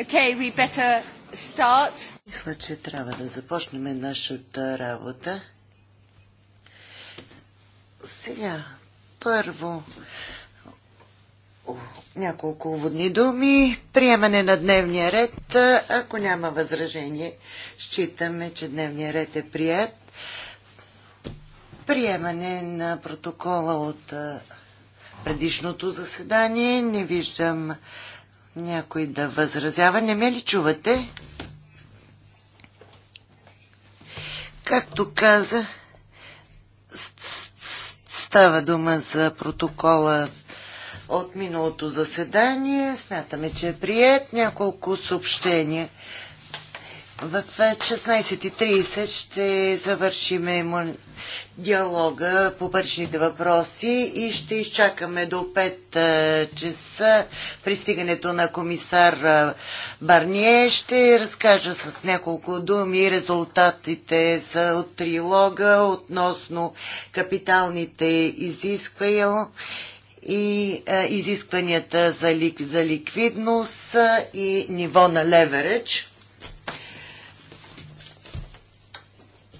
Okay, we better start. Мисля, че трябва да започнем нашата работа. Сега, първо, няколко водни думи. Приемане на дневния ред. Ако няма възражение, считаме, че дневния ред е прият. Приемане на протокола от предишното заседание. Не виждам някой да възразява. Не ме ли чувате? Както каза, става дума за протокола от миналото заседание. Смятаме, че е прият няколко съобщения в 16.30 ще завършим диалога по бършните въпроси и ще изчакаме до 5 часа пристигането на комисар Барние. Ще разкажа с няколко думи резултатите за трилога относно капиталните изисквания и изискванията за, лик, за ликвидност и ниво на леверидж.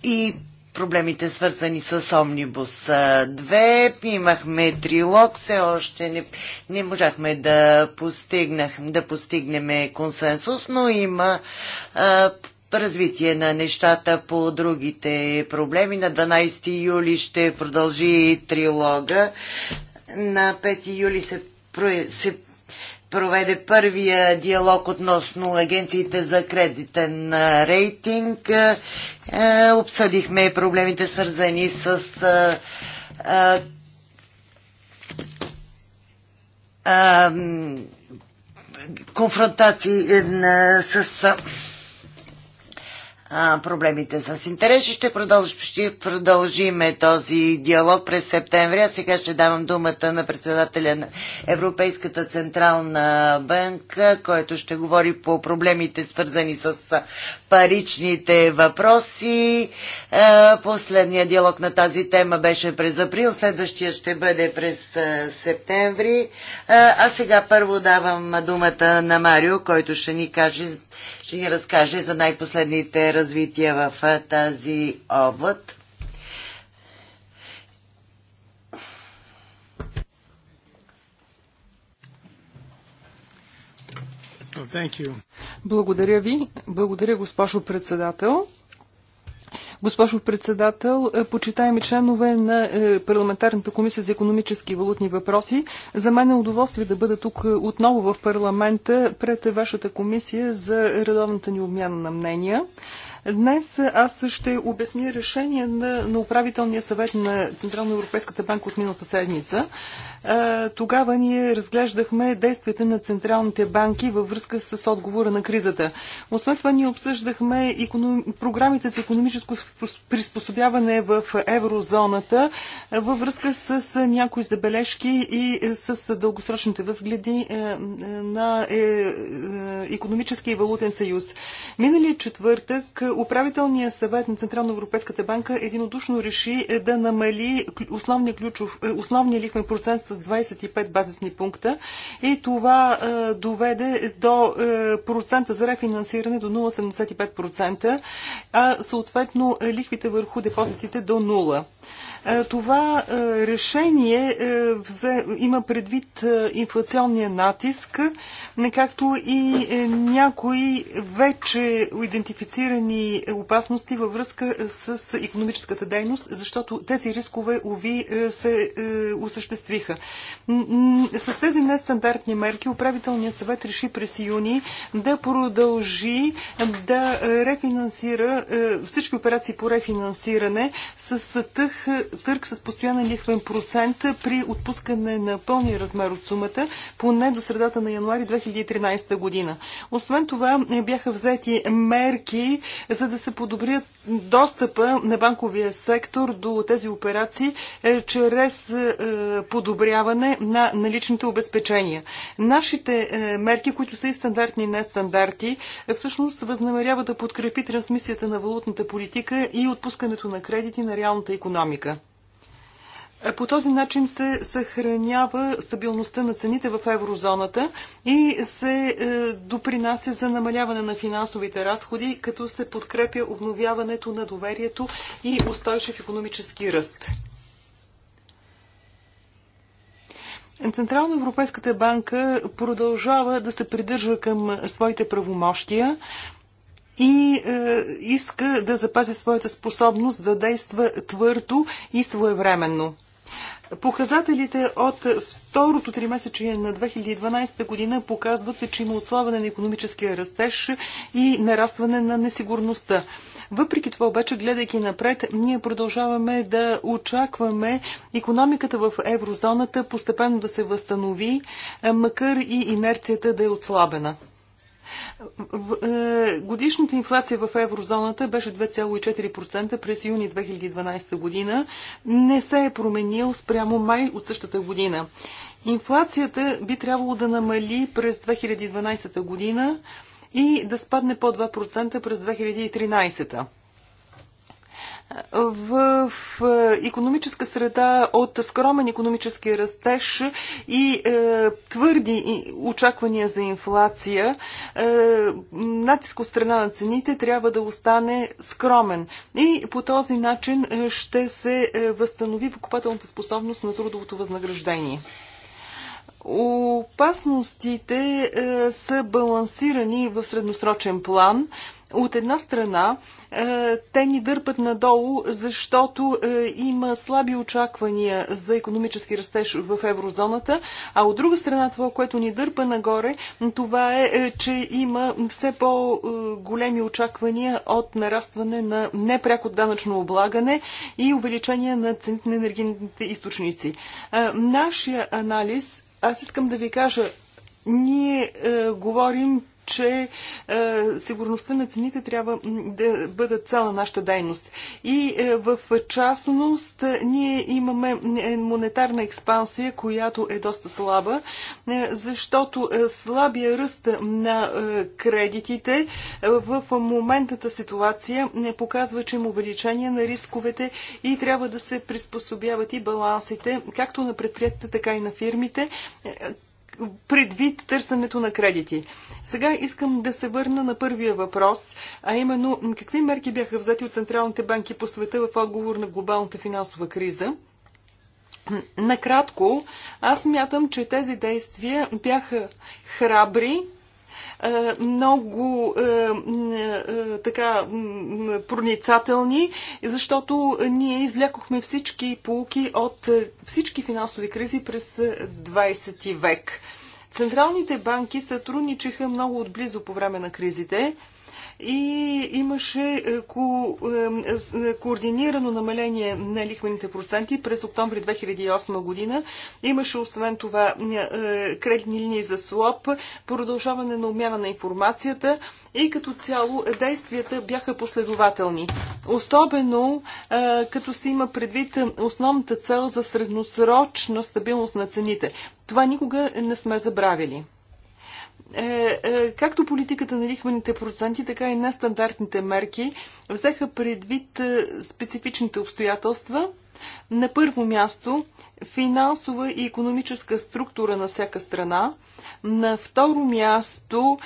и проблемите свързани с Омнибус 2. Имахме трилог, все още не, не можахме да, постигнах, да постигнем консенсус, но има а, развитие на нещата по другите проблеми. На 12 юли ще продължи трилога. На 5 юли се, се проведе първия диалог относно агенциите за кредитен рейтинг. Обсъдихме проблемите свързани с конфронтации е, с проблемите с интереси. Ще, продължим ще продължим този диалог през септември. А сега ще давам думата на председателя на Европейската централна банка, който ще говори по проблемите свързани с паричните въпроси. последният диалог на тази тема беше през април. Следващия ще бъде през септември. а сега първо давам думата на Марио, който ще ни каже ще ни разкаже за най-последните развития в тази област. Благодаря ви. Благодаря, госпожо председател. Госпожо председател, е, почитаеми членове на е, Парламентарната комисия за економически и валутни въпроси, за мен е удоволствие да бъда тук е, отново в парламента пред вашата комисия за редовната ни обмяна на мнения. Днес аз ще обясня решение на, на управителния съвет на Централно Европейската банка от миналата седмица. Тогава ние разглеждахме действията на централните банки във връзка с отговора на кризата. Освен това ние обсъждахме економ... програмите за економическо приспособяване в еврозоната във връзка с някои забележки и с дългосрочните възгледи е, е, на економически е, и валутен съюз. Миналият четвъртък Управителният съвет на Централно-Европейската банка единодушно реши е, да намали основния, ключов, е, основния лихвен процент с 25 базисни пункта и това е, доведе до процента за рефинансиране до 0,75%, а съответно лихвите върху депозитите до 0. Е, това е, решение е, има предвид инфлационния натиск, както и някои вече идентифицирани опасности във връзка с економическата дейност, защото тези рискове, ОВИ се осъществиха. С тези нестандартни мерки управителният съвет реши през юни да продължи да рефинансира всички операции по рефинансиране с тъх търг с постоянен лихвен процент при отпускане на пълния размер от сумата, поне до средата на януари 2013 година. Освен това е, бяха взети мерки, за да се подобрят достъпа на банковия сектор до тези операции е, чрез е, подобряване на наличните обезпечения. Нашите мерки, които са и стандартни и нестандарти, всъщност възнамерява да подкрепи трансмисията на валутната политика и отпускането на кредити на реалната економика. Е, по този начин се съхранява стабилността на цените в еврозоната и се е, допринася за намаляване на финансовите разходи, като се подкрепя обновяването на доверието и устойчив економически ръст. Централно Европейската банка продължава да се придържа към своите правомощия и е, иска да запази своята способност да действа твърдо и своевременно. Показателите от второто три месече на 2012 година показват, че има отслабване на економическия растеж и нарастване на несигурността. Въпреки това обаче, гледайки напред, ние продължаваме да очакваме економиката в еврозоната постепенно да се възстанови, макар и инерцията да е отслабена. Е, годишната инфлация в еврозоната беше 2,4% през юни 2012 година. Не се е променил спрямо май от същата година. Инфлацията би трябвало да намали през 2012 година и да спадне по 2% през 2013 в економическа среда от скромен економически растеж и е, твърди очаквания за инфлация, е, натиск от страна на цените трябва да остане скромен. И по този начин е, ще се е, възстанови покупателната способност на трудовото възнаграждение. Опасностите е, са балансирани в средносрочен план. От една страна, е, те ни дърпат надолу, защото е, има слаби очаквания за економически растеж в еврозоната, а от друга страна това, което ни дърпа нагоре, това е, е че има все по-големи очаквания от нарастване на непряко данъчно облагане и увеличение на цените на енергийните източници. Е, нашия анализ аз искам да ви кажа, ние е, говорим че е, сигурността на цените трябва да бъде цяла нашата дейност. И е, в частност, е, ние имаме е, монетарна експансия, която е доста слаба, е, защото е, слабия ръст на е, кредитите е, в моментната ситуация не показва, че има увеличение на рисковете и трябва да се приспособяват и балансите, както на предприятията, така и на фирмите, е, предвид търсенето на кредити. Сега искам да се върна на първия въпрос, а именно какви мерки бяха взети от централните банки по света в отговор на глобалната финансова криза? Накратко, аз мятам, че тези действия бяха храбри, е, много е, е, така проницателни, защото ние излякохме всички полуки от всички финансови кризи през 20 век. Централните банки сътрудничаха много отблизо по време на кризите и имаше е, ко, е, е, координирано намаление на лихвените проценти през октомври 2008 година. Имаше освен това кредитни линии за слоп, продължаване на обмяна на информацията и като цяло действията бяха последователни. Особено като се има предвид основната цел за средносрочна стабилност на цените. Това никога не сме забравили. Е, е, както политиката на лихвените проценти, така и нестандартните мерки взеха предвид е, специфичните обстоятелства. На първо място финансова и економическа структура на всяка страна. На второ място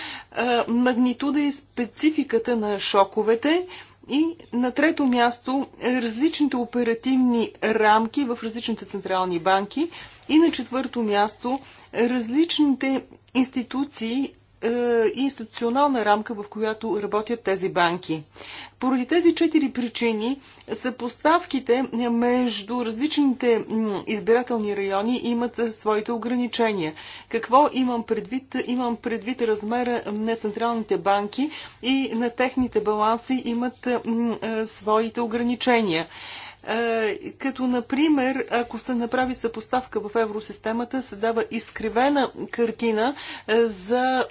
магнитуда и спецификата на шоковете. И на трето място различните оперативни рамки в различните централни банки. И на четвърто място различните институции е, и институционална рамка, в която работят тези банки. Поради тези четири причини съпоставките между различните избирателни райони имат е, своите ограничения. Какво имам предвид? Имам предвид размера на централните банки и на техните баланси имат е, своите ограничения като например, ако се направи съпоставка в евросистемата, се дава изкривена картина за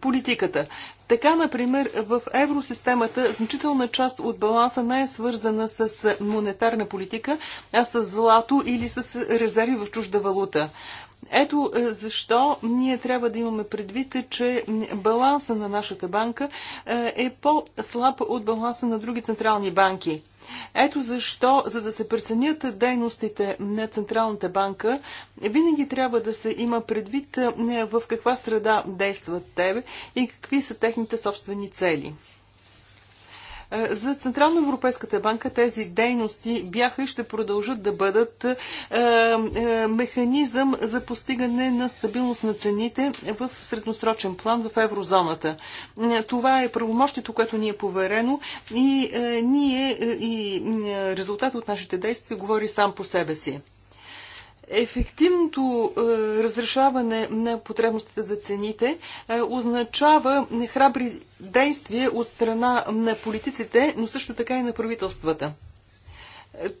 политиката. Така, например, в евросистемата значителна част от баланса не е свързана с монетарна политика, а с злато или с резерви в чужда валута. Ето е, защо ние трябва да имаме предвид, че баланса на нашата банка е, е по-слаб от баланса на други централни банки. Ето защо, за да се преценят дейностите на Централната банка, винаги трябва да се има предвид е, в каква среда действат тебе и какви са техните собствени цели. Е, за Централно Европейската банка тези дейности бяха и ще продължат да бъдат е, е, механизъм за постигане на стабилност на цените в средносрочен план в еврозоната. Това е правомощието, което ни е поверено и ние и резултат от нашите действия говори сам по себе си. Ефективното е, разрешаване на потребностите за цените е, означава храбри действия от страна на политиците, но също така и на правителствата.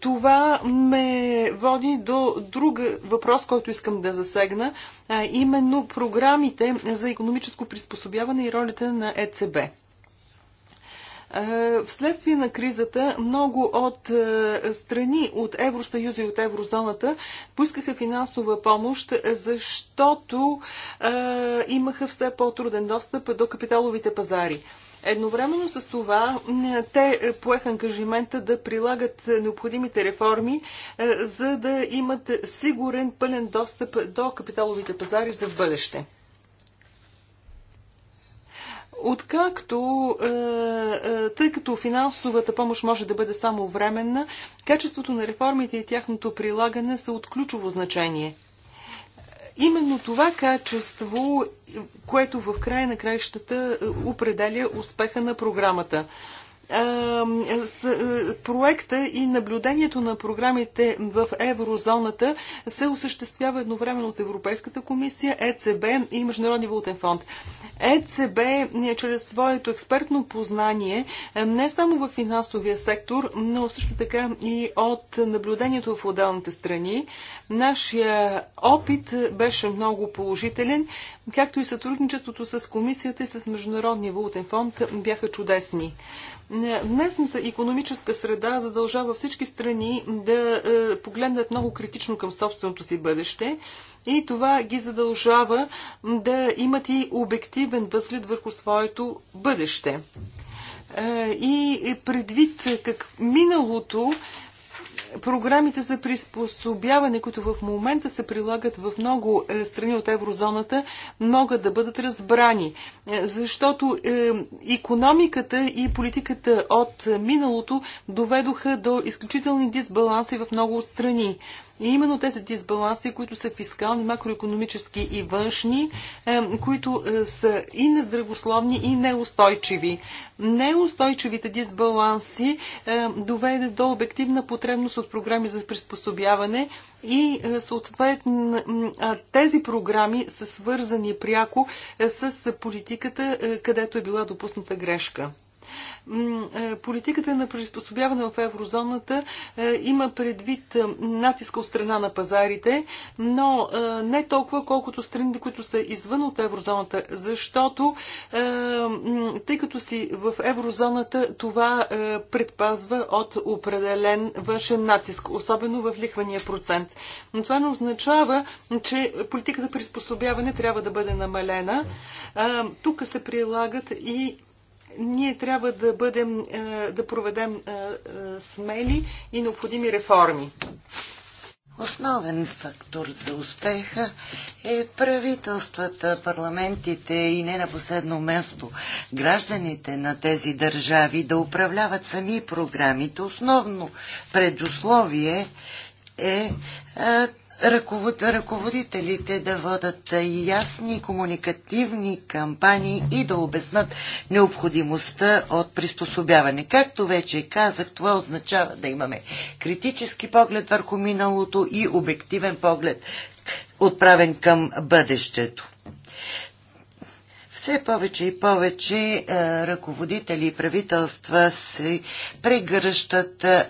Това ме води до друг въпрос, който искам да засегна, а именно програмите за економическо приспособяване и ролите на ЕЦБ. Е, вследствие на кризата много от е, страни от Евросъюза и от еврозоната поискаха финансова помощ, защото е, имаха все по-труден достъп до капиталовите пазари. Едновременно с това те поеха ангажимента да прилагат необходимите реформи, за да имат сигурен пълен достъп до капиталовите пазари за в бъдеще. Откакто, е, е, тъй като финансовата помощ може да бъде само временна, качеството на реформите и тяхното прилагане са от ключово значение. Именно това качество, което в края на краищата е, определя успеха на програмата. Е, проекта и наблюдението на програмите в еврозоната се осъществява едновременно от Европейската комисия, ЕЦБ и Международни валутен фонд. ЕЦБ е, чрез своето експертно познание е, не само в финансовия сектор, но също така и от наблюдението в отделните страни. Нашия опит беше много положителен както и сътрудничеството с комисията и с Международния валутен фонд бяха чудесни. Днесната економическа среда задължава всички страни да е, погледнат много критично към собственото си бъдеще и това ги задължава да имат и обективен възглед върху своето бъдеще. Е, и предвид как миналото програмите за приспособяване, които в момента се прилагат в много е, страни от еврозоната, могат да бъдат разбрани. Е, защото економиката и политиката от миналото доведоха до изключителни дисбаланси в много страни. И именно тези дисбаланси, които са фискални, макроекономически и външни, които е, са и нездравословни, и неустойчиви. Неустойчивите дисбаланси доведе до обективна потребност от програми за приспособяване и е, съответно тези програми са свързани пряко е, с политиката, където е била допусната грешка. Е, политиката на приспособяване в еврозоната е, има предвид е, натиска от страна на пазарите, но не толкова колкото страните, които са извън от еврозоната, защото тъй като си в еврозоната, това предпазва от определен външен натиск, особено в лихвания процент. Но това не означава, че политиката приспособяване трябва да бъде намалена. Тук се прилагат и ние трябва да бъдем, е, да проведем е, е, смели и необходими реформи. Основен фактор за успеха е правителствата, парламентите и не на последно място гражданите на тези държави да управляват сами програмите. Основно предусловие е ръковод, ръководителите да водат ясни комуникативни кампании и да обяснат необходимостта от приспособяване. Както вече казах, това означава да имаме критически поглед върху миналото и обективен поглед, отправен към бъдещето. Все повече и повече е, ръководители и правителства се прегръщат е,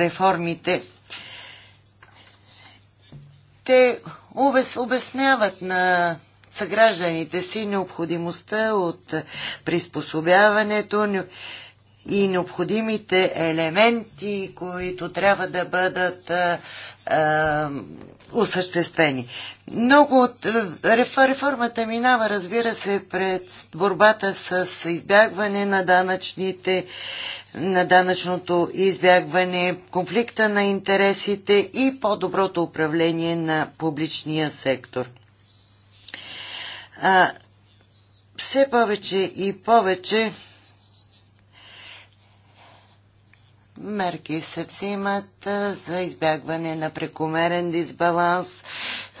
реформите те обясняват на съгражданите си необходимостта от приспособяването и необходимите елементи, които трябва да бъдат а, а, осъществени. Много от е, реформата минава, разбира се, пред борбата с избягване на данъчните, на данъчното избягване, конфликта на интересите и по-доброто управление на публичния сектор. А, все повече и повече мерки се взимат за избягване на прекомерен дисбаланс,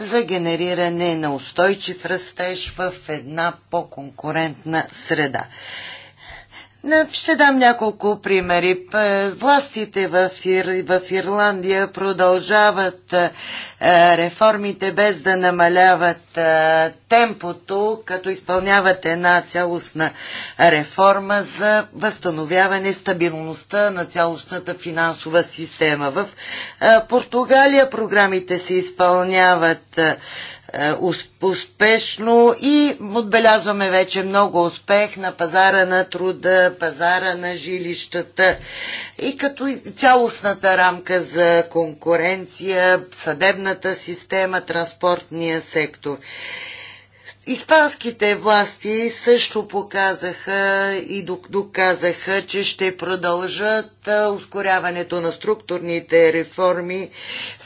за генериране на устойчив растеж в една по-конкурентна среда. Ще дам няколко примери. Властите в, Ир, в Ирландия продължават реформите без да намаляват темпото, като изпълняват една цялостна реформа за възстановяване стабилността на цялостната финансова система. В Португалия програмите се изпълняват е, успешно и отбелязваме вече много успех на пазара на труда, пазара на жилищата и като цялостната рамка за конкуренция, съдебната система, транспортния сектор. Испанските власти също показаха и доказаха, че ще продължат ускоряването на структурните реформи,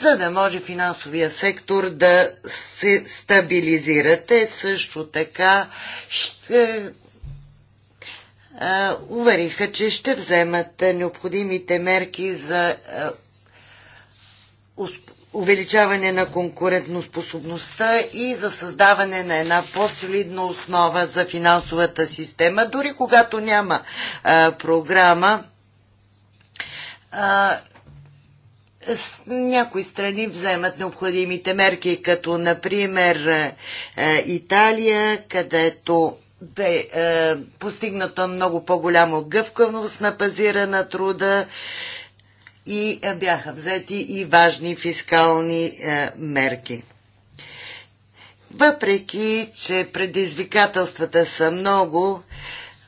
за да може финансовия сектор да се стабилизира. Те също така ще увериха, че ще вземат необходимите мерки за увеличаване на конкурентоспособността и за създаване на една по-солидна основа за финансовата система. Дори когато няма а, програма, а, с някои страни вземат необходимите мерки, като например а, Италия, където бе е, постигната много по-голяма гъвкавност на пазира на труда и е, бяха взети и важни фискални е, мерки. Въпреки, че предизвикателствата са много,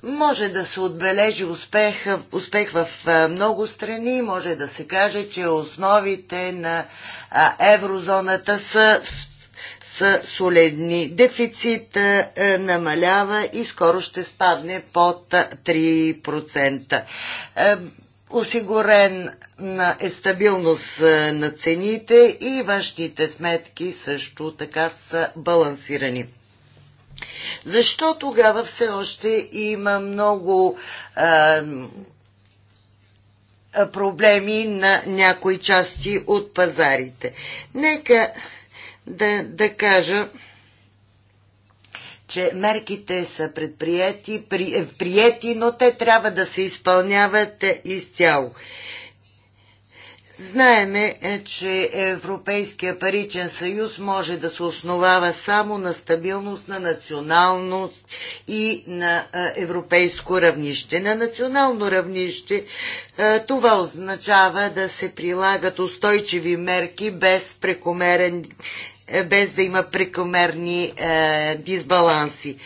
може да се отбележи успех, успех в е, много страни, може да се каже, че основите на еврозоната са, са солидни. Дефицит намалява и скоро ще спадне под 3% осигурен на е стабилност е, на цените и външните сметки също така са балансирани. Защо тогава все още има много а, е, проблеми на някои части от пазарите? Нека да, да кажа, че мерките са предприяти, при, е, приети, но те трябва да се изпълняват изцяло. Знаеме, е, че Европейския паричен съюз може да се основава само на стабилност, на националност и на е, европейско равнище. На национално равнище това означава да се прилагат устойчиви мерки без прекомерен е, без да има прекомерни е, дисбаланси.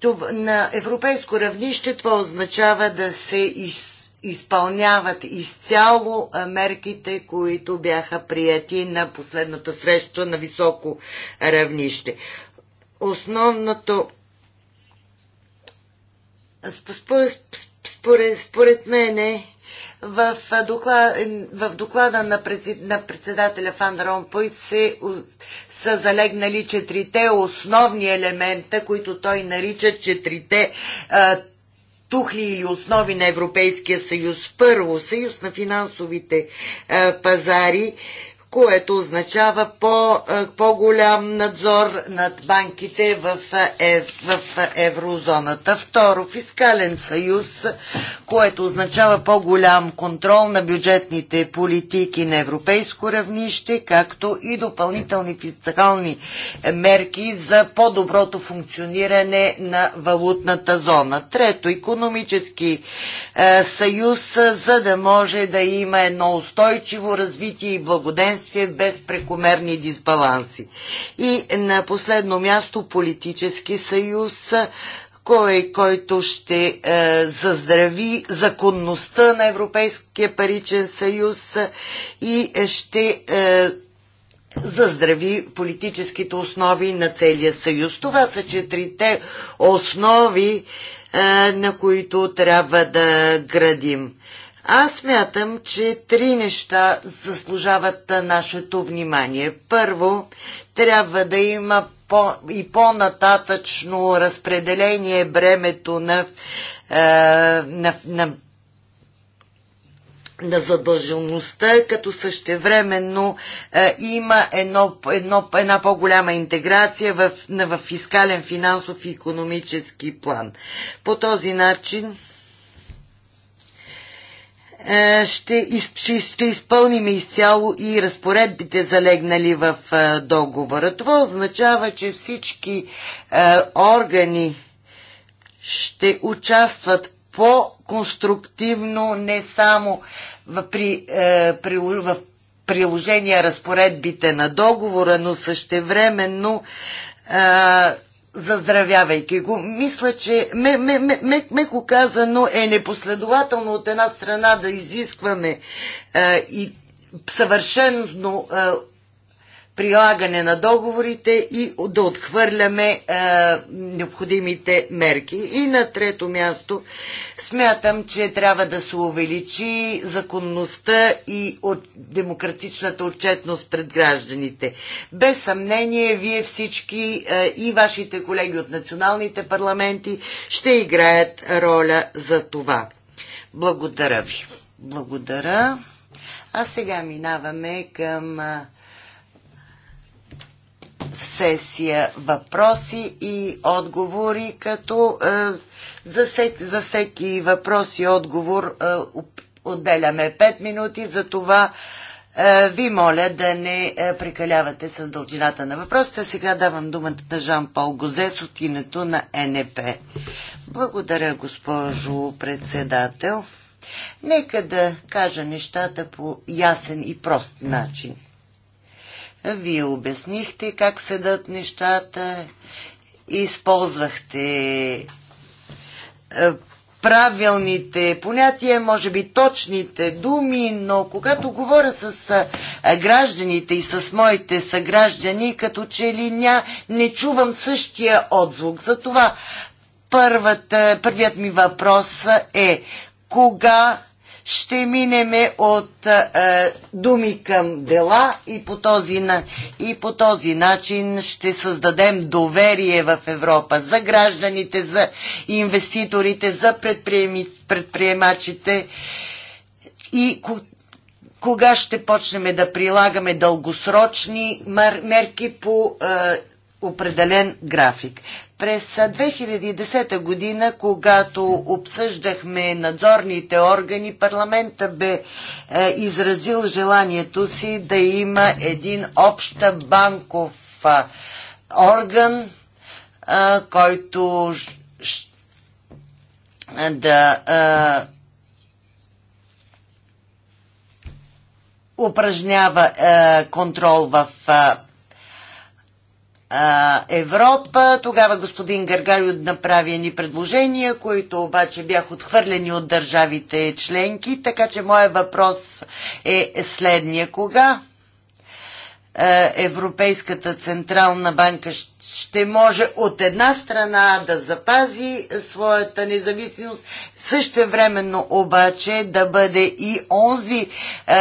Това, на европейско равнище това означава да се из, изпълняват изцяло е, мерките, които бяха прияти на последната среща на високо равнище. Основното според, според, според мен е в, в доклада на, на председателя Фан Ромпой се, са залегнали четирите основни елемента, които той нарича четирите тухли или основи на Европейския съюз. Първо, съюз на финансовите а, пазари, което означава по, е, по-голям надзор над банките в, е, е, в еврозоната. Второ, фискален съюз, което означава по-голям контрол на бюджетните политики на европейско равнище, както и допълнителни фискални мерки за по-доброто функциониране на валутната зона. Трето, економически е, съюз, за да може да има едно устойчиво развитие и благоденствие спокойствие без прекомерни дисбаланси. И на последно място политически съюз, кой, който ще е, заздрави законността на Европейския паричен съюз и ще е, заздрави политическите основи на целия съюз. Това са четирите основи, е, на които трябва да градим. Аз смятам, че три неща заслужават нашето внимание. Първо, трябва да има по, и по-нататъчно разпределение бремето на, е, на, на, на задължеността, като същевременно е, има едно, едно, една по-голяма интеграция в, в фискален, финансов и економически план. По този начин е, ще, из, ще, ще изпълним изцяло и разпоредбите залегнали в е, договора. Това означава, че всички е, органи ще участват по-конструктивно не само в, при, е, при, в приложение разпоредбите на договора, но същевременно времено заздравявайки го. Мисля, че меко казано е непоследователно от една страна да изискваме а, е, и съвършенно а, е, прилагане на договорите и да отхвърляме е, необходимите мерки. И на трето място смятам, че трябва да се увеличи законността и от демократичната отчетност пред гражданите. Без съмнение, вие всички е, и вашите колеги от националните парламенти ще играят роля за това. Благодаря ви. Благодаря. А сега минаваме към е, сесия въпроси и отговори, като е, за, всеки, за всеки въпрос и отговор е, отделяме 5 минути, за това е, ви моля да не прекалявате с дължината на въпросите. Сега давам думата на Жан-Пол Гозес от името на НП. Благодаря, госпожо председател. Нека да кажа нещата по ясен и прост начин. Вие обяснихте как седат нещата, използвахте е, правилните понятия, може би точните думи, но когато говоря с е, гражданите и с моите съграждани, като че ли ня, не чувам същия отзвук. Затова първият ми въпрос е кога ще минеме от е, е, думи към дела и по, този, и по този начин ще създадем доверие в Европа за гражданите, за инвеститорите, за предприемачите и кога ще почнем да прилагаме дългосрочни мерки по е, определен график. През 2010 година, когато обсъждахме надзорните органи, парламента бе е, изразил желанието си да има един общ банков е, орган, е, който ш, да упражнява контрол в Европа. Тогава господин Гаргарио направи ни предложения, които обаче бяха отхвърлени от държавите членки, така че моят въпрос е следния. Кога Европейската Централна банка ще може от една страна да запази своята независимост Същевременно обаче да бъде и онзи е,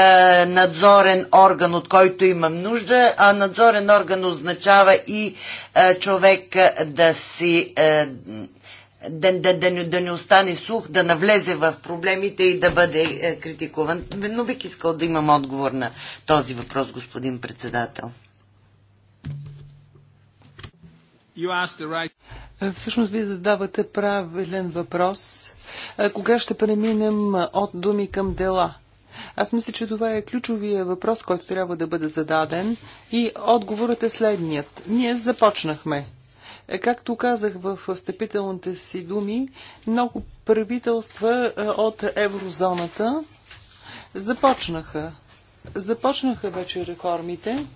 надзорен орган, от който имам нужда, а надзорен орган означава и е, човек е, да си. Е, да, да, да, да не остане сух, да навлезе в проблемите и да бъде е, критикуван. Но бих искал да имам отговор на този въпрос, господин председател. Right... Всъщност, вие задавате правилен въпрос кога ще преминем от думи към дела? Аз мисля, че това е ключовия въпрос, който трябва да бъде зададен и отговорът е следният. Ние започнахме. Е, както казах в встъпителните си думи, много правителства от еврозоната започнаха. Започнаха вече реформите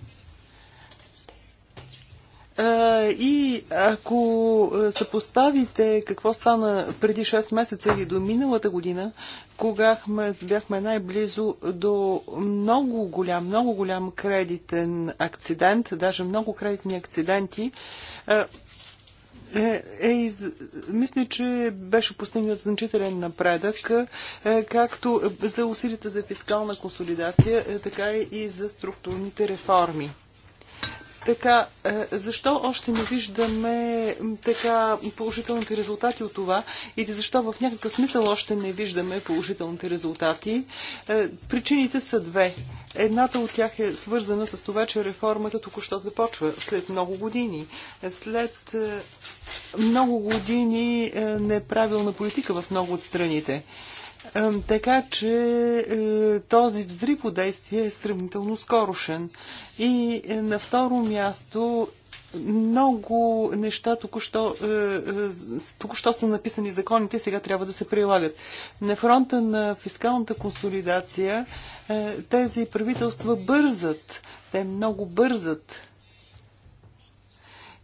и ако съпоставите какво стана преди 6 месеца или до миналата година, когато бяхме най-близо до много голям, много голям кредитен акцидент, даже много кредитни акциденти, е, е, из... мисля, че беше постигнат значителен напредък, е, както за усилията за фискална консолидация, е, така и за структурните реформи. Така, е, защо още не виждаме така положителните резултати от това или защо в някакъв смисъл още не виждаме положителните резултати? Е, причините са две. Едната от тях е свързана с това, че реформата току-що започва след много години. Е, след много години неправилна политика в много от страните. Така че е, този взрив от действие е сравнително скорошен. И е, на второ място много неща току-що, е, току-що са написани законите, сега трябва да се прилагат. На фронта на фискалната консолидация тези правителства бързат. Те много бързат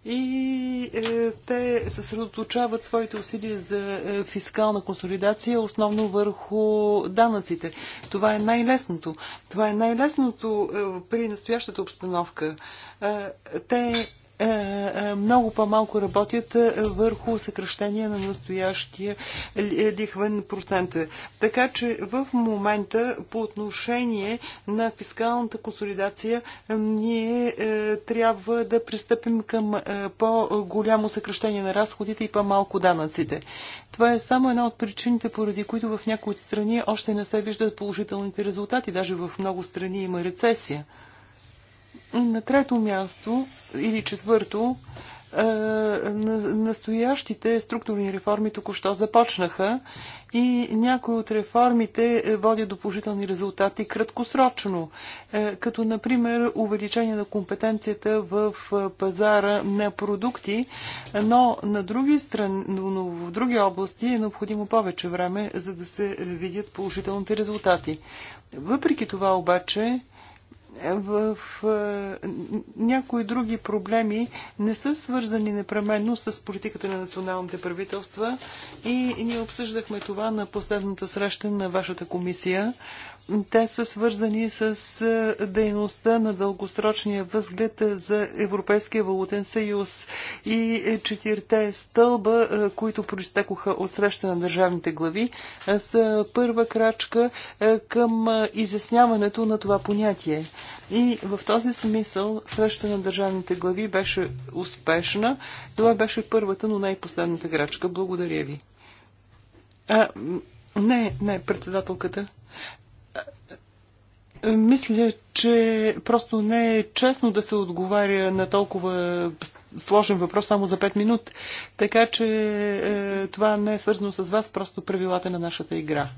и е, те съсредоточават своите усилия за е, фискална консолидация основно върху данъците. Това е най-лесното. Това е най-лесното е, при настоящата обстановка. Е, те е, е, много по-малко работят е, върху съкръщение на настоящия лихвен процент. Така че в момента по отношение на фискалната консолидация ние трябва да пристъпим към по-голямо съкръщение на разходите и по-малко данъците. Това е само една от причините, поради които в някои страни още не се виждат положителните резултати. Даже в много страни има рецесия. На трето място или четвърто, е, настоящите структурни реформи току-що започнаха и някои от реформите е, водят до положителни резултати краткосрочно, е, като например увеличение на компетенцията в пазара на продукти, но на други страни, но в други области е необходимо повече време, за да се видят положителните резултати. Въпреки това обаче, в е, някои други проблеми не са свързани непременно с политиката на националните правителства и ние обсъждахме това на последната среща на вашата комисия. Те са свързани с е, дейността на дългосрочния възглед е, за Европейския валутен съюз и е, четирте стълба, които проистекоха от среща на държавните глави, са първа крачка към изясняването на това понятие. И в този смисъл среща на държавните глави беше успешна. Това беше първата, но не и последната крачка. Благодаря ви. А, не, не, председателката. Мисля, че просто не е честно да се отговаря на толкова сложен въпрос само за 5 минути. Така че е, това не е свързано с вас, просто правилата на нашата игра.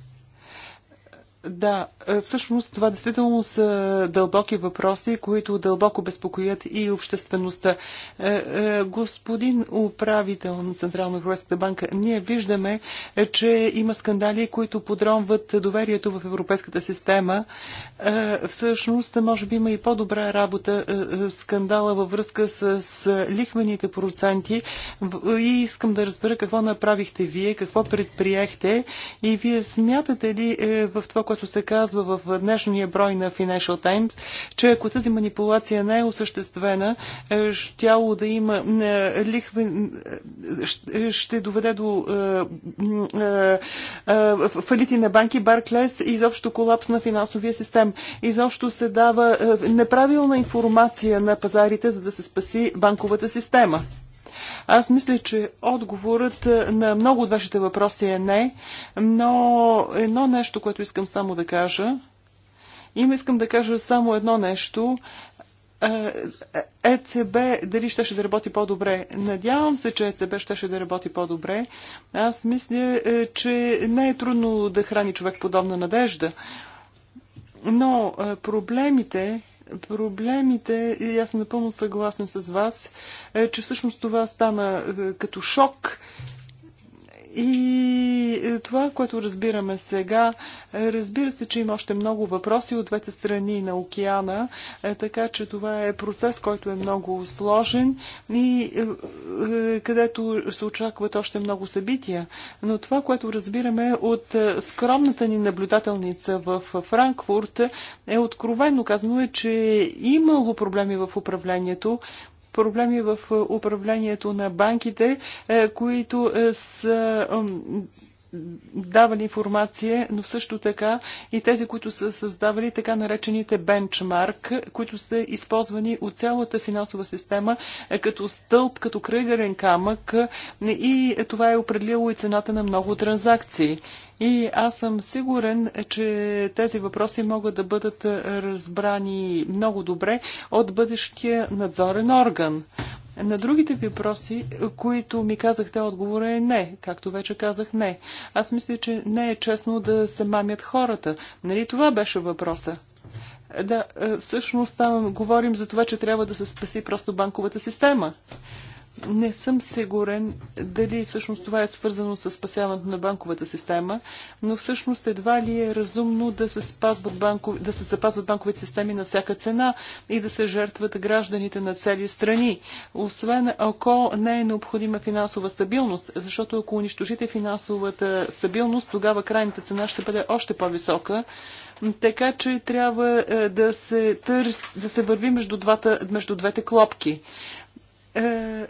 Да, е, всъщност това действително са дълбоки въпроси, които дълбоко безпокоят и обществеността. Е, е, господин управител на Централна Европейската банка, ние виждаме, че има скандали, които подронват доверието в европейската система. Всъщност, може би има и по-добра работа скандала във връзка с лихвените проценти. И искам да разбера какво направихте вие, какво предприехте и вие смятате ли в това, което което се казва в днешния брой на Financial Times, че ако тази манипулация не е осъществена, е, щяло да има е, лихви, е, ще доведе до фалити на банки Барклес и изобщо колапс на финансовия систем. Изобщо се дава неправилна информация на пазарите, за да се спаси банковата система. Аз мисля, че отговорът е, на много от вашите въпроси е не, но едно нещо, което искам само да кажа, им искам да кажа само едно нещо. Е, е, ЕЦБ дали щеше да работи по-добре? Надявам се, че ЕЦБ щеше да работи по-добре. Аз мисля, че не е трудно да храни човек подобна надежда. Но проблемите, проблемите, и аз съм напълно съгласен с вас, е, че всъщност това стана е, като шок и е, това, което разбираме сега, е, разбира се, че има още много въпроси от двете страни на океана, е, така че това е процес, който е много сложен и където се очакват още много събития. Но това, което разбираме от скромната ни наблюдателница в Франкфурт, е откровено казано е, че е имало проблеми в управлението, проблеми в е, управлението на банките, е, които е, са давали информация, но също така и тези, които са създавали така наречените бенчмарк, които са използвани от цялата финансова система като стълб, като кръгърен камък и това е определило и цената на много транзакции. И аз съм сигурен, че тези въпроси могат да бъдат разбрани много добре от бъдещия надзорен орган. На другите въпроси, които ми казахте, отговора е не. Както вече казах, не. Аз мисля, че не е честно да се мамят хората. Нали това беше въпроса? Да, е, всъщност там говорим за това, че трябва да се спаси просто банковата система. Не съм сигурен дали всъщност това е свързано с спасяването на банковата система, но всъщност едва ли е разумно да се, спазват банков... да се запазват банковите системи на всяка цена и да се жертват гражданите на цели страни, освен ако не е необходима финансова стабилност, защото ако унищожите финансовата стабилност, тогава крайната цена ще бъде още по-висока. Така че трябва е, да се търс, да се върви между, двата, между двете клопки. Е,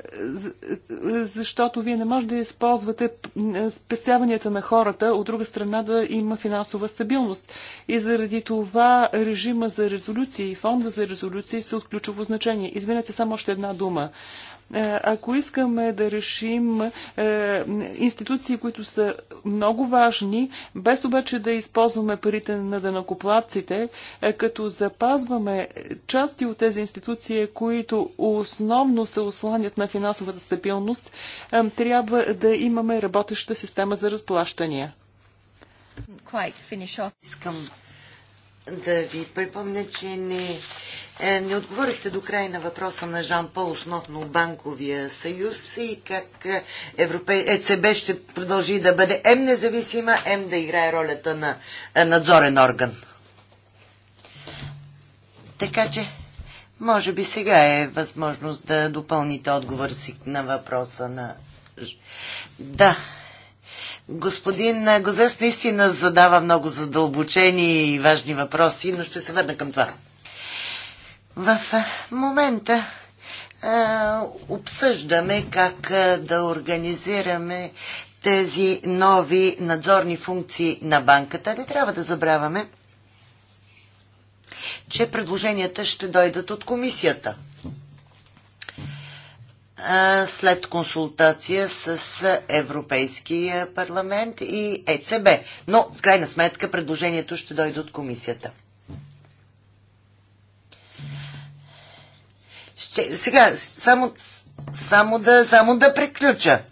защото вие не можете да използвате спестяванията на хората, от друга страна да има финансова стабилност. И заради това режима за резолюции и фонда за резолюции са от ключово значение. Извинете, само още една дума. Е, ако искаме да решим е, институции, които са много важни, без обаче да използваме парите на данакоплатците, е, като запазваме части от тези институции, които основно се осланят на финансовата стабилност, трябва да имаме работеща система за разплащания. Искам да ви припомня, че не, е, не отговорихте до край на въпроса на Жан Пол, основно банковия съюз и как е, Европе... ЕЦБ ще продължи да бъде М независима, М да играе ролята на е, надзорен орган. Така че, може би сега е възможност да допълните отговор си на въпроса на... Да, Господин Гозес наистина задава много задълбочени и важни въпроси, но ще се върна към това. В момента а, обсъждаме как да организираме тези нови надзорни функции на банката. Не трябва да забравяме, че предложенията ще дойдат от комисията – след консултация с Европейския парламент и ЕЦБ. Но, в крайна сметка, предложението ще дойде от комисията. Ще, сега, само, само, да, само да приключа.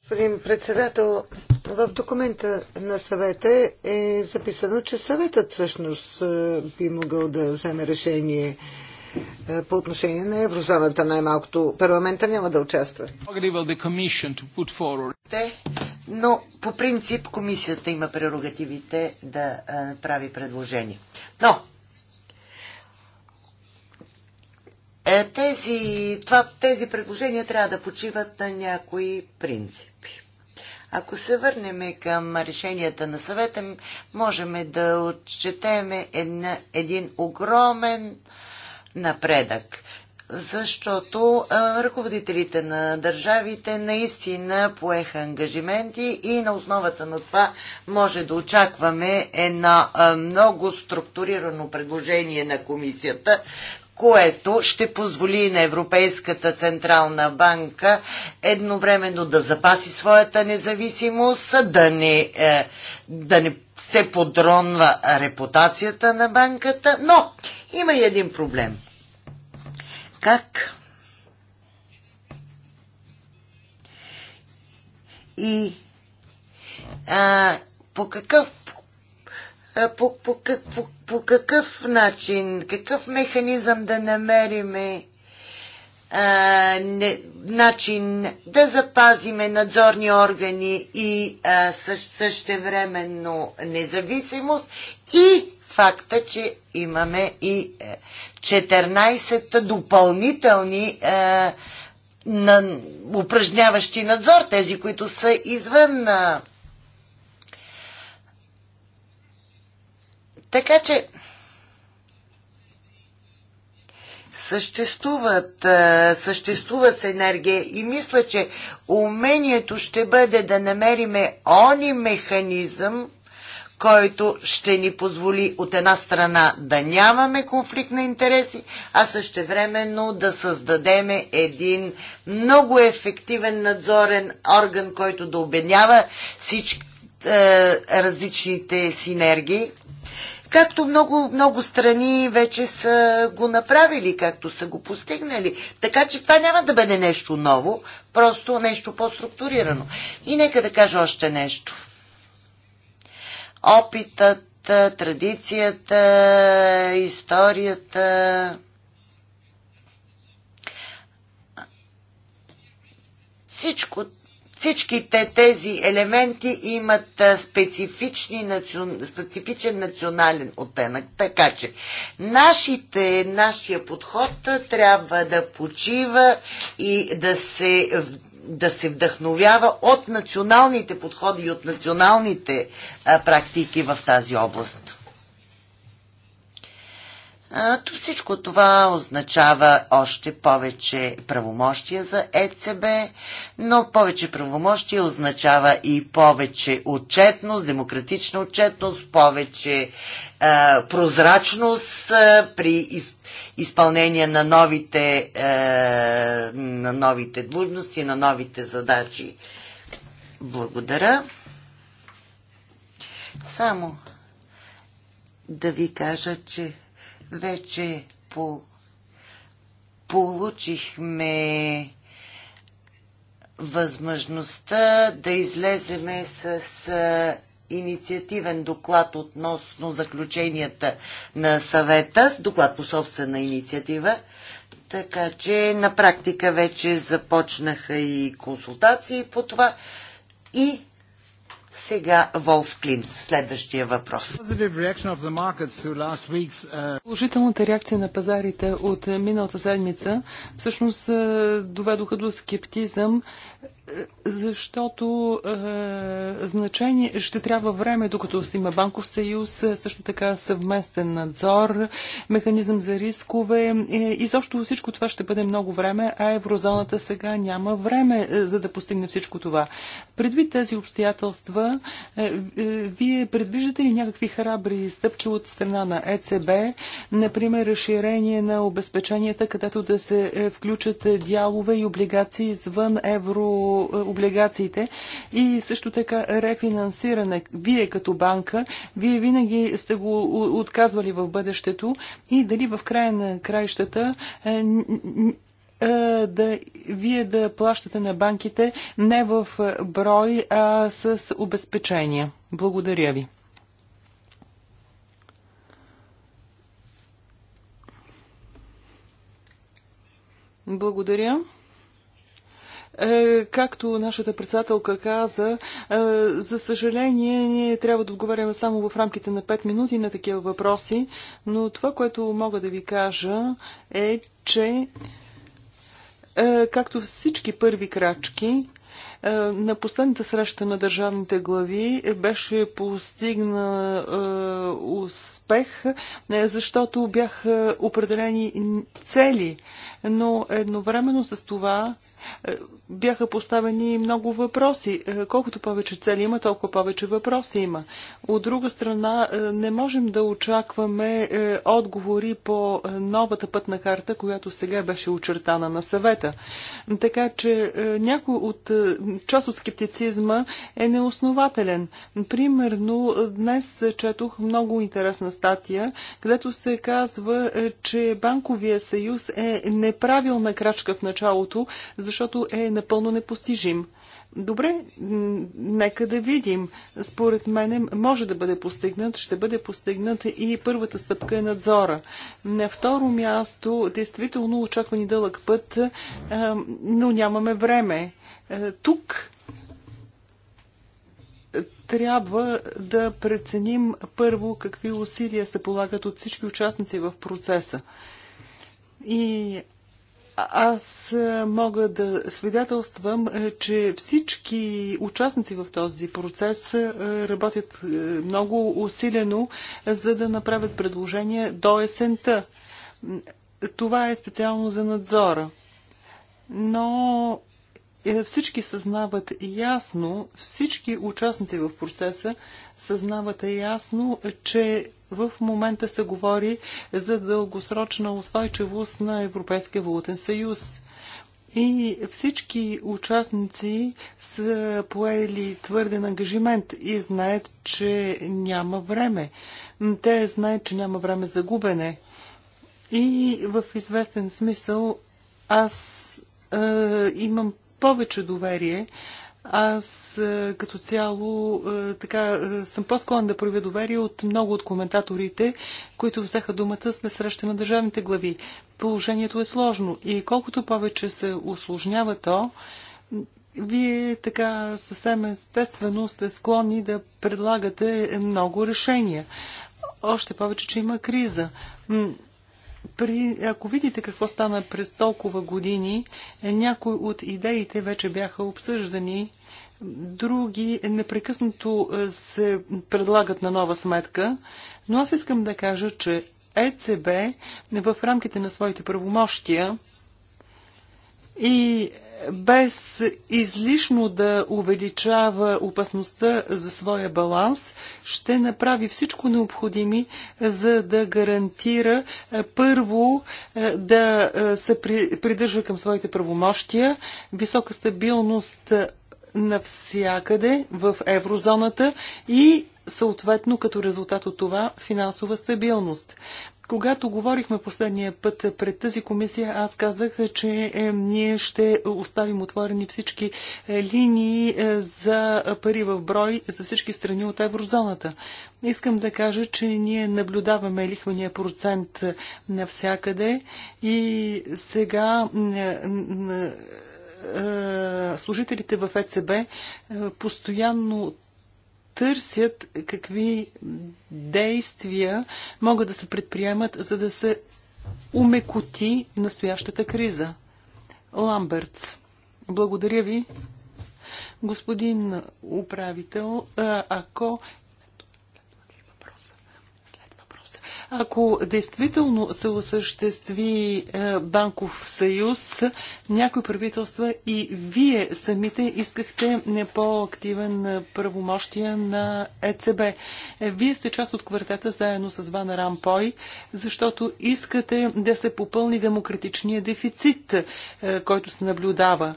Господин председател, в документа на съвета е записано, че съветът всъщност е, би могъл да вземе решение е, по отношение на еврозоната най-малкото. Парламента няма да участва. Те, но по принцип комисията има прерогативите да а, е, прави предложения. Но е, тези, това, тези предложения трябва да почиват на някои принципи. Ако се върнем към решенията на съвета, можем да отчетеме една, един огромен напредък. Защото а, ръководителите на държавите наистина поеха ангажименти и на основата на това може да очакваме едно много структурирано предложение на комисията, което ще позволи на Европейската Централна банка едновременно да запаси своята независимост, да не, е, да не се подронва репутацията на банката, но има и един проблем. Как и а, по какъв по, по, по, по какъв начин, какъв механизъм да намериме а, не, начин да запазиме надзорни органи и а, също, същевременно независимост и факта, че имаме и 14 е, допълнителни а, е, на, упражняващи надзор, тези, които са извън а, Така че съществуват, съществува с енергия и мисля, че умението ще бъде да намериме они механизъм, който ще ни позволи от една страна да нямаме конфликт на интереси, а същевременно да създадеме един много ефективен надзорен орган, който да обеднява всички е, различните синергии както много, много страни вече са го направили, както са го постигнали. Така че това няма да бъде нещо ново, просто нещо по-структурирано. И нека да кажа още нещо. Опитът, традицията, историята. Всичко Всичките тези елементи имат специфични, специфичен национален оттенък. Така че нашите, нашия подход трябва да почива и да се да се вдъхновява от националните подходи и от националните а, практики в тази област. То всичко това означава още повече правомощия за ЕЦБ, но повече правомощия означава и повече отчетност, демократична отчетност, повече е, прозрачност е, при из, изпълнение на новите, е, на новите длъжности, на новите задачи. Благодаря. Само да ви кажа, че вече по... получихме възможността да излеземе с инициативен доклад относно заключенията на съвета, доклад по собствена инициатива. Така че на практика вече започнаха и консултации по това. И сега Волф Клинц, следващия въпрос. Uh, Положителната реакция на пазарите от миналата седмица всъщност е, доведоха до скептизъм защото е, значение ще трябва време, докато си има банков съюз, е, също така съвместен надзор, механизъм за рискове е, и защо всичко това ще бъде много време, а еврозоната сега няма време е, за да постигне всичко това. Предвид тези обстоятелства, е, е, вие предвиждате ли някакви храбри стъпки от страна на ЕЦБ, например разширение на обезпеченията, където да се е, включат дялове и облигации извън евро е, облигациите и също така рефинансиране. Вие като банка, вие винаги сте го отказвали в бъдещето и дали в края на краищата е, е, да вие да плащате на банките не в брой, а с обезпечения. Благодаря ви. Благодаря. Е, както нашата председателка каза, е, за съжаление ние трябва да отговаряме само в рамките на 5 минути на такива въпроси, но това, което мога да ви кажа е, че е, както всички първи крачки, на последната среща на държавните глави беше постигна успех, защото бяха определени цели, но едновременно с това е, бяха поставени много въпроси. Е, колкото повече цели има, толкова повече въпроси има. От друга страна, е, не можем да очакваме отговори по новата пътна карта, която сега беше очертана на съвета. Така че някой от част от скептицизма е неоснователен. Примерно, днес четох много интересна статия, където се казва, че банковия съюз е неправилна крачка в началото, защото е напълно непостижим. Добре, нека да видим. Според мен може да бъде постигнат, ще бъде постигнат и първата стъпка е надзора. На второ място, действително очаква ни дълъг път, но нямаме време. Тук трябва да преценим първо какви усилия се полагат от всички участници в процеса. И аз мога да свидетелствам, че всички участници в този процес работят много усилено, за да направят предложение до есента. Това е специално за надзора. Но е, всички съзнават ясно, всички участници в процеса съзнават ясно, че в момента се говори за дългосрочна устойчивост на Европейския валутен съюз. И всички участници са поели твърден ангажимент и знаят, че няма време. Те знаят, че няма време за губене. И в известен смисъл аз е, имам повече доверие, аз е, като цяло е, така е, съм по-склонен да проявя доверие от много от коментаторите, които взеха думата с среща на държавните глави. Положението е сложно и колкото повече се осложнява то, вие така съвсем естествено сте склонни да предлагате много решения. Още повече, че има криза при, ако видите какво стана през толкова години, някои от идеите вече бяха обсъждани, други непрекъснато е, се предлагат на нова сметка, но аз искам да кажа, че ЕЦБ в рамките на своите правомощия и без излишно да увеличава опасността за своя баланс, ще направи всичко необходими, за да гарантира е, първо е, да е, се придържа към своите правомощия, висока стабилност навсякъде в еврозоната и съответно като резултат от това финансова стабилност. Когато говорихме последния път пред тази комисия, аз казах, че е, ние ще оставим отворени всички е, линии е, за пари в брой за всички страни от еврозоната. Искам да кажа, че ние наблюдаваме лихвения процент навсякъде и сега служителите в ЕЦБ постоянно търсят какви действия могат да се предприемат, за да се умекоти настоящата криза. Ламбертс, благодаря ви. Господин управител, ако Ако действително се осъществи е, банков съюз, някои правителства и вие самите искахте не по-активен е, правомощия на ЕЦБ. Е, вие сте част от квартета заедно с Ван Рампой, защото искате да се попълни демократичния дефицит, който се наблюдава.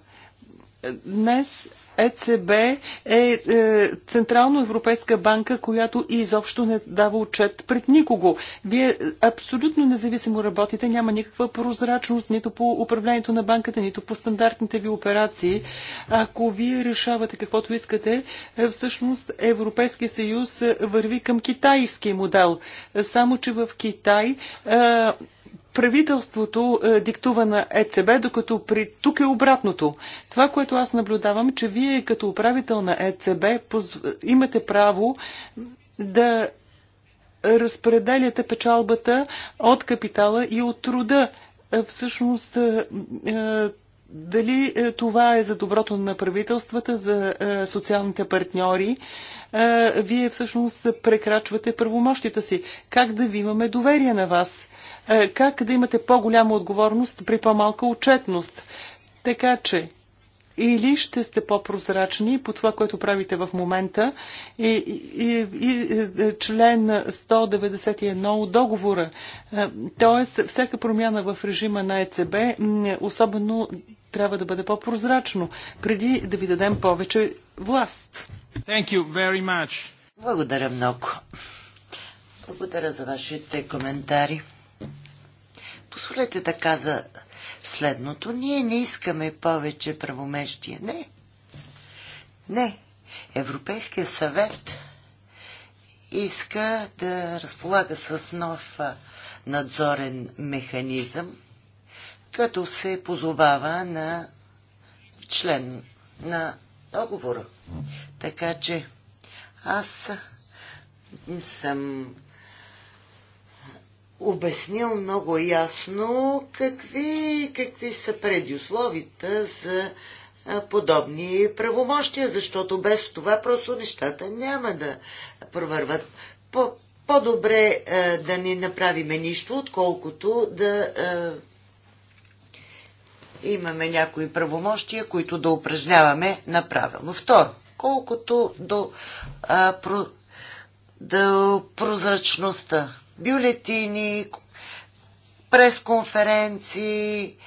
Днес ЕЦБ е, е Централно Европейска банка, която изобщо не дава отчет пред никого. Вие абсолютно независимо работите, няма никаква прозрачност нито по управлението на банката, нито по стандартните ви операции. Ако вие решавате каквото искате, е, всъщност Европейския съюз е, върви към китайски модел. Само, че в Китай е, правителството е, диктува на ЕЦБ, докато при тук е обратното. Това, което аз наблюдавам, че вие като управител на ЕЦБ поз... имате право да разпределяте печалбата от капитала и от труда. Е, всъщност е, е дали е, това е за доброто на правителствата, за е, социалните партньори? Е, вие всъщност прекрачвате правомощите си. Как да ви имаме доверие на вас? Как да имате по-голяма отговорност при по-малка отчетност? Така че или ще сте по-прозрачни по това, което правите в момента и, и, и е, е, член 191 от договора. Е, тоест, всяка промяна в режима на ЕЦБ, особено трябва да бъде по-прозрачно, преди да ви дадем повече власт. Thank you very much. Благодаря много. Благодаря за вашите коментари. Позволете да каза следното. Ние не искаме повече правомещие. Не. Не. Европейския съвет иска да разполага с нов надзорен механизъм, като се позовава на член на договора. Така че аз съм обяснил много ясно какви, какви са предиусловите за подобни правомощия, защото без това просто нещата няма да провърват. По, по-добре е, да не направиме нищо, отколкото да е, имаме някои правомощия, които да упражняваме направено. Второ, колкото до, е, про, до прозрачността бюлетини, пресконференции,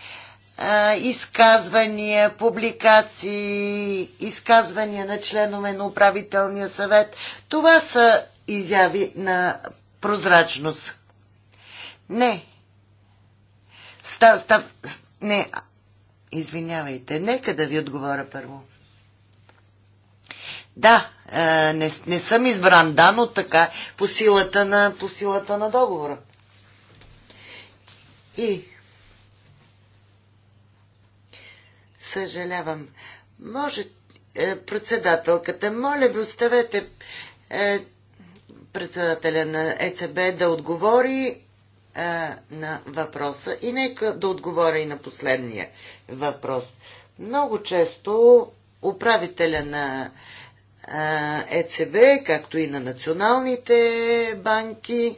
изказвания, публикации, изказвания на членове на управителния съвет. Това са изяви на прозрачност. Не. Став, став, не. Извинявайте, нека да ви отговоря първо. Да, е, не, не съм избран, да, но така по силата на, по силата на договора. И съжалявам. Може, е, председателката, моля ви, оставете е, председателя на ЕЦБ да отговори е, на въпроса и нека да отговоря и на последния въпрос. Много често управителя на е, ЕЦБ, както и на националните банки.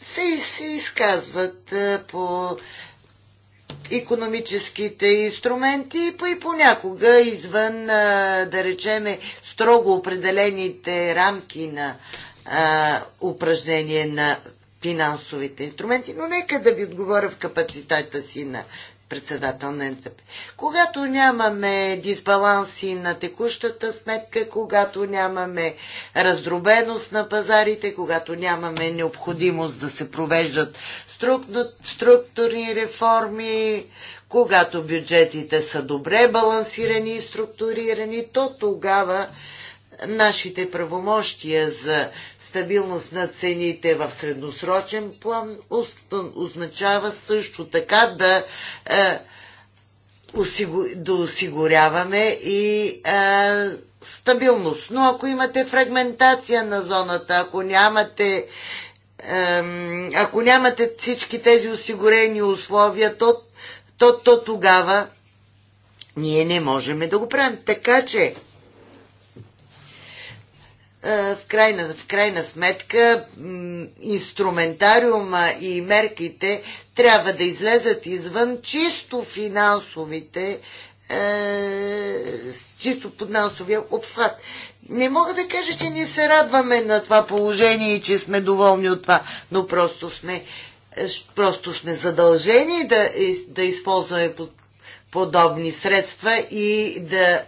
Се, се изказват по економическите инструменти и понякога извън, да речеме, строго определените рамки на а, упражнение на финансовите инструменти, но нека да ви отговоря в капацитета си на председател на НЦП. Когато нямаме дисбаланси на текущата сметка, когато нямаме раздробеност на пазарите, когато нямаме необходимост да се провеждат структурни реформи, когато бюджетите са добре балансирани и структурирани, то тогава нашите правомощия за стабилност на цените в средносрочен план означава също така да, е, да осигуряваме и е, стабилност. Но ако имате фрагментация на зоната, ако нямате ако нямате всички тези осигурени условия, то, то, то тогава ние не можем да го правим. Така че е, в крайна, в крайна сметка инструментариума и мерките трябва да излезат извън чисто финансовите е, чисто под финансовия обхват. Не мога да кажа, че ни се радваме на това положение и че сме доволни от това, но просто сме, е, просто сме задължени да, да използваме подобни средства и да е,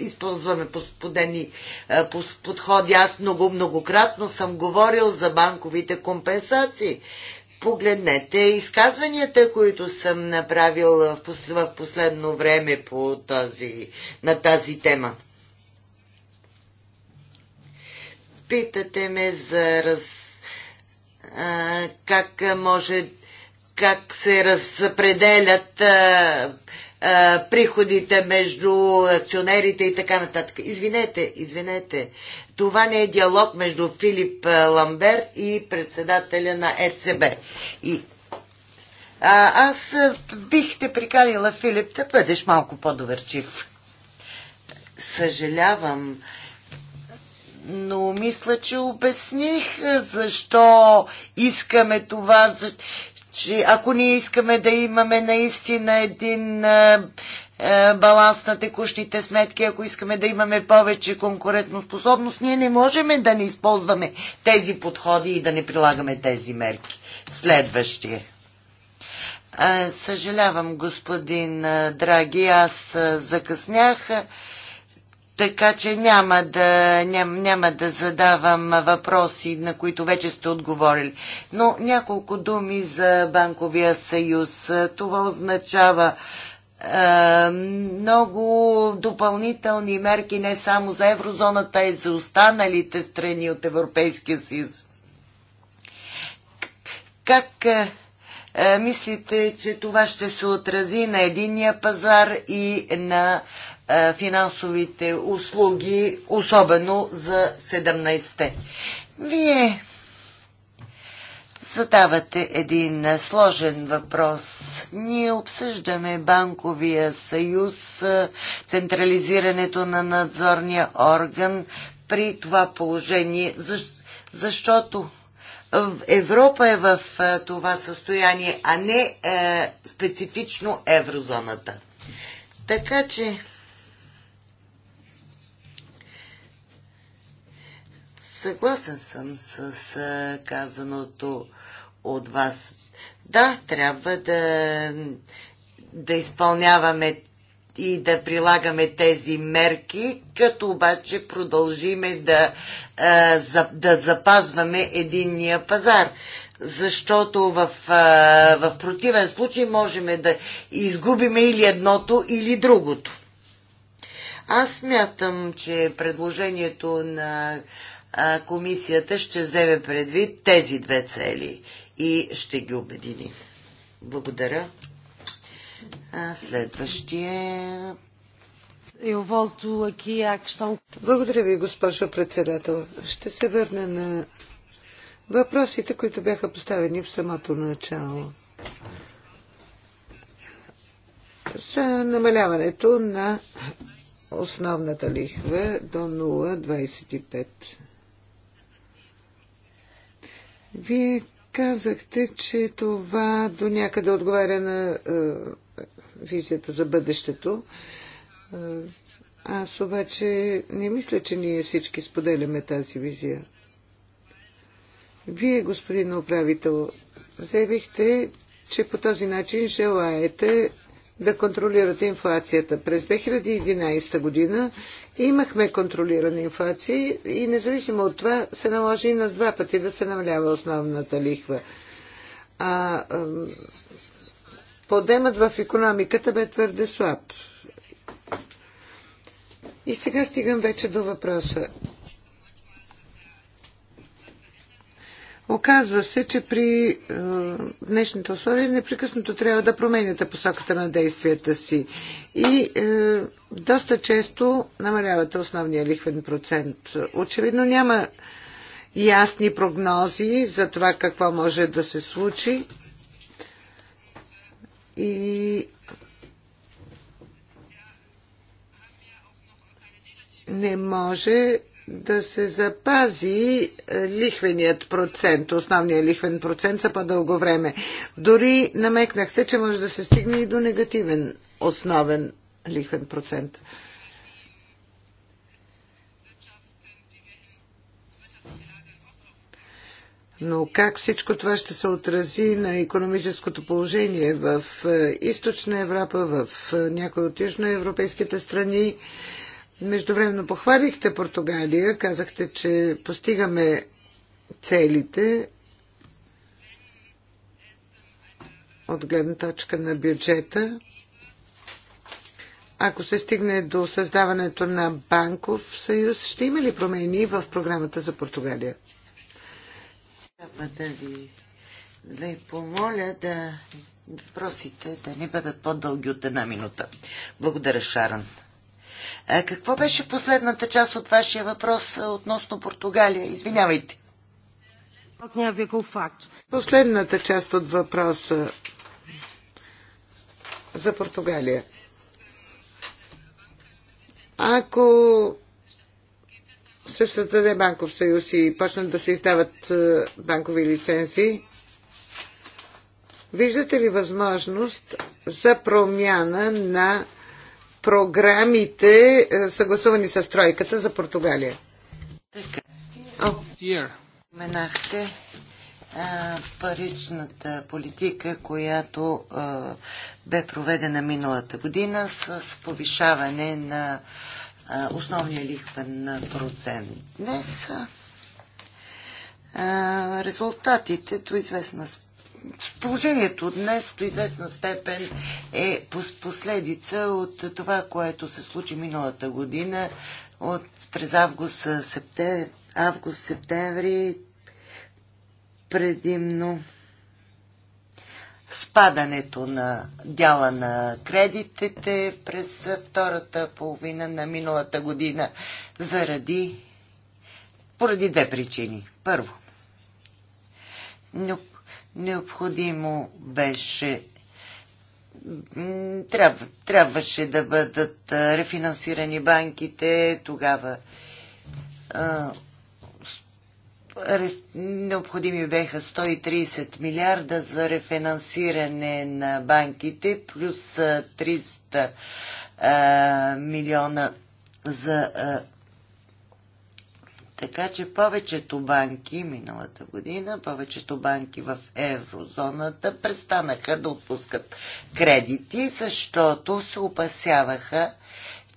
използваме подходени е, подходи. Аз много, многократно съм говорил за банковите компенсации. Погледнете изказванията, които съм направил в, послед, в последно време по тази, на тази тема. Питате ме за раз, а, как може как се разпределят а, приходите между акционерите и така нататък. Извинете, извинете. Това не е диалог между Филип Ламбер и председателя на ЕЦБ. И а, аз бих те приканила, Филип, да бъдеш малко по-доверчив. Съжалявам, но мисля, че обясних защо искаме това. Защо че ако ние искаме да имаме наистина един баланс на текущите сметки, ако искаме да имаме повече конкурентоспособност, ние не можем да не използваме тези подходи и да не прилагаме тези мерки. Следващия. Съжалявам, господин Драги, аз закъснях така че няма да, ням, няма да задавам въпроси, на които вече сте отговорили. Но няколко думи за Банковия съюз. Това означава е, много допълнителни мерки не само за еврозоната, а и за останалите страни от Европейския съюз. Как е, е мислите, че това ще се отрази на единния пазар и на е, финансовите услуги, особено за 17-те. Вие задавате един сложен въпрос. Ние обсъждаме банковия съюз, е, централизирането на надзорния орган при това положение, защото Европа е в е, това състояние, а не специфично еврозоната. Така че Съгласен съм с казаното от вас. Да, трябва да, да изпълняваме и да прилагаме тези мерки, като обаче продължиме да, да запазваме единния пазар. Защото в, в противен случай можем да изгубиме или едното, или другото. Аз мятам, че предложението на комисията ще вземе предвид тези две цели и ще ги обедини. Благодаря. следващия Благодаря ви, госпожо председател. Ще се върна на въпросите, които бяха поставени в самото начало. За намаляването на основната лихва до 0,25. Вие казахте, че това до някъде отговаря на е, визията за бъдещето. Е, аз обаче не мисля, че ние всички споделяме тази визия. Вие, господин управител, заявихте, че по този начин желаете да контролирате инфлацията. През 2011 година имахме контролирана инфлация и независимо от това се наложи и на два пъти да се намалява основната лихва. А, подемът в економиката бе твърде слаб. И сега стигам вече до въпроса. Оказва се, че при е, днешните условия непрекъснато трябва да променяте посоката на действията си и е, доста често намалявате основния лихвен процент. Очевидно няма ясни прогнози за това какво може да се случи и не може да се запази е, лихвеният процент, основният лихвен процент за по-дълго време. Дори намекнахте, че може да се стигне и до негативен основен лихвен процент. Но как всичко това ще се отрази на економическото положение в е, Източна Европа, в е, някои от южноевропейските страни? Междувременно похвалихте Португалия, казахте, че постигаме целите от гледна точка на бюджета. Ако се стигне до създаването на банков съюз, ще има ли промени в програмата за Португалия? Трябва да ви, да ви помоля да въпросите да не бъдат по-дълги от една минута. Благодаря, Шаран. Какво беше последната част от вашия въпрос относно Португалия? Извинявайте. Последната част от въпроса за Португалия. Ако се създаде банков съюз и почнат да се издават банкови лицензии, виждате ли възможност за промяна на програмите, е, съгласувани с тройката за Португалия. Така. Менахте е, паричната политика, която а, е, бе проведена миналата година с повишаване на а, основния лихвен процент. Днес а, резултатите до известна степен положението днес до известна степен е последица от това, което се случи миналата година, от през август, септември, август, септември предимно спадането на дяла на кредитите през втората половина на миналата година заради поради две причини. Първо, Необходимо беше трябва, трябваше да бъдат рефинансирани банките, тогава а, реф, необходими беха 130 милиарда за рефинансиране на банките, плюс 300 а, милиона за а, така че повечето банки миналата година, повечето банки в еврозоната престанаха да отпускат кредити, защото се опасяваха,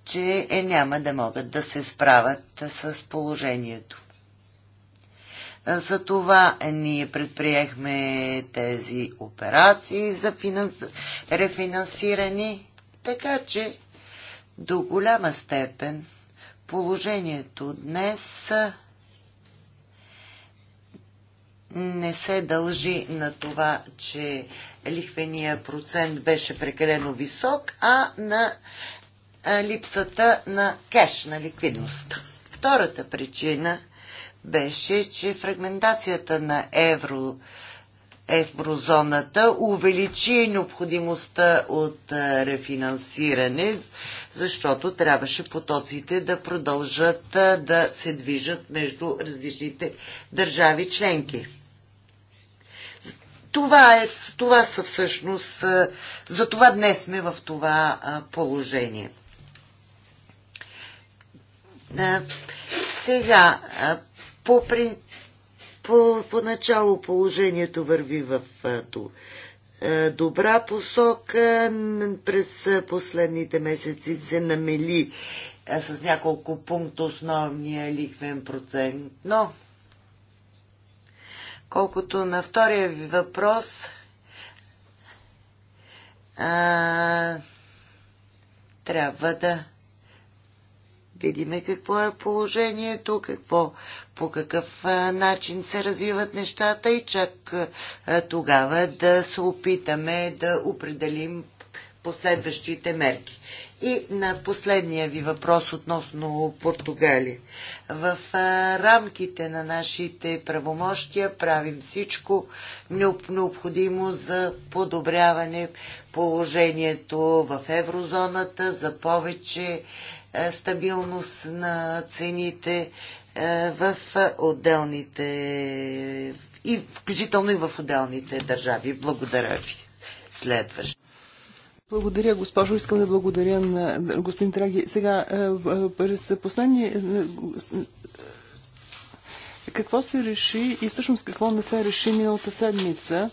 че е, няма да могат да се справят с положението. За това ние предприехме тези операции за финанс... рефинансиране, така че до голяма степен положението днес не се дължи на това, че лихвения процент беше прекалено висок, а на липсата на кеш, на ликвидност. Втората причина беше, че фрагментацията на евро еврозоната увеличи необходимостта от рефинансиране, защото трябваше потоците да продължат да се движат между различните държави членки. Това, е, това са всъщност, за това днес сме в това положение. Сега, по, при, по, поначало положението върви в добра посока. През последните месеци се намели с няколко пункта основния ликвен процент. Но, колкото на втория ви въпрос, а, трябва да Видим, какво е положението, какво, по какъв начин се развиват нещата и чак тогава да се опитаме да определим последващите мерки. И на последния ви въпрос относно Португалия. В рамките на нашите правомощия правим всичко необходимо за подобряване положението в еврозоната, за повече е, стабилност на цените е, в отделните и включително и в отделните държави. Благодаря ви. Следващо. Благодаря, госпожо. Искам да благодаря на господин Траги. Сега, е, през последния какво се реши и всъщност какво не се реши миналата седмица.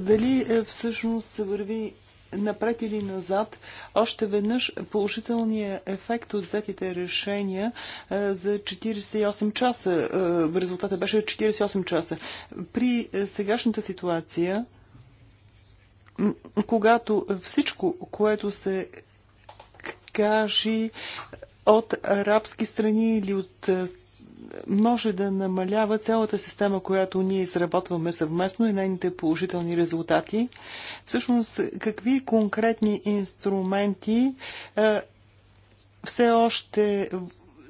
Дали всъщност се върви напред или назад, още веднъж положителния ефект от взетите решения е, за 48 часа. Е, резултата беше 48 часа. При е, сегашната ситуация, когато всичко, което се каже от арабски страни или от може да намалява цялата система, която ние изработваме съвместно и нейните положителни резултати. Всъщност, какви конкретни инструменти а, е, все още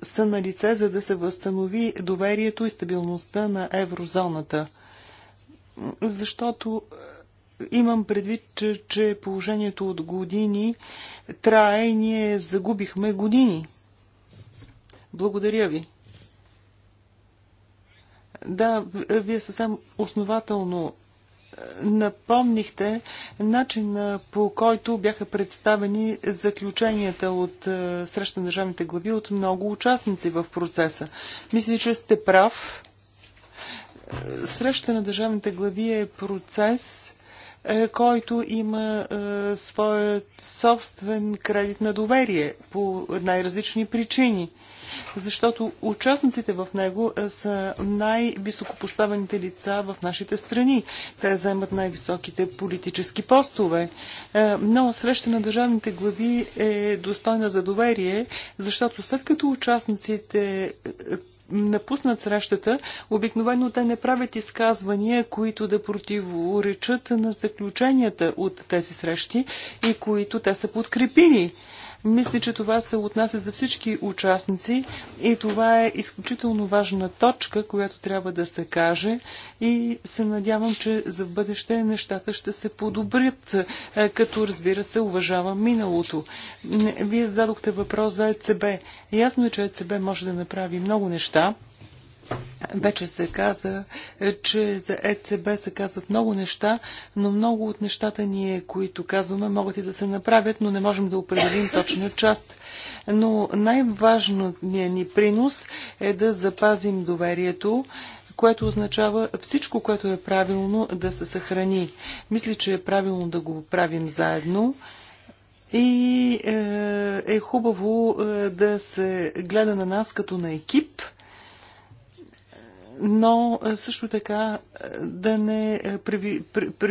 са на лице, за да се възстанови доверието и стабилността на еврозоната? Защото е, имам предвид, че, че положението от години трае и ние загубихме години. Благодаря ви. Да, вие съвсем основателно е, напомнихте начина по който бяха представени заключенията от е, среща на държавните глави от много участници в процеса. Мисля, че сте прав. Среща на държавните глави е процес, е, който има своят собствен кредит на доверие по най-различни причини защото участниците в него е, са най-високопоставените лица в нашите страни. Те заемат най-високите политически постове. Е, Но среща на държавните глави е достойна за доверие, защото след като участниците е, напуснат срещата, обикновено те не правят изказвания, които да противоречат на заключенията от тези срещи и които те са подкрепили. Мисля, че това се отнася за всички участници и това е изключително важна точка, която трябва да се каже и се надявам, че за бъдеще нещата ще се подобрят, е, като разбира се уважава миналото. Вие зададохте въпрос за ЕЦБ. Ясно е, че ЕЦБ може да направи много неща. Вече се каза, е, че за ЕЦБ се казват много неща, но много от нещата ние, които казваме, могат и да се направят, но не можем да определим точна част. Но най-важният ни принос е да запазим доверието което означава всичко, което е правилно да се съхрани. Мисля, че е правилно да го правим заедно. И е, е хубаво е, да се гледа на нас като на екип, но е, също така е, да не е,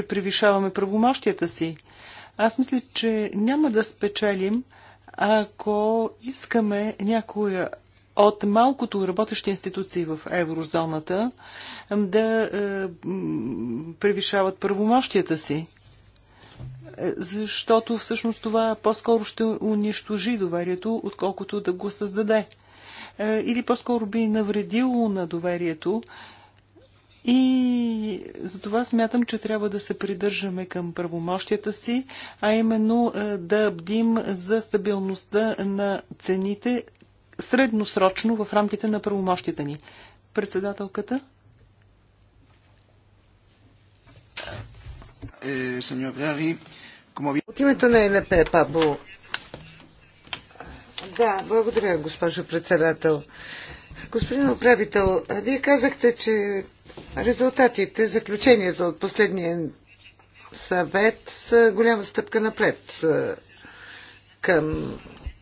превишаваме правомощията си. Аз мисля, че няма да спечелим, ако искаме някоя от малкото работещи институции в еврозоната да превишават правомощията си. Защото всъщност това по-скоро ще унищожи доверието, отколкото да го създаде. Е, или по-скоро би навредило на доверието. И за това смятам, че трябва да се придържаме към правомощията си, а именно е, да бдим за стабилността на цените средносрочно в рамките на правомощията ни. Председателката? Е, От името на ЕНП, Пабло да, благодаря, госпожо председател. Господин управител, вие казахте, че резултатите, заключенията от последния съвет са голяма стъпка напред е, към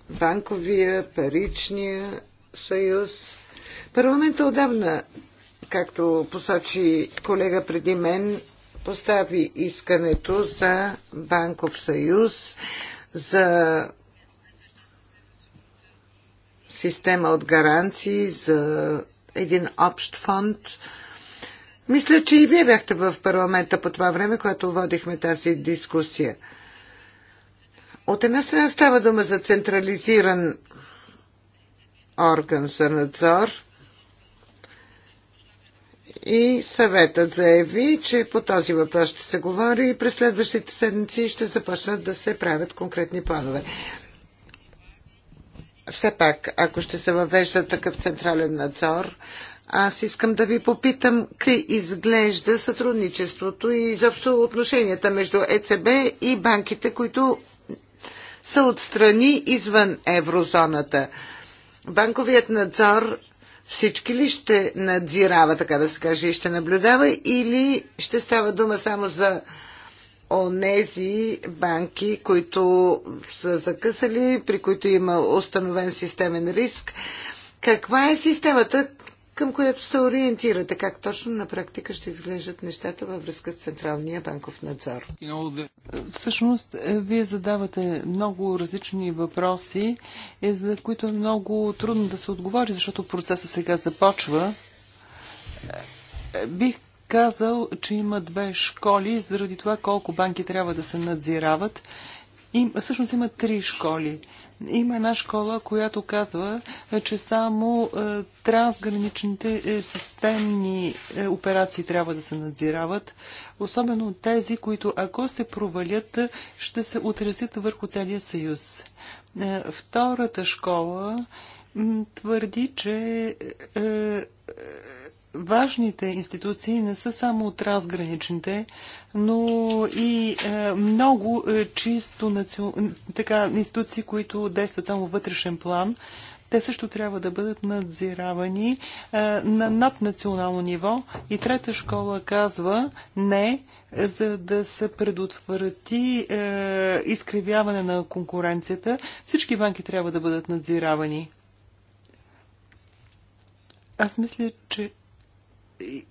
банковия, паричния съюз. Парламента отдавна, както посочи колега преди мен, постави искането за банков съюз, за система от гаранции, за един общ фонд. Мисля, че и вие бяхте в парламента по това време, когато водихме тази дискусия. От една страна става дума за централизиран орган за надзор и съветът заяви, че по този въпрос ще се говори и през следващите седмици ще започнат да се правят конкретни планове все пак, ако ще се въвежда такъв централен надзор, аз искам да ви попитам как изглежда сътрудничеството и изобщо отношенията между ЕЦБ и банките, които са отстрани извън еврозоната. Банковият надзор всички ли ще надзирава, така да се каже, и ще наблюдава, или ще става дума само за онези банки, които са закъсали, при които има установен системен риск. Каква е системата, към която се ориентирате? Как точно на практика ще изглеждат нещата във връзка с Централния банков надзор? Всъщност, вие задавате много различни въпроси, е, за които е много трудно да се отговори, защото процесът сега започва. Е, бих казал, че има две школи заради това колко банки трябва да се надзирават. И, всъщност има три школи. Има една школа, която казва, е, че само е, трансграничните е, системни е, операции трябва да се надзирават, особено тези, които ако се провалят, е, ще се отразят върху целия съюз. Е, втората школа твърди, че е, е важните институции не са само трансграничните, но и е, много е, чисто наци... така, институции, които действат само вътрешен план. Те също трябва да бъдат надзиравани е, на наднационално ниво. И трета школа казва не, за да се предотврати е, изкривяване на конкуренцията. Всички банки трябва да бъдат надзиравани. Аз мисля, че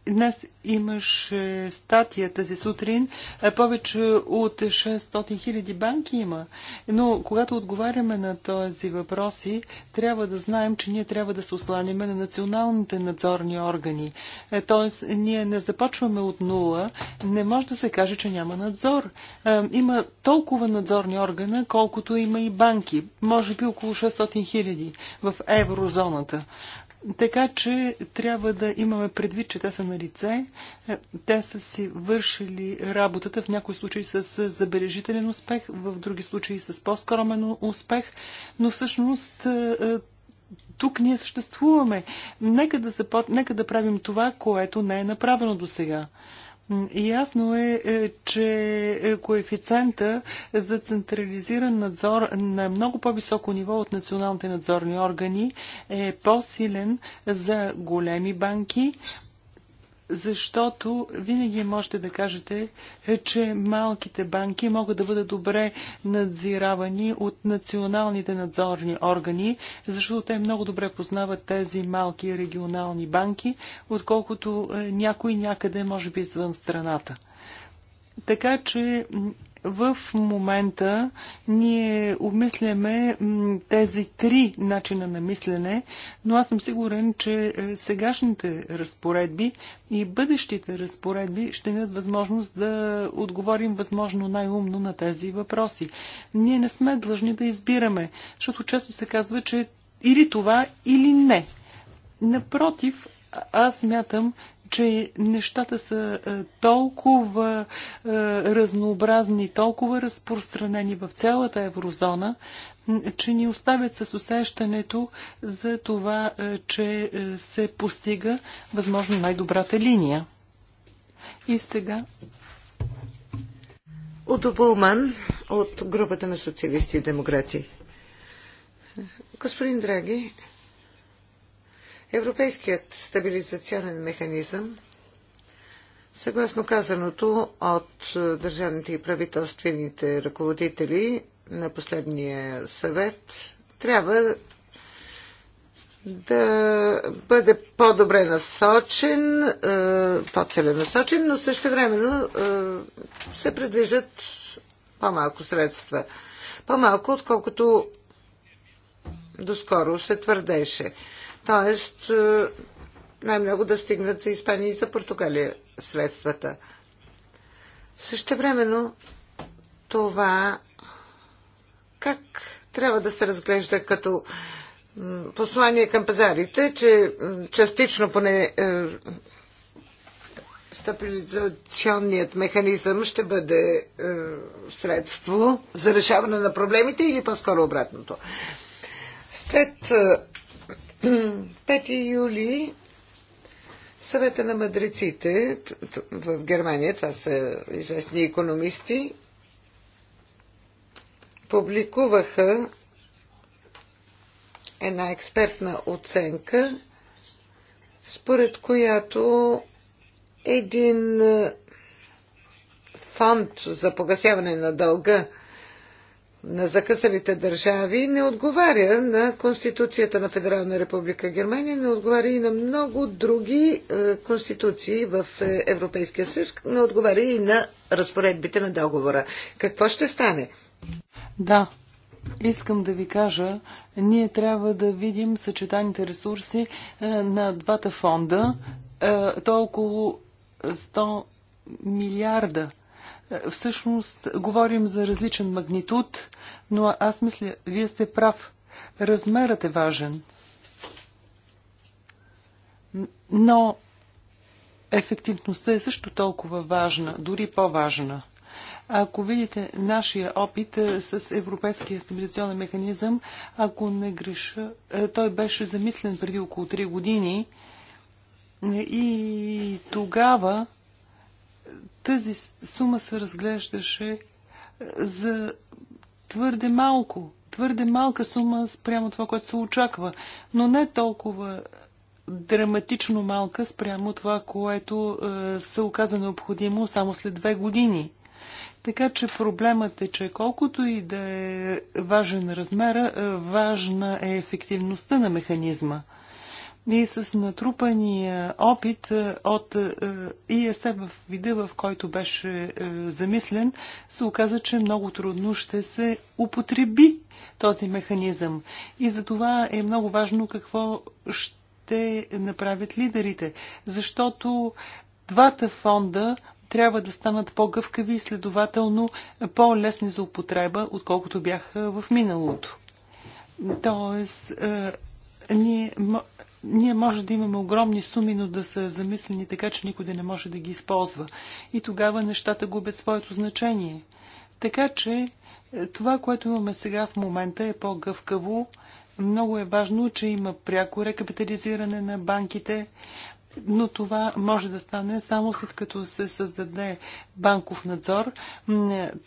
Днес имаше статия тази сутрин. Е, повече от 600 хиляди банки има. Но когато отговаряме на този въпроси, трябва да знаем, че ние трябва да се осланяме на националните надзорни органи. Е, тоест, ние не започваме от нула. Не може да се каже, че няма надзор. Е, има толкова надзорни органа, колкото има и банки. Може би около 600 хиляди в еврозоната. Така че трябва да имаме предвид, че те са на лице. Е, те са си вършили работата в някои случаи с забележителен успех, в други случаи с по-скромен успех, но всъщност е, е, тук ние съществуваме. Нека да, запот... Нека да правим това, което не е направено до сега. Ясно е, е че е, коефициента за централизиран надзор на много по-високо ниво от националните надзорни органи е по-силен за големи банки, защото винаги можете да кажете, че малките банки могат да бъдат добре надзиравани от националните надзорни органи, защото те много добре познават тези малки регионални банки, отколкото е, някой някъде, може би, извън страната. Така че в момента ние обмисляме тези три начина на мислене, но аз съм сигурен, че е, сегашните разпоредби и бъдещите разпоредби ще дадат възможност да отговорим възможно най-умно на тези въпроси. Ние не сме длъжни да избираме, защото често се казва, че или това, или не. Напротив, аз мятам, че нещата са е, толкова е, разнообразни, толкова разпространени в цялата еврозона, че ни оставят с усещането за това, е, че се постига възможно най-добрата линия. И сега. Удо Булман от групата на социалисти и демократи. Господин Драги, Европейският стабилизационен механизъм, съгласно казаното от държавните и правителствените ръководители на последния съвет, трябва да бъде по-добре насочен, е, по-целенасочен, но също времено е, се предвиждат по-малко средства. По-малко, отколкото доскоро се твърдеше. Тоест, е, най-много да стигнат за Испания и за Португалия средствата. Също времено това как трябва да се разглежда като послание към пазарите, че частично поне е, стабилизационният механизъм ще бъде е, средство за решаване на проблемите или по-скоро обратното. След е, 5 юли съвета на мъдреците в Германия, това са известни економисти, публикуваха една експертна оценка, според която един фонд за погасяване на дълга – на закъсалите държави не отговаря на Конституцията на Федерална република Германия, не отговаря и на много други е, конституции в е, Европейския съюз, не отговаря и на разпоредбите на договора. Какво ще стане? Да, Искам да ви кажа, ние трябва да видим съчетаните ресурси е, на двата фонда. То е около 100 милиарда Всъщност говорим за различен магнитуд, но аз мисля, вие сте прав. Размерът е важен. Но ефективността е също толкова важна, дори по-важна. Ако видите нашия опит е, с Европейския стабилизационен механизъм, ако не греша, е, той беше замислен преди около 3 години е, и тогава тази сума се разглеждаше е, за твърде малко, твърде малка сума спрямо това, което се очаква, но не толкова драматично малка спрямо това, което е, се оказа необходимо само след две години. Така че проблемът е, че колкото и да е важен размера, е, важна е ефективността на механизма – ние с натрупания опит е, от е, ИСЕ в вида, в който беше е, замислен, се оказа, че много трудно ще се употреби този механизъм. И за това е много важно какво ще направят лидерите, защото двата фонда трябва да станат по-гъвкави и следователно по-лесни за употреба, отколкото бяха в миналото. Тоест, ние ние може да имаме огромни суми, но да са замислени така, че никой да не може да ги използва. И тогава нещата губят своето значение. Така че е, това, което имаме сега в момента е по-гъвкаво. Много е важно, че има пряко рекапитализиране на банките, но това може да стане само след като се създаде банков надзор.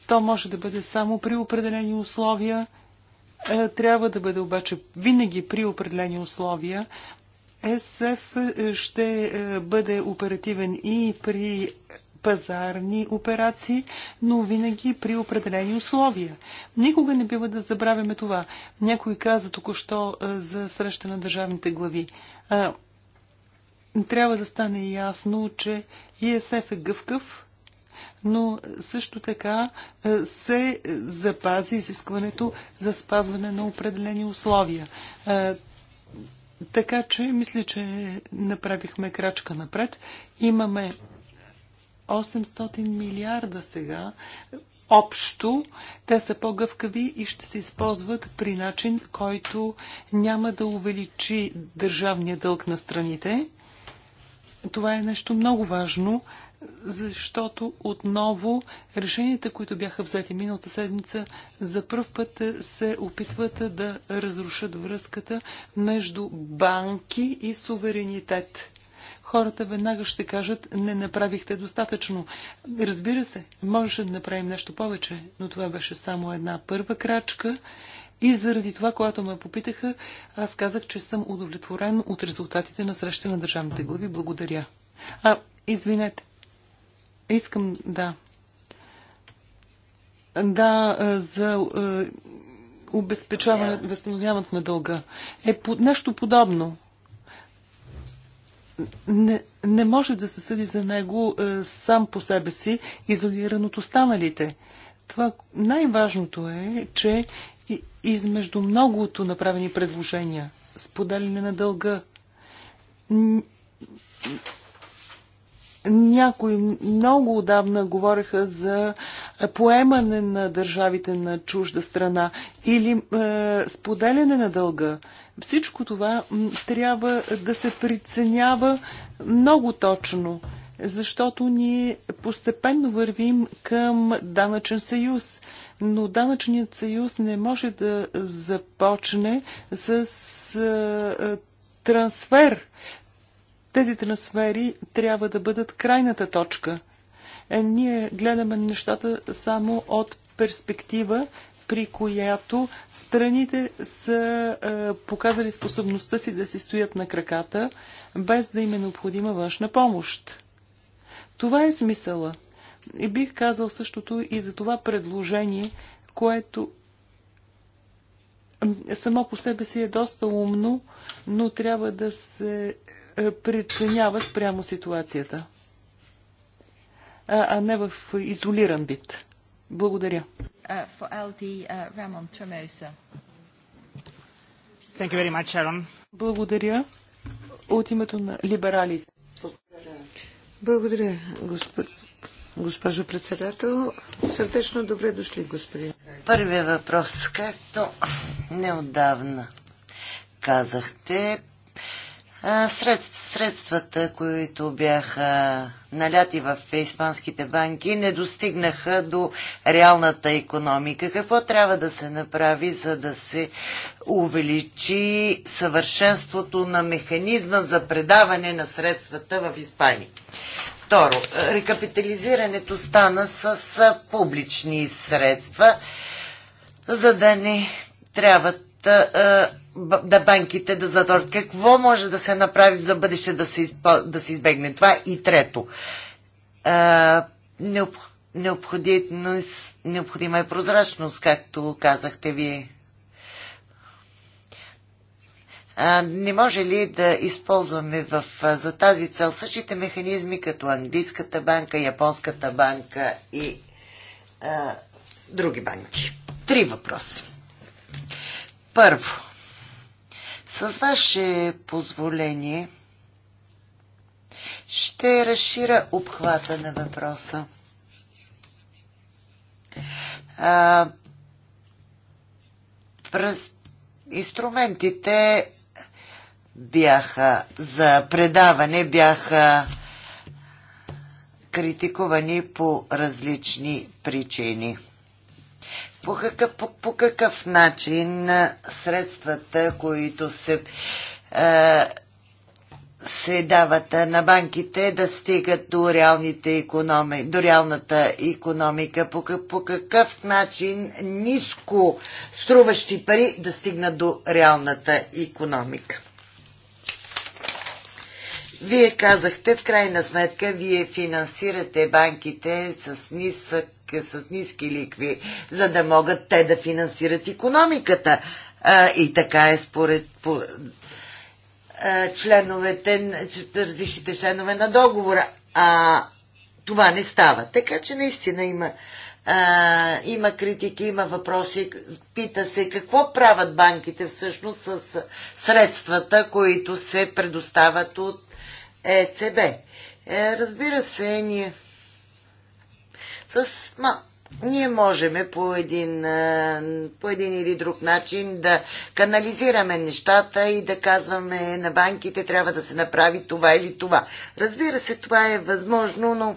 То може да бъде само при определени условия е, трябва да бъде обаче винаги при определени условия, СФ е, ще е, бъде оперативен и при пазарни операции, но винаги при определени условия. Никога не бива да забравяме това. Някой каза току-що е, за среща на държавните глави. Трябва да стане ясно, че ИСФ е гъвкав, но също така се запази изискването за спазване на определени условия. Така че, мисля, че направихме крачка напред. Имаме 800 милиарда сега общо. Те са по-гъвкави и ще се използват при начин, който няма да увеличи държавния дълг на страните. Това е нещо много важно, защото отново решенията, които бяха взети миналата седмица, за първ път се опитват да разрушат връзката между банки и суверенитет. Хората веднага ще кажат, не направихте достатъчно. Разбира се, можеше да направим нещо повече, но това беше само една първа крачка. И заради това, когато ме попитаха, аз казах, че съм удовлетворен от резултатите на среща на държавните глави. Благодаря. А, извинете, Искам, да. Да, за обезпечаване, възстановяването на дълга. Е по, нещо подобно. Не, не може да се съди за него е, сам по себе си, изолиран от останалите. Това най-важното е, че измежду многото направени предложения, споделяне на дълга, някои много отдавна говореха за поемане на държавите на чужда страна или е, споделяне на дълга. Всичко това трябва да се приценява много точно, защото ние постепенно вървим към данъчен съюз. Но данъчният съюз не може да започне с е, е трансфер. Тези трансфери трябва да бъдат крайната точка. Е, ние гледаме нещата само от перспектива, при която страните са е, показали способността си да си стоят на краката, без да им е необходима външна помощ. Това е смисъла. И бих казал същото и за това предложение, което само по себе си е доста умно, но трябва да се е, е, преценява спрямо ситуацията, а не в изолиран вид. Благодаря. Uh, uh, much, Благодаря. От името на либералите. Благодаря, госпожо председател. Сърдечно добре дошли, господин. Първият въпрос, както неодавна казахте, средствата, които бяха наляти в испанските банки, не достигнаха до реалната економика. Какво трябва да се направи, за да се увеличи съвършенството на механизма за предаване на средствата в Испания? Второ, рекапитализирането стана с публични средства, за да не трябват да банките да задържат. Какво може да се направи за бъдеще да се, изпъл... да се избегне това? Е и трето, а, необ... необходимо... необходима е прозрачност, както казахте вие. А, не може ли да използваме в, за тази цел същите механизми, като английската банка, японската банка и а, други банки? Три въпроса. Първо, с ваше позволение ще разширя обхвата на въпроса. А, през инструментите бяха за предаване, бяха критикувани по различни причини по какъв, по, по какъв начин средствата, които се, а, се дават на банките, да стигат до, реалните економи, до реалната економика? По, по какъв начин ниско струващи пари да стигнат до реалната економика? Вие казахте, в крайна сметка, вие финансирате банките с нисък с ниски ликви, за да могат те да финансират економиката. А, и така е според по, а, членовете, различните членове на договора. А това не става. Така че наистина има, а, има критики, има въпроси. Пита се какво правят банките всъщност с средствата, които се предоставят от ЕЦБ. Е, разбира се, ние с, ма, ние можем по един, по един или друг начин да канализираме нещата и да казваме на банките трябва да се направи това или това. Разбира се, това е възможно, но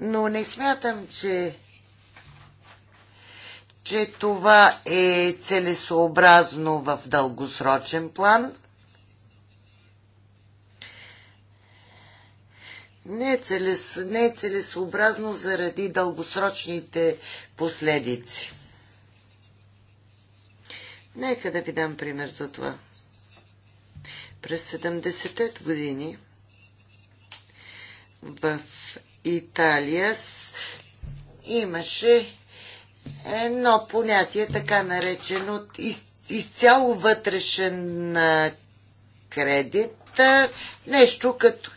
но не смятам, че че това е целесообразно в дългосрочен план – не е, целес, не е целесообразно заради дългосрочните последици. Нека да ви дам пример за това. През 70-те години в Италия имаше едно понятие, така наречено из, изцяло вътрешен кредит, нещо като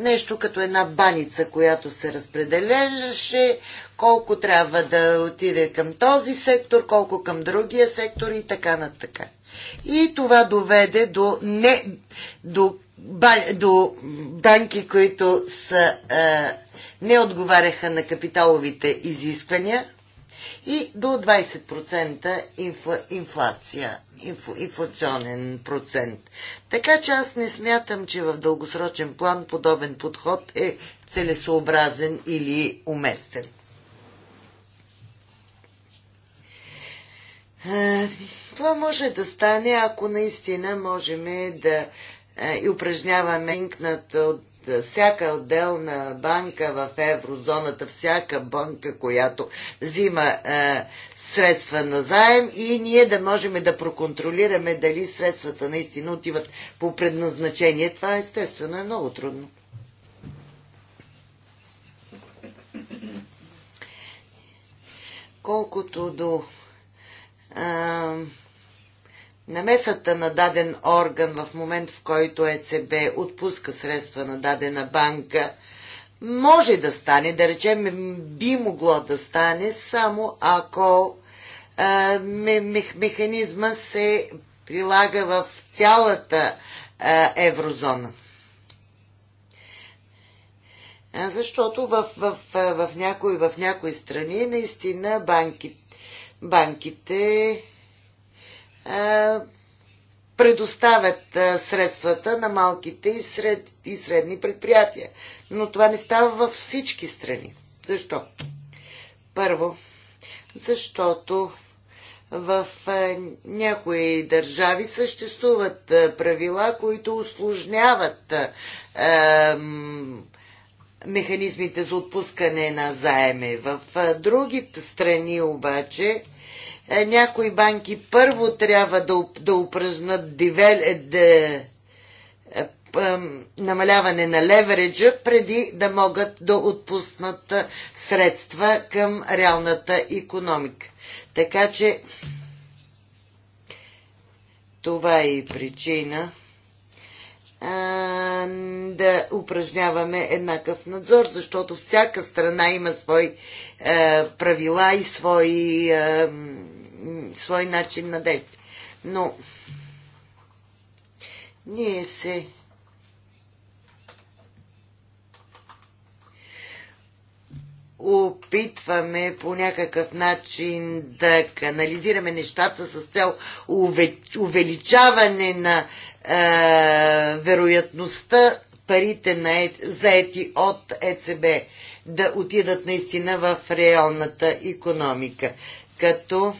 нещо като една баница, която се разпределяше, колко трябва да отиде към този сектор, колко към другия сектор и така на така. И това доведе до, не, до, ба, до банки, които са, а, не отговаряха на капиталовите изисквания и до 20% инфла, инфлация инфлационен процент. Така че аз не смятам, че в дългосрочен план подобен подход е целесообразен или уместен. Това може да стане, ако наистина можем да и упражняваме над всяка отделна банка в еврозоната, всяка банка, която взима е, средства на заем и ние да можем да проконтролираме дали средствата наистина отиват по предназначение. Това естествено е много трудно. Колкото до е, намесата на даден орган в момент, в който ЕЦБ отпуска средства на дадена банка, може да стане, да речем, би могло да стане, само ако механизма се прилага в цялата еврозона. защото в, в, в, в, някои, в някои страни наистина банки, банките предоставят средствата на малките и, сред, и средни предприятия. Но това не става във всички страни. Защо? Първо, защото в някои държави съществуват правила, които осложняват механизмите за отпускане на заеме. В други страни обаче е, някои банки първо трябва да, да упражнат дивел, е, да, е, намаляване на левереджа, преди да могат да отпуснат средства към реалната економика. Така че това е и причина а, да упражняваме еднакъв надзор, защото всяка страна има свои е, правила и свои Е, свой начин на действие. Но ние се опитваме по някакъв начин да канализираме нещата с цел увеличаване на е, вероятността парите на е, заети от ЕЦБ да отидат наистина в реалната економика. Като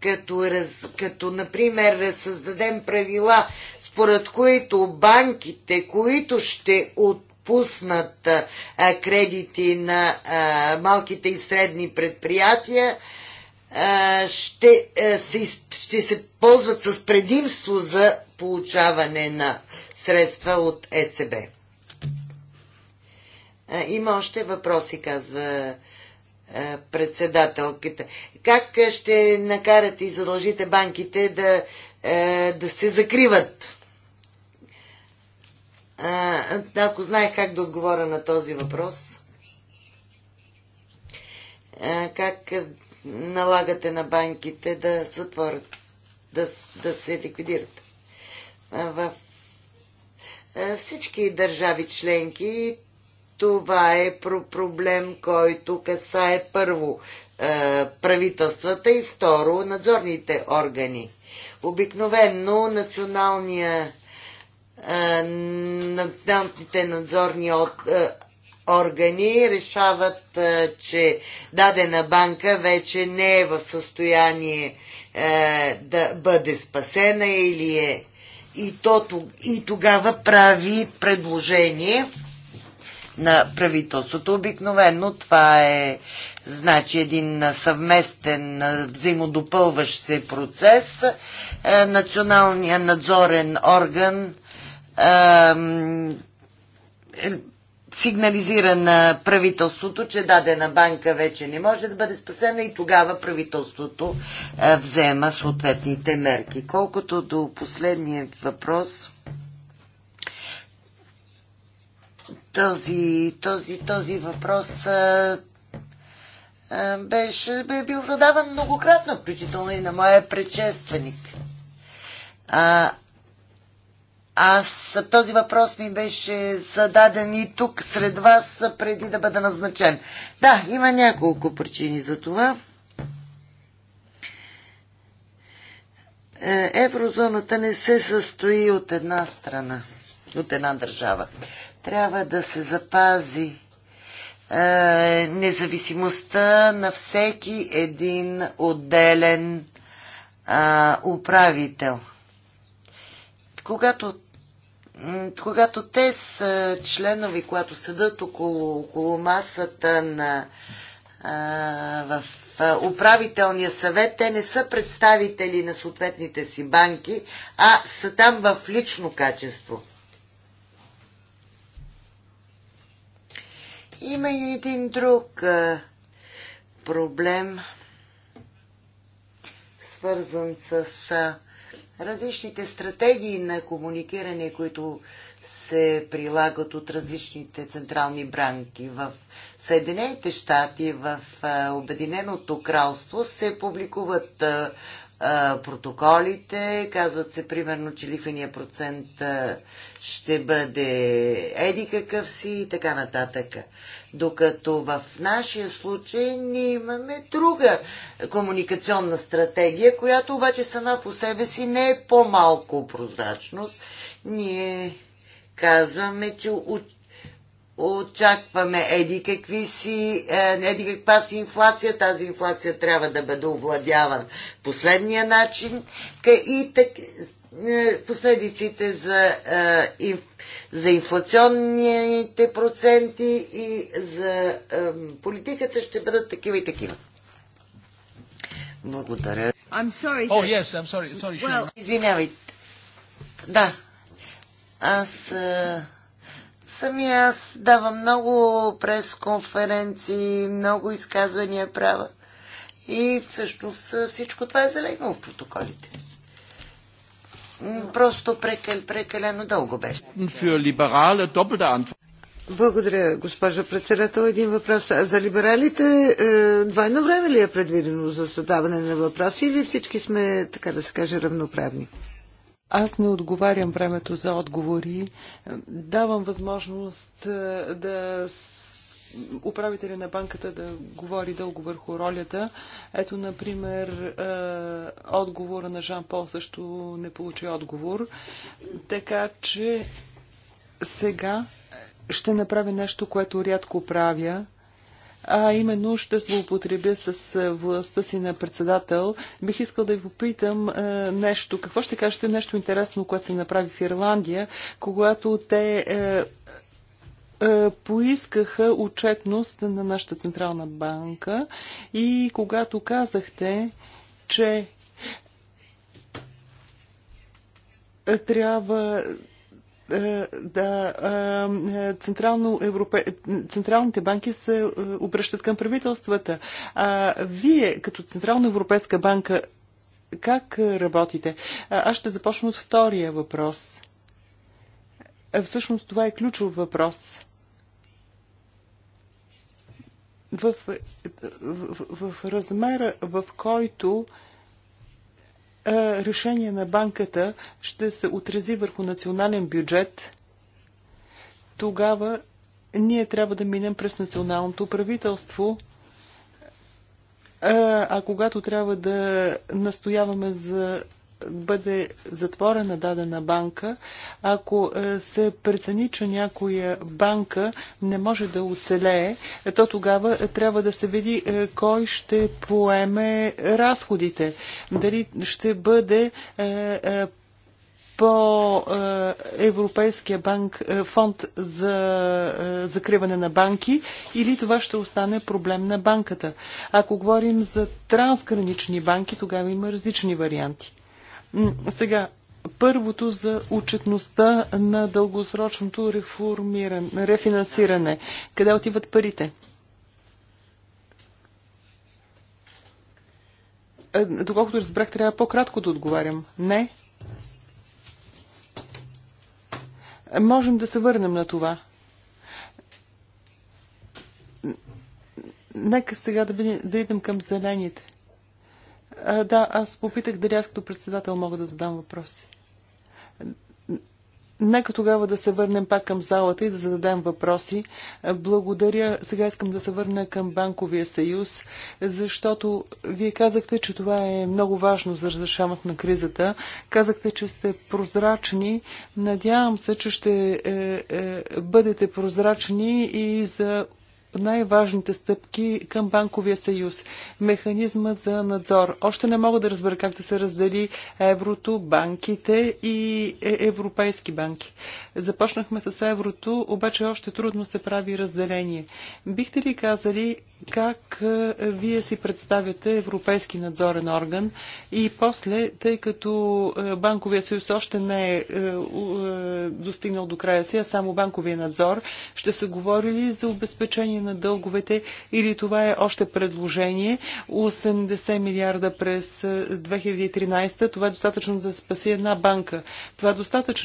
като, раз, като, например, създадем правила, според които банките, които ще отпуснат а, кредити на а, малките и средни предприятия, а, ще, а, се, ще се ползват с предимство за получаване на средства от ЕЦБ. А, има още въпроси, казва председателката. Как ще накарате и задължите банките да, да се закриват? Ако знаех как да отговоря на този въпрос, как налагате на банките да затворят, да, да се ликвидират? В всички държави членки това е проблем, който касае първо е, правителствата и второ надзорните органи. Обикновенно националния е, националните надзорни от, е, органи решават, е, че дадена банка вече не е в състояние е, да бъде спасена или е. И, то, и тогава прави предложение на правителството. Обикновено това е значи един съвместен взаимодопълващ се процес. Е, националният надзорен орган е, сигнализира на правителството, че дадена банка вече не може да бъде спасена и тогава правителството е, взема съответните мерки. Колкото до последния въпрос, този, този, този въпрос а, а, беше, бе бил задаван многократно, включително и на моя предшественик. А, аз този въпрос ми беше зададен и тук сред вас преди да бъда назначен. Да, има няколко причини за това. Е, еврозоната не се състои от една страна, от една държава. Трябва да се запази е, независимостта на всеки един отделен е, управител. Когато когато те са членови, когато седат около, около масата на, а, е, в е, управителния съвет, те не са представители на съответните си банки, а са там в лично качество. Има и един друг а, проблем, свързан с а, различните стратегии на комуникиране, които се прилагат от различните централни бранки. В Съединените щати, в Обединеното кралство се публикуват протоколите. Казват се примерно, че лихвения процент ще бъде еди какъв си и така нататък. Докато в нашия случай ние имаме друга комуникационна стратегия, която обаче сама по себе си не е по-малко прозрачност. Ние казваме, че очакваме еди, какви си, е, еди каква си инфлация. Тази инфлация трябва да бъде овладявана последния начин. И так, е, последиците за, е, за инфлационните проценти и за политиката ще бъдат такива и такива. Благодаря. I'm sorry. Oh, that... Oh, yes, I'm sorry. sorry well... Извинявайте. Да. Аз... Uh... Сами аз давам много пресконференции, много изказвания права. И всъщност всичко това е залегнало в протоколите. Просто прекал, прекалено дълго беше. Благодаря, госпожа председател. Един въпрос. За либералите е, двойно време ли е предвидено за задаване на въпроси или всички сме, така да се каже, равноправни? Аз не отговарям времето за отговори. Давам възможност е, да управителя на банката да говори дълго върху ролята. Ето, например, е, отговора на Жан Пол също не получи отговор. Така че сега ще направя нещо, което рядко правя а именно ще злоупотребя с властта си на председател. Бих искал да ви попитам а, нещо. Какво ще кажете нещо интересно, което се направи в Ирландия, когато те а, а, поискаха отчетност на нашата централна банка и когато казахте, че трябва е, да, е, е, централно европе... централните банки се обръщат към правителствата. А вие, като Централна Европейска банка, как работите? Аз ще започна от втория въпрос. Всъщност това е ключов въпрос. В, в, в, в размера, в който а, решение на банката ще се отрази върху национален бюджет, тогава ние трябва да минем през националното правителство. А когато трябва да настояваме за бъде затворена дадена банка, ако е, се прецени, че някоя банка не може да оцелее, то тогава е, трябва да се види е, кой ще поеме разходите. Дали ще бъде по Европейския банк, фонд за закриване на банки или това ще остане проблем на банката. Ако говорим за трансгранични банки, тогава има различни варианти. Сега, първото за отчетността на дългосрочното рефинансиране. Къде отиват парите? Е, доколкото разбрах, трябва по-кратко да отговарям. Не. Можем да се върнем на това. Нека сега да, видим, да идем към зелените. А, да, аз попитах дали аз като председател мога да задам въпроси. Нека тогава да се върнем пак към залата и да зададем въпроси. Благодаря. Сега искам да се върна към Банковия съюз, защото вие казахте, че това е много важно за разрешаването на кризата. Казахте, че сте прозрачни. Надявам се, че ще е, е, бъдете прозрачни и за най-важните стъпки към банковия съюз. Механизма за надзор. Още не мога да разбера как да се раздели еврото, банките и е, европейски банки. Започнахме с еврото, обаче още трудно се прави разделение. Бихте ли казали как е, вие си представяте европейски надзорен орган и после, тъй като е, банковия съюз още не е достигнал до края си, а само банковия надзор, ще се говори ли за обезпечение на дълговете или това е още предложение. 80 милиарда през 2013. Това е достатъчно за да спаси една банка. Това е достатъчно.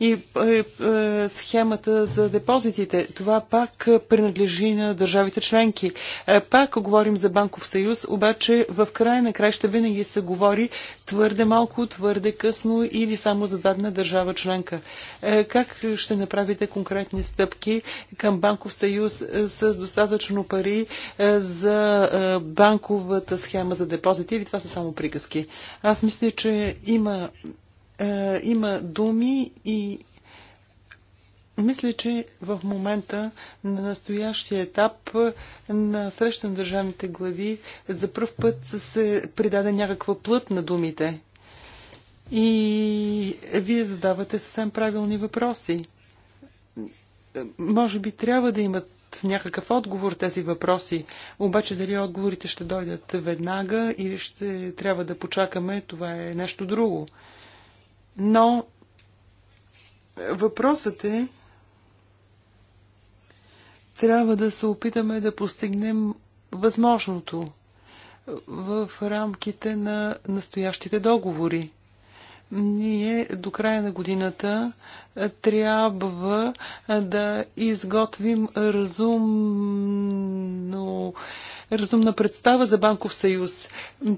И е, е, схемата за депозитите. Това пак принадлежи на държавите членки. Е, пак говорим за банков съюз, обаче в края на ще винаги се говори твърде малко, твърде късно или само за дадена държава членка. Е, как ще направите конкретни стъпки към банков съюз е, с с достатъчно пари е, за е, банковата схема за депозити или това са само приказки. Аз мисля, че има, е, има думи и мисля, че в момента на настоящия етап на среща на държавните глави за първ път се придаде някаква плът на думите. И вие задавате съвсем правилни въпроси. Може би трябва да имат някакъв отговор тези въпроси. Обаче дали отговорите ще дойдат веднага или ще трябва да почакаме, това е нещо друго. Но въпросът е, трябва да се опитаме да постигнем възможното в рамките на настоящите договори. Ние до края на годината е, трябва е, да изготвим разумно разумна представа за банков съюз.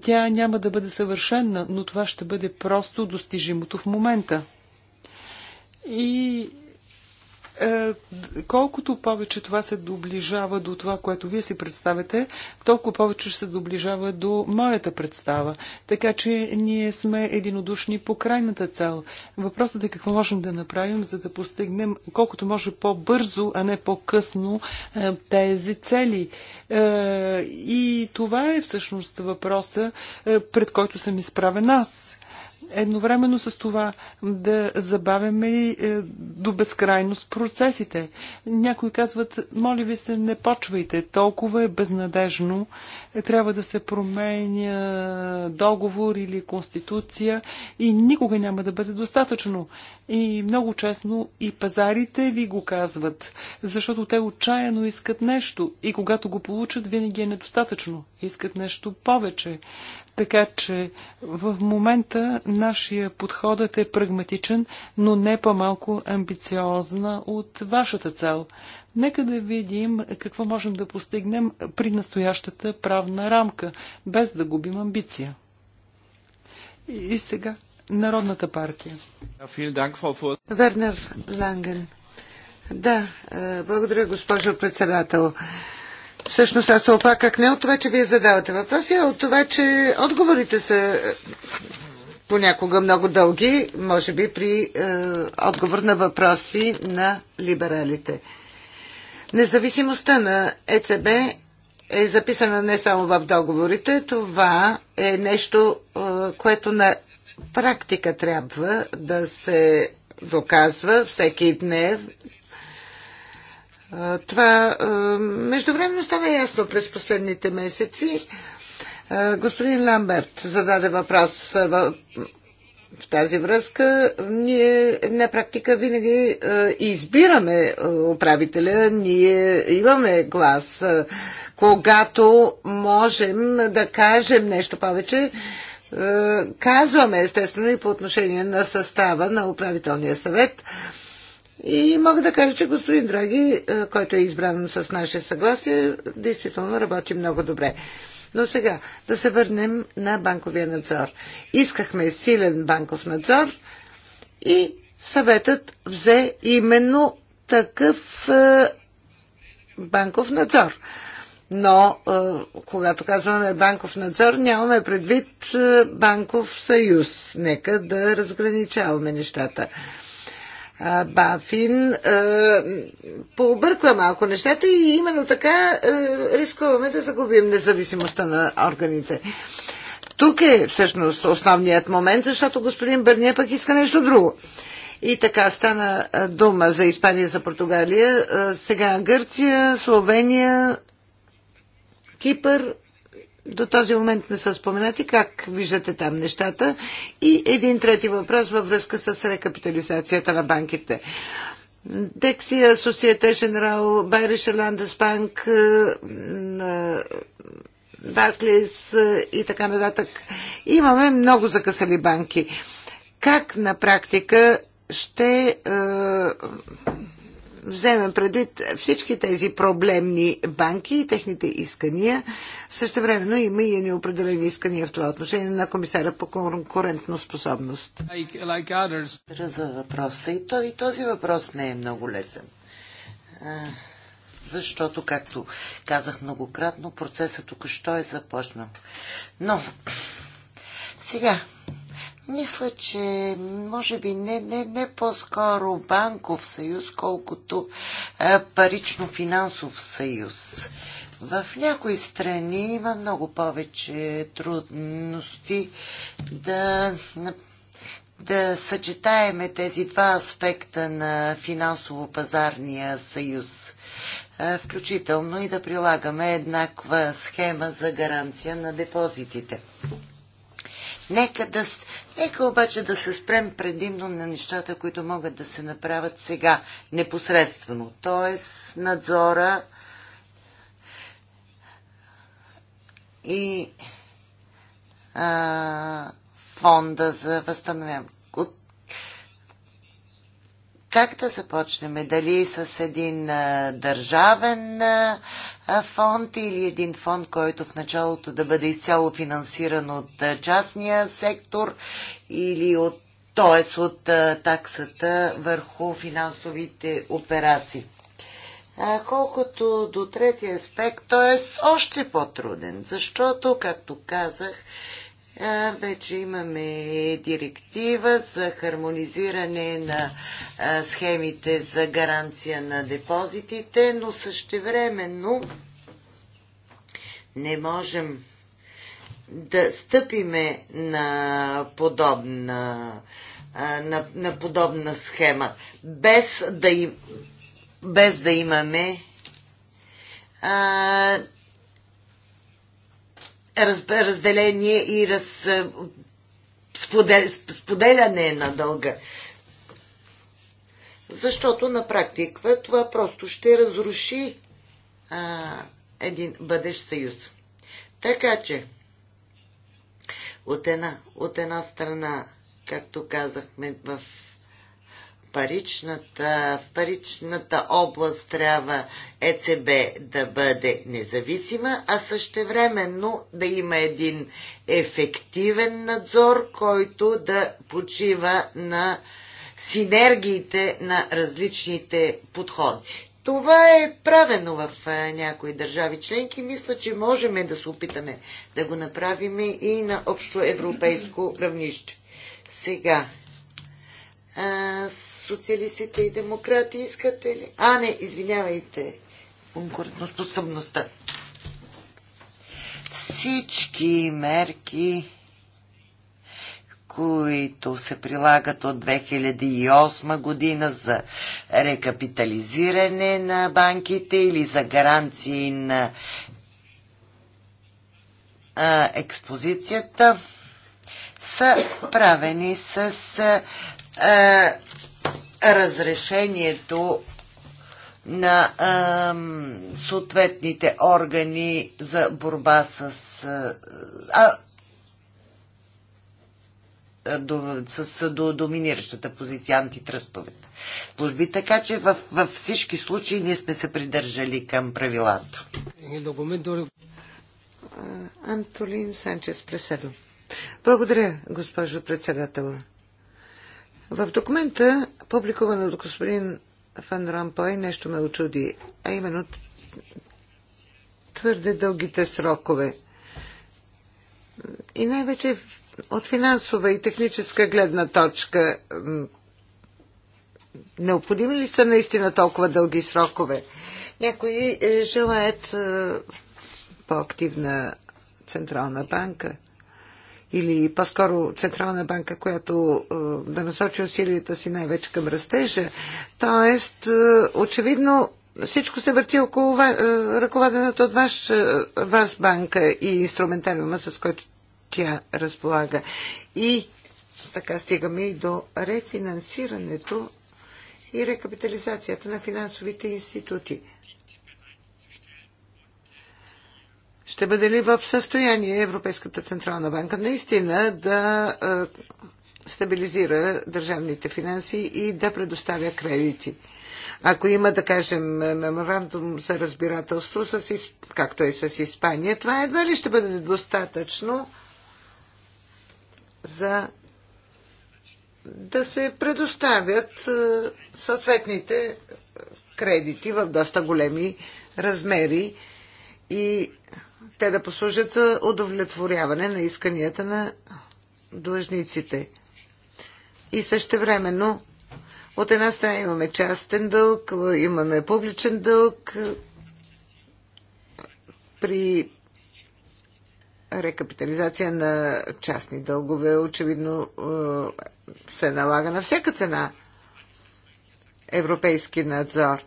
Тя няма да бъде съвършена, но това ще бъде просто достижимото в момента. И е, колкото повече това се доближава до това, което вие си представяте, толкова повече ще се доближава до моята представа. Така че ние сме единодушни по крайната цел. Въпросът е какво можем да направим, за да постигнем колкото може по-бързо, а не по-късно е, тези цели. Е, и това е всъщност въпроса, пред който съм изправен аз едновременно с това да забавяме и е, до безкрайност процесите. Някои казват, моля ви се, не почвайте, толкова е безнадежно, е, трябва да се променя договор или конституция и никога няма да бъде достатъчно. И много честно и пазарите ви го казват, защото те отчаяно искат нещо и когато го получат, винаги е недостатъчно. Искат нещо повече. Така че в момента нашия подходът е прагматичен, но не по-малко амбициозна от вашата цел. Нека да видим какво можем да постигнем при настоящата правна рамка, без да губим амбиция. И сега Народната партия. Вернер Ланген. Да, е, благодаря, госпожо председател. Всъщност аз се опаках не от това, че вие задавате въпроси, а от това, че отговорите са е, понякога много дълги, може би при е, отговор на въпроси на либералите. Независимостта на ЕЦБ е записана не само в договорите, това е нещо, е, което на практика трябва да се доказва всеки днев, това междувременно става ясно през последните месеци. Господин Ламберт зададе въпрос в тази връзка. Ние на практика винаги избираме управителя, ние имаме глас. Когато можем да кажем нещо повече, казваме естествено и по отношение на състава на управителния съвет. И мога да кажа, че господин Драги, е, който е избран с наше съгласие, действително работи много добре. Но сега да се върнем на банковия надзор. Искахме силен банков надзор и съветът взе именно такъв е, банков надзор. Но е, когато казваме банков надзор, нямаме предвид банков съюз. Нека да разграничаваме нещата. Бафин пообърква малко нещата и именно така рискуваме да загубим независимостта на органите. Тук е всъщност основният момент, защото господин Бърния пък иска нещо друго. И така стана дума за Испания, за Португалия. Сега Гърция, Словения, Кипър, до този момент не са споменати. Как виждате там нещата? И един трети въпрос във връзка с рекапитализацията на банките. Дексия, Societe General, Bayerische Landesbank, Барклис е, е, и така нататък. Имаме много закъсали банки. Как на практика ще е, вземем предвид всички тези проблемни банки и техните искания. Също времено има и неопределени искания в това отношение на комисара по конкурентно способност. За въпроса и този, този въпрос не е много лесен. Защото, както казах многократно, процесът тук що е започнал. Но, сега, мисля, че може би не, не, не по-скоро банков съюз, колкото е, парично-финансов съюз. В някои страни има много повече трудности да, да съчетаеме тези два аспекта на финансово-пазарния съюз, включително и да прилагаме еднаква схема за гаранция на депозитите. Нека, да, нека обаче да се спрем предимно на нещата, които могат да се направят сега, непосредствено. Тоест надзора и а, фонда за възстановяване. От как да започнем? Дали с един а, държавен а, фонд или един фонд, който в началото да бъде изцяло финансиран от а, частния сектор или от т.е. от а, таксата върху финансовите операции. А, колкото до третия аспект, той е още по-труден, защото, както казах, вече имаме директива за хармонизиране на схемите за гаранция на депозитите, но същевременно не можем да стъпиме на подобна, на, на подобна схема, без да, им, без да имаме а, раз, разделение и раз, споделя, споделяне на дълга. Защото на практика това просто ще разруши а, един бъдещ съюз. Така че, от една, от една страна, както казахме в паричната, в паричната област трябва ЕЦБ да бъде независима, а същевременно да има един ефективен надзор, който да почива на синергиите на различните подходи. Това е правено в някои държави членки. Мисля, че можем да се опитаме да го направим и на общо европейско равнище. Сега, социалистите и демократи искате ли? А, не, извинявайте. Конкурентоспособността. Всички мерки, които се прилагат от 2008 година за рекапитализиране на банките или за гаранции на а, експозицията, са правени с а, разрешението на а, съответните органи за борба с, а, до, с до, доминиращата позиция антитръстовете. Служби, така че в, във всички случаи ние сме се придържали към правилата. Антолин Санчес Преседо. Благодаря, госпожо председател. В документа, публикуван от господин Фан Рампой, нещо ме очуди, а именно твърде дългите срокове. И най-вече от финансова и техническа гледна точка, необходими ли са наистина толкова дълги срокове? Някои е, желаят е, по-активна Централна банка или по-скоро Централна банка, която е, да насочи усилията си най-вече към растежа. Тоест, е, очевидно, всичко се върти около е, ръководената от ваш, вас банка и инструментариума, с който тя разполага. И така стигаме и до рефинансирането и рекапитализацията на финансовите институти. Ще бъде ли в състояние Европейската Централна банка наистина да е, стабилизира държавните финанси и да предоставя кредити? Ако има, да кажем, меморандум за разбирателство, с, както е с Испания, това едва ли ще бъде достатъчно за да се предоставят е, съответните кредити в доста големи размери и те да послужат за удовлетворяване на исканията на длъжниците. И също времено от една страна имаме частен дълг, имаме публичен дълг. При рекапитализация на частни дългове очевидно е, се налага на всяка цена европейски надзор.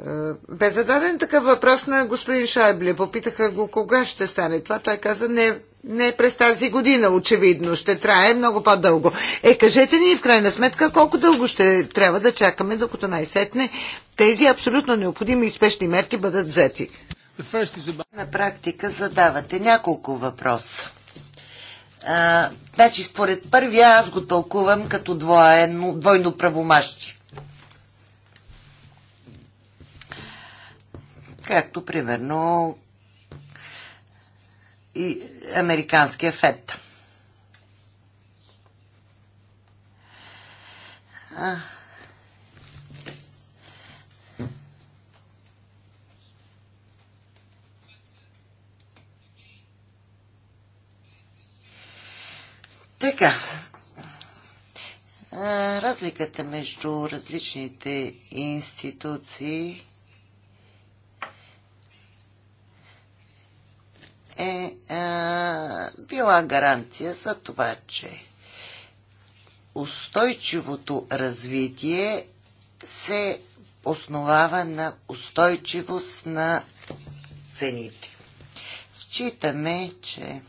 Е, бе зададен такъв въпрос на господин Шайбле. Попитаха го кога ще стане това. Той каза не, не през тази година, очевидно. Ще трае много по-дълго. Е, кажете ни в крайна сметка колко дълго ще трябва да чакаме, докато най-сетне тези абсолютно необходими и спешни мерки бъдат взети. На практика задавате няколко въпроса. А, значи, според първия аз го тълкувам като двойно, двойно правомащи. както примерно и американския ФЕД. А. Така. Разликата между различните институции е а, е, била гаранция за това, че устойчивото развитие се основава на устойчивост на цените. Считаме, че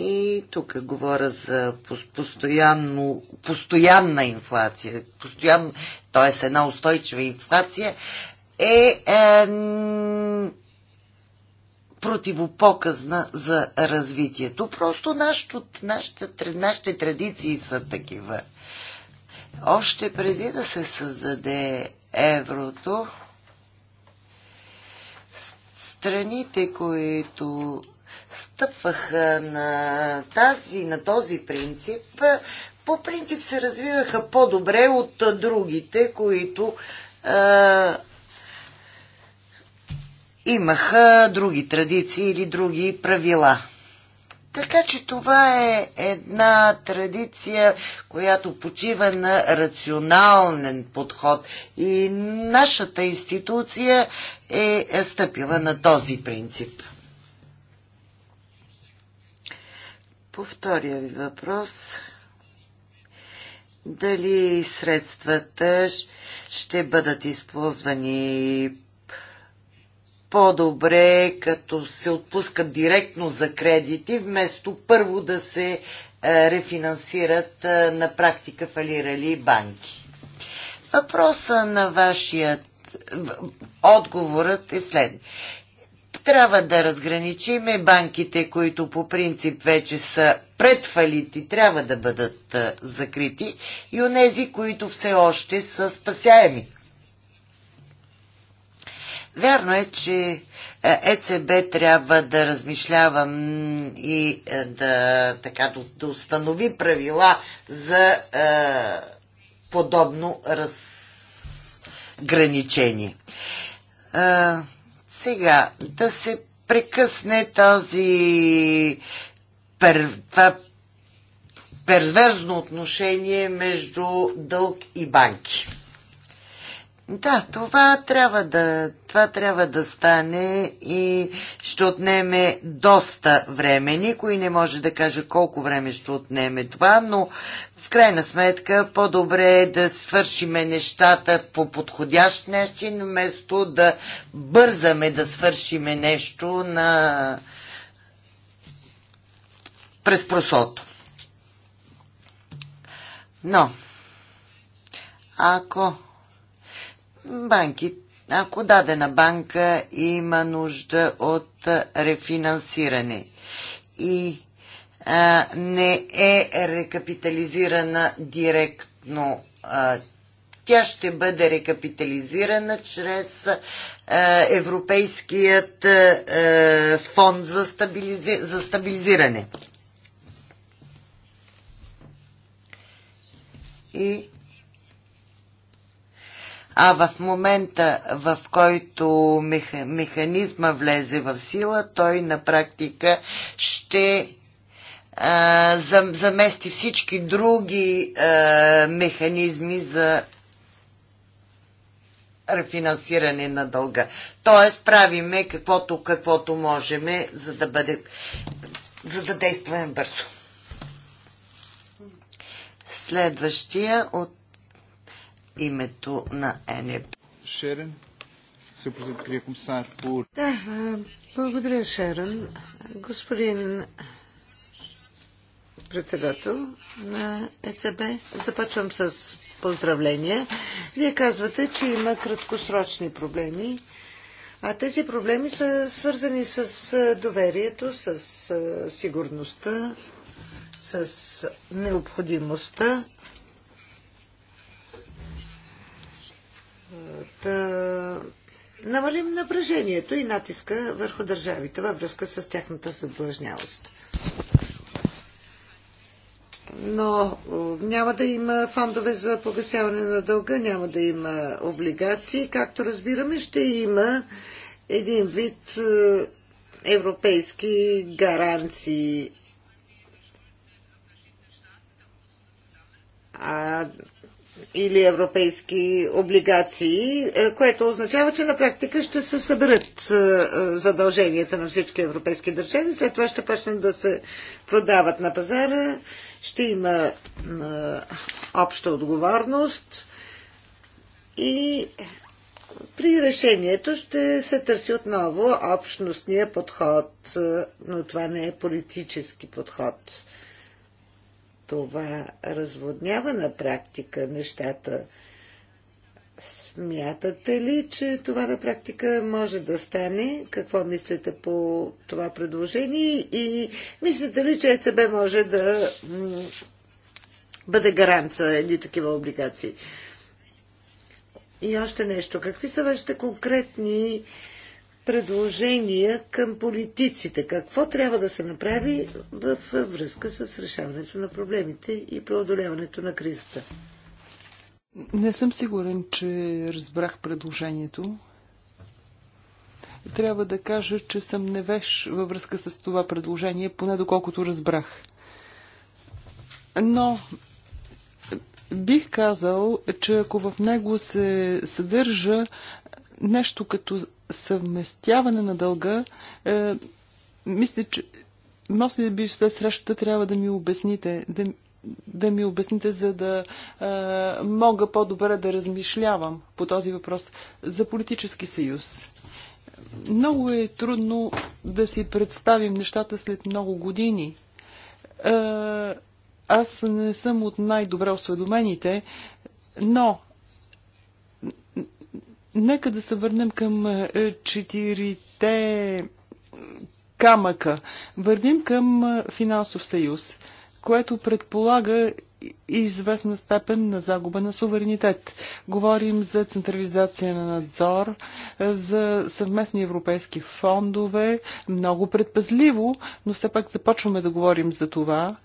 И тук говоря за постоянно, постоянна инфлация, постоянно, т.е. една устойчива инфлация, е, е противопоказна за развитието. Просто нашото, нашите, нашите традиции са такива. Още преди да се създаде еврото, страните, които стъпваха на, тази, на този принцип, по принцип се развиваха по-добре от другите, които е, имаха други традиции или други правила. Така че това е една традиция, която почива на рационален подход и нашата институция е стъпила на този принцип. По втория ви въпрос, дали средствата ще бъдат използвани по-добре, като се отпускат директно за кредити, вместо първо да се е, рефинансират е, на практика фалирали банки. Въпроса на вашия отговорът е след. Трябва да разграничиме банките, които по принцип вече са предфалити, трябва да бъдат е, закрити и онези, които все още са спасяеми. Вярно е, че ЕЦБ е трябва да размишлява и е, да, така, да установи правила за е, подобно разграничение. Е, сега, да се прекъсне този пер, това перверзно отношение между дълг и банки. Да, това трябва да, това трябва да стане и ще отнеме доста време. Никой не може да каже колко време ще отнеме това, но в крайна сметка по-добре е да свършиме нещата по подходящ начин, вместо да бързаме да свършиме нещо на... през просото. Но, ако банки, ако дадена банка има нужда от рефинансиране и а, не е рекапитализирана директно, а, тя ще бъде рекапитализирана чрез а, Европейският а, фонд за, стабилизи... за стабилизиране. И а в момента, в който механизма влезе в сила, той на практика ще а, замести всички други а, механизми за рефинансиране на дълга. Тоест правиме каквото, каквото можеме, за да бъде, за да действаме бързо. Следващия от името на ЕНЕП. Шерен, се президент, комисар Пур. Да, благодаря, Шерен. Господин председател на ЕЦБ, започвам с поздравления. Вие казвате, че има краткосрочни проблеми, а тези проблеми са свързани с доверието, с сигурността, с необходимостта да намалим напрежението и натиска върху държавите във връзка с тяхната съдлъжнялост. Но няма да има фондове за погасяване на дълга, няма да има облигации. Както разбираме, ще има един вид е, европейски гаранции. А или европейски облигации, е, което означава, че на практика ще се съберат е, е, задълженията на всички европейски държави, след това ще почнат да се продават на пазара, ще има обща отговорност и при решението ще се търси отново общностния подход, но това не е политически подход това разводнява на практика нещата. Смятате ли, че това на практика може да стане? Какво мислите по това предложение? И мислите ли, че ЕЦБ може да бъде гарант за едни такива облигации? И още нещо. Какви са вашите конкретни предложения към политиците. Какво трябва да се направи в връзка с решаването на проблемите и преодоляването на кризата? Не съм сигурен, че разбрах предложението. Трябва да кажа, че съм невеж във връзка с това предложение, поне доколкото разбрах. Но бих казал, че ако в него се съдържа нещо като съвместяване на дълга, е, мисля, че може би след срещата трябва да ми обясните, да, да ми обясните, за да е, мога по-добре да размишлявам по този въпрос за политически съюз. Много е трудно да си представим нещата след много години. Е, аз не съм от най-добре осведомените, но Нека да се върнем към е, четирите камъка. Вървим към е, финансов съюз, което предполага и известна степен на загуба на суверенитет. Говорим за централизация на надзор, е, за съвместни европейски фондове, много предпазливо, но все пак започваме да говорим за това.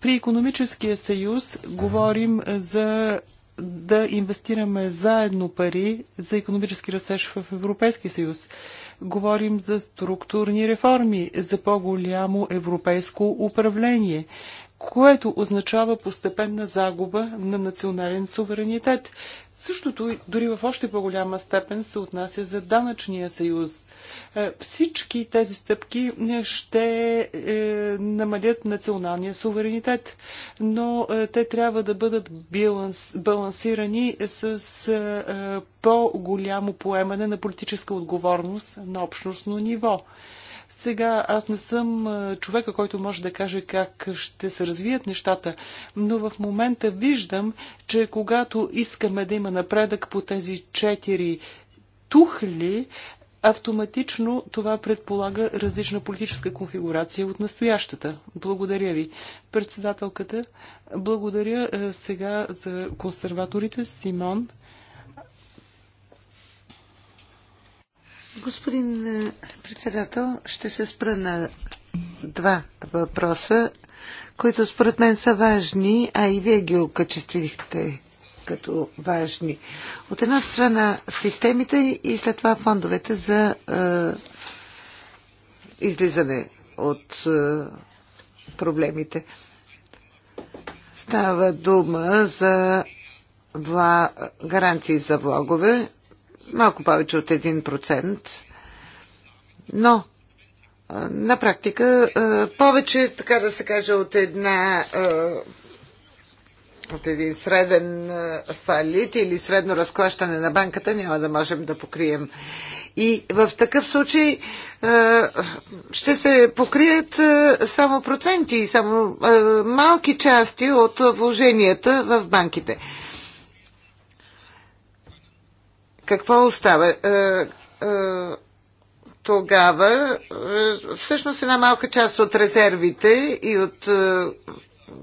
При економическия съюз говорим за да инвестираме заедно пари за економически растеж в Европейския съюз. Говорим за структурни реформи, за по-голямо европейско управление което означава постепенна загуба на национален суверенитет. Същото дори в още по-голяма степен се отнася за данъчния съюз. Е, всички тези стъпки е, ще е, намалят националния суверенитет, но те трябва да бъдат балансирани с по-голямо поемане на политическа отговорност на общностно ниво. Сега аз не съм човека, който може да каже как ще се развият нещата, но в момента виждам, че когато искаме да има напредък по тези четири тухли, автоматично това предполага различна политическа конфигурация от настоящата. Благодаря ви, председателката. Благодаря сега за консерваторите Симон. Господин е, председател, ще се спра на два въпроса, които според мен са важни, а и вие ги окачествихте като важни. От една страна системите и след това фондовете за е, излизане от е, проблемите. Става дума за вла... гаранции за влогове, малко повече от 1%. Но на практика повече, така да се каже, от една от един среден фалит или средно разклащане на банката няма да можем да покрием. И в такъв случай ще се покрият само проценти и само малки части от вложенията в банките. Какво остава? Е, е, тогава е, всъщност една малка част от резервите и от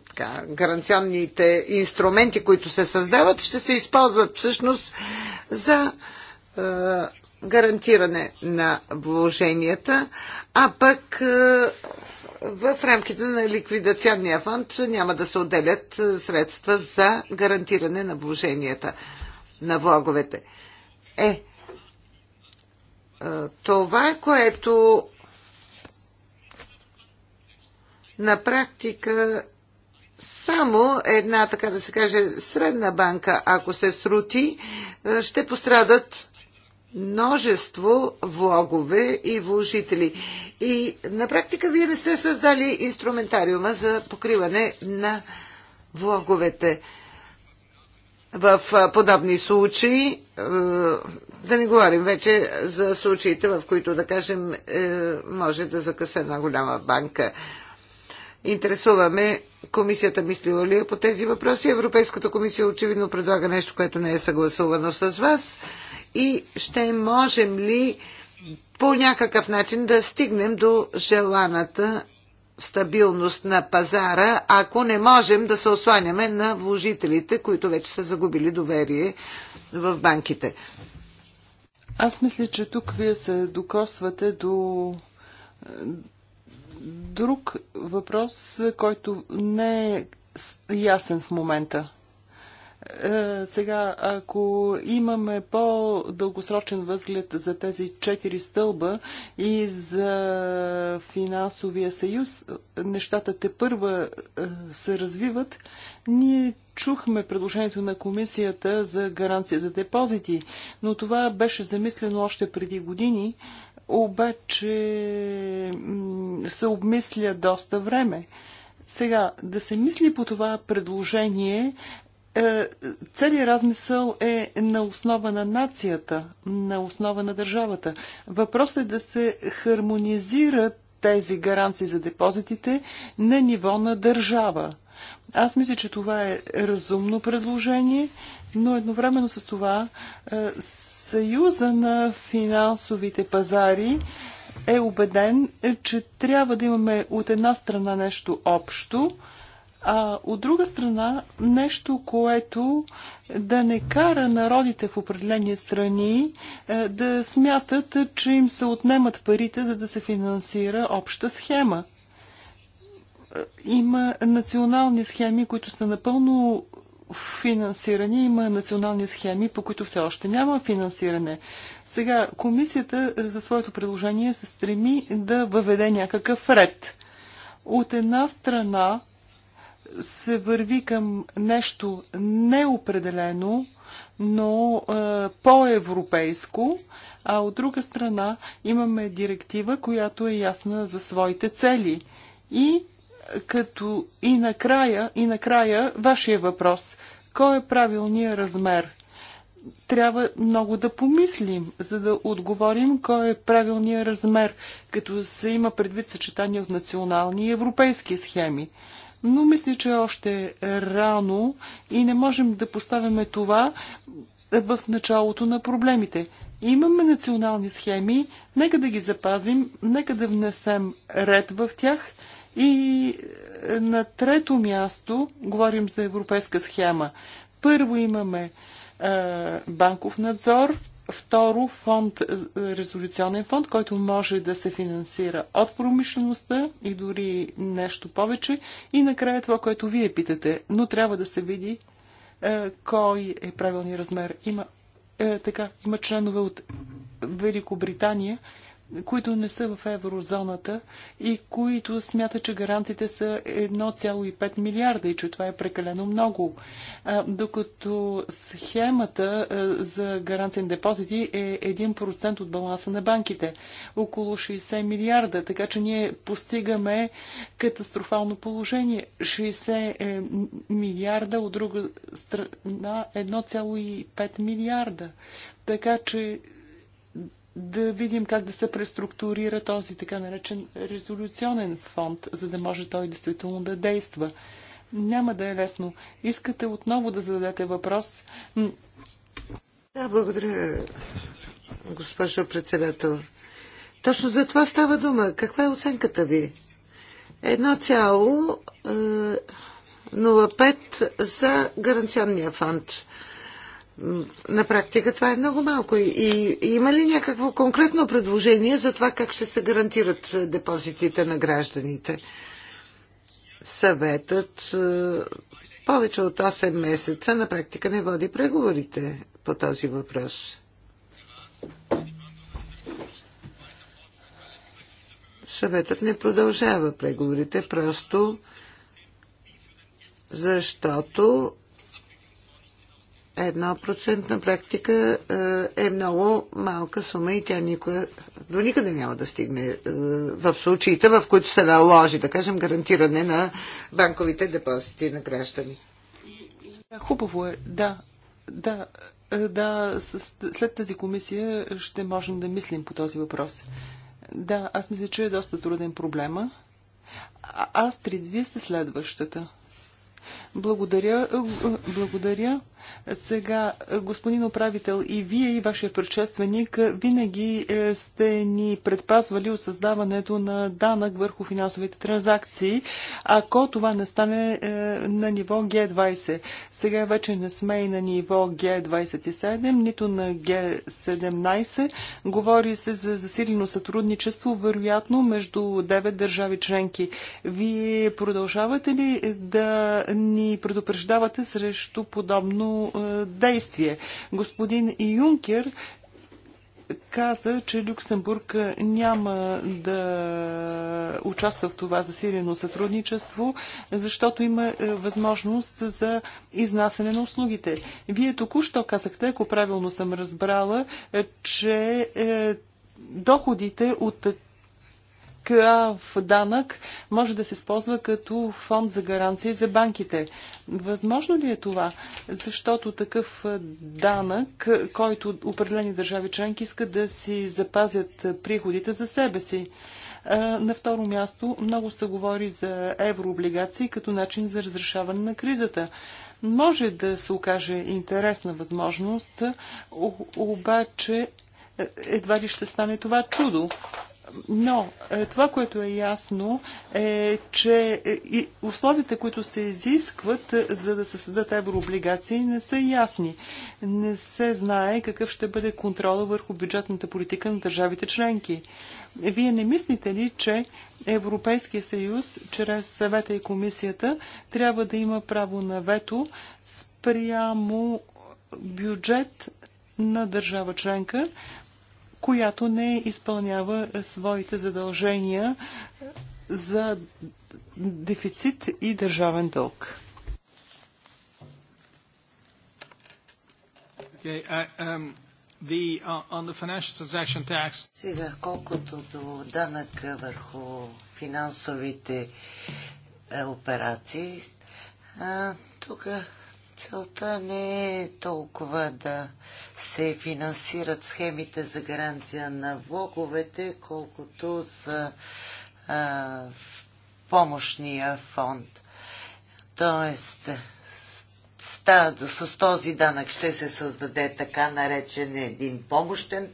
така, гаранционните инструменти, които се създават, ще се използват всъщност за е, гарантиране на вложенията, а пък е, в рамките на ликвидационния фонд няма да се отделят средства за гарантиране на вложенията на влоговете е това, което на практика само една, така да се каже, средна банка, ако се срути, ще пострадат множество влогове и вложители. И на практика вие не сте създали инструментариума за покриване на влоговете в подобни случаи, е, да не говорим вече за случаите, в които, да кажем, е, може да закъса една голяма банка. Интересуваме комисията мислила ли е по тези въпроси. Европейската комисия очевидно предлага нещо, което не е съгласувано с вас. И ще можем ли по някакъв начин да стигнем до желаната стабилност на пазара, ако не можем да се осланяме на вложителите, които вече са загубили доверие в банките. Аз мисля, че тук вие се докосвате до е, друг въпрос, който не е ясен в момента. Е, сега, ако имаме по-дългосрочен възглед за тези четири стълба и за финансовия съюз, нещата те първа е, се развиват. Ние чухме предложението на комисията за гаранция за депозити, но това беше замислено още преди години, обаче се обмисля доста време. Сега, да се мисли по това предложение е, целият размисъл е на основа на нацията, на основа на държавата. Въпросът е да се хармонизират тези гаранции за депозитите на ниво на държава. Аз мисля, че това е разумно предложение, но едновременно с това е, Съюза на финансовите пазари е убеден, е, че трябва да имаме от една страна нещо общо, а от друга страна нещо, което да не кара народите в определени страни е, да смятат, че им се отнемат парите, за да се финансира обща схема. Е, има национални схеми, които са напълно финансирани. има национални схеми, по които все още няма финансиране. Сега комисията е, за своето предложение се стреми да въведе някакъв ред. От една страна се върви към нещо неопределено, но е, по-европейско, а от друга страна имаме директива, която е ясна за своите цели. И е, като и накрая, и накрая вашия въпрос. Кой е правилният размер? Трябва много да помислим, за да отговорим кой е правилният размер, като се има предвид съчетание от национални и европейски схеми но мисля, че е още рано и не можем да поставяме това в началото на проблемите. Имаме национални схеми, нека да ги запазим, нека да внесем ред в тях и е, на трето място говорим за европейска схема. Първо имаме е, банков надзор, Второ, фонд, е, резолюционен фонд, който може да се финансира от промишлеността и дори нещо повече. И накрая това, което вие питате, но трябва да се види е, кой е правилният размер. Има, е, така, има членове от Великобритания, които не са в еврозоната и които смятат, че гарантите са 1,5 милиарда и че това е прекалено много. Докато схемата за гаранция на депозити е 1% от баланса на банките, около 60 милиарда, така че ние постигаме катастрофално положение. 60 е, милиарда, от друга страна 1,5 милиарда. Така че да видим как да се преструктурира този така наречен резолюционен фонд, за да може той действително да действа. Няма да е лесно. Искате отново да зададете въпрос? Да, благодаря, госпожо председател. Точно за това става дума. Каква е оценката ви? Едно цяло 0,5 е, за гаранционния фонд. На практика това е много малко. И има ли някакво конкретно предложение за това как ще се гарантират е, депозитите на гражданите? Съветът е, повече от 8 месеца на практика не води преговорите по този въпрос. Съветът не продължава преговорите, просто защото едно процент на практика е, е много малка сума и тя никога, до никъде няма да стигне е, в случаите, в които се наложи, да кажем, гарантиране на банковите депозити на граждани. Хубаво е, да. Да, е, да, след тази комисия ще можем да мислим по този въпрос. Да, аз мисля, че е доста труден проблема. А, Астрид, вие сте следващата. Благодаря, благодаря. Сега, господин управител, и вие, и вашия предшественик винаги е, сте ни предпазвали от създаването на данък върху финансовите транзакции, ако това не стане е, на ниво G20. Сега вече не сме и на ниво G27, нито на G17. Говори се за засилено сътрудничество, вероятно, между 9 държави членки. Вие продължавате ли да ни предупреждавате срещу подобно е, действие. Господин Юнкер каза, че Люксембург няма да участва в това засилено сътрудничество, защото има е, възможност за изнасяне на услугите. Вие току-що казахте, ако правилно съм разбрала, е, че доходите от такъв данък може да се използва като фонд за гаранции за банките. Възможно ли е това? Защото такъв данък, който определени държави членки искат да си запазят приходите за себе си. На второ място много се говори за еврооблигации като начин за разрешаване на кризата може да се окаже интересна възможност, обаче е, едва ли ще стане това чудо. Но е, това, което е ясно, е, че е, условията, които се изискват е, за да се съдат еврооблигации, не са ясни. Не се знае какъв ще бъде контрола върху бюджетната политика на държавите членки. Вие не мислите ли, че Европейския съюз, чрез съвета и комисията, трябва да има право на вето спрямо бюджет на държава членка, която не изпълнява своите задължения за дефицит и държавен дълг. Okay, I, uh, um... The, uh, the tax... Сега, колкото до данък върху финансовите е, операции, тук Целта не е толкова да се финансират схемите за гаранция на влоговете, колкото за а, помощния фонд. Тоест, с този данък ще се създаде така наречен един помощен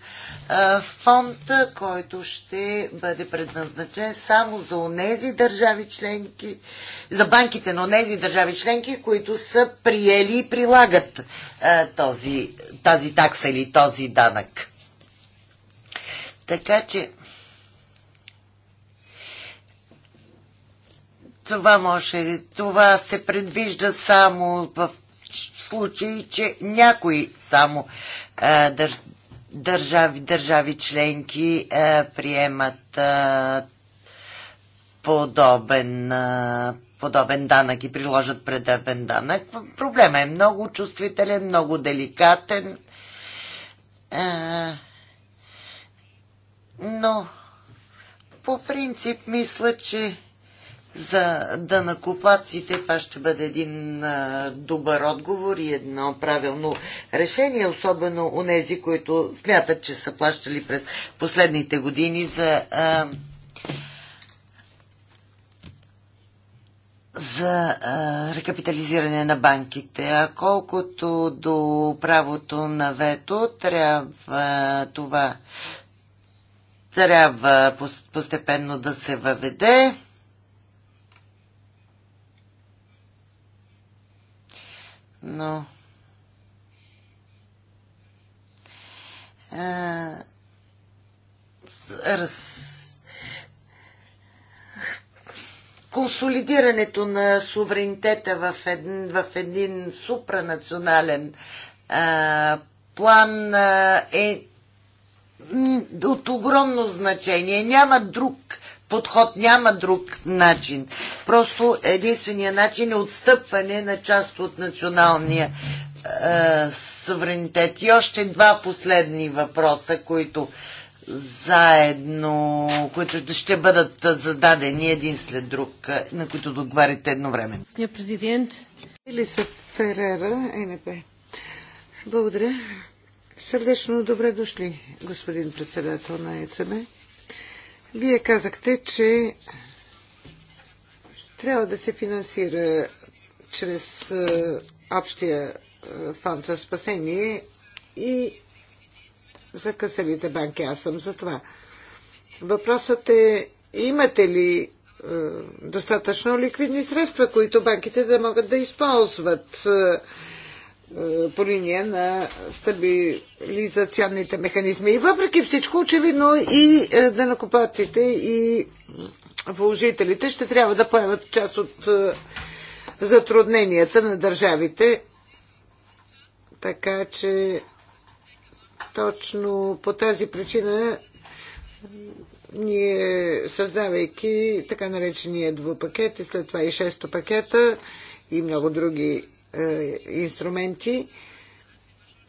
фонд, който ще бъде предназначен само за онези държави членки, за банките на онези държави членки, които са приели и прилагат този, тази такса или този данък. Така че това може, това се предвижда само в случай, че някои само а, дър, държави, държави членки а, приемат а, подобен, а, подобен данък и приложат предъбен данък. Проблема е много чувствителен, много деликатен. А, но по принцип мисля, че за дънакоплаците, това ще бъде един а, добър отговор и едно правилно решение, особено у нези, които смятат, че са плащали през последните години за, а, за а, рекапитализиране на банките. А колкото до правото на вето, трябва това трябва постепенно да се въведе но а, раз, консолидирането на суверенитета в един, в един супранационален а, план а, е от огромно значение. Няма друг подход, няма друг начин. Просто единствения начин е отстъпване на част от националния е, суверенитет. И още два последни въпроса, които заедно, които ще бъдат зададени един след друг, е, на които договарите едновременно. Господин президент, Елиса Ферера, НП. Благодаря. Сърдечно добре дошли, господин председател на ЕЦМ. Вие казахте, че трябва да се финансира чрез е, общия е, фонд за спасение и за късавите банки. Аз съм за това. Въпросът е, имате ли е, достатъчно ликвидни средства, които банките да могат да използват? Е, по линия на стабилизационните механизми. И въпреки всичко, очевидно и е, данакопаците и вложителите ще трябва да поемат част от е, затрудненията на държавите. Така че точно по тази причина ние създавайки така наречения двупакет и след това и шесто пакета и много други е, инструменти,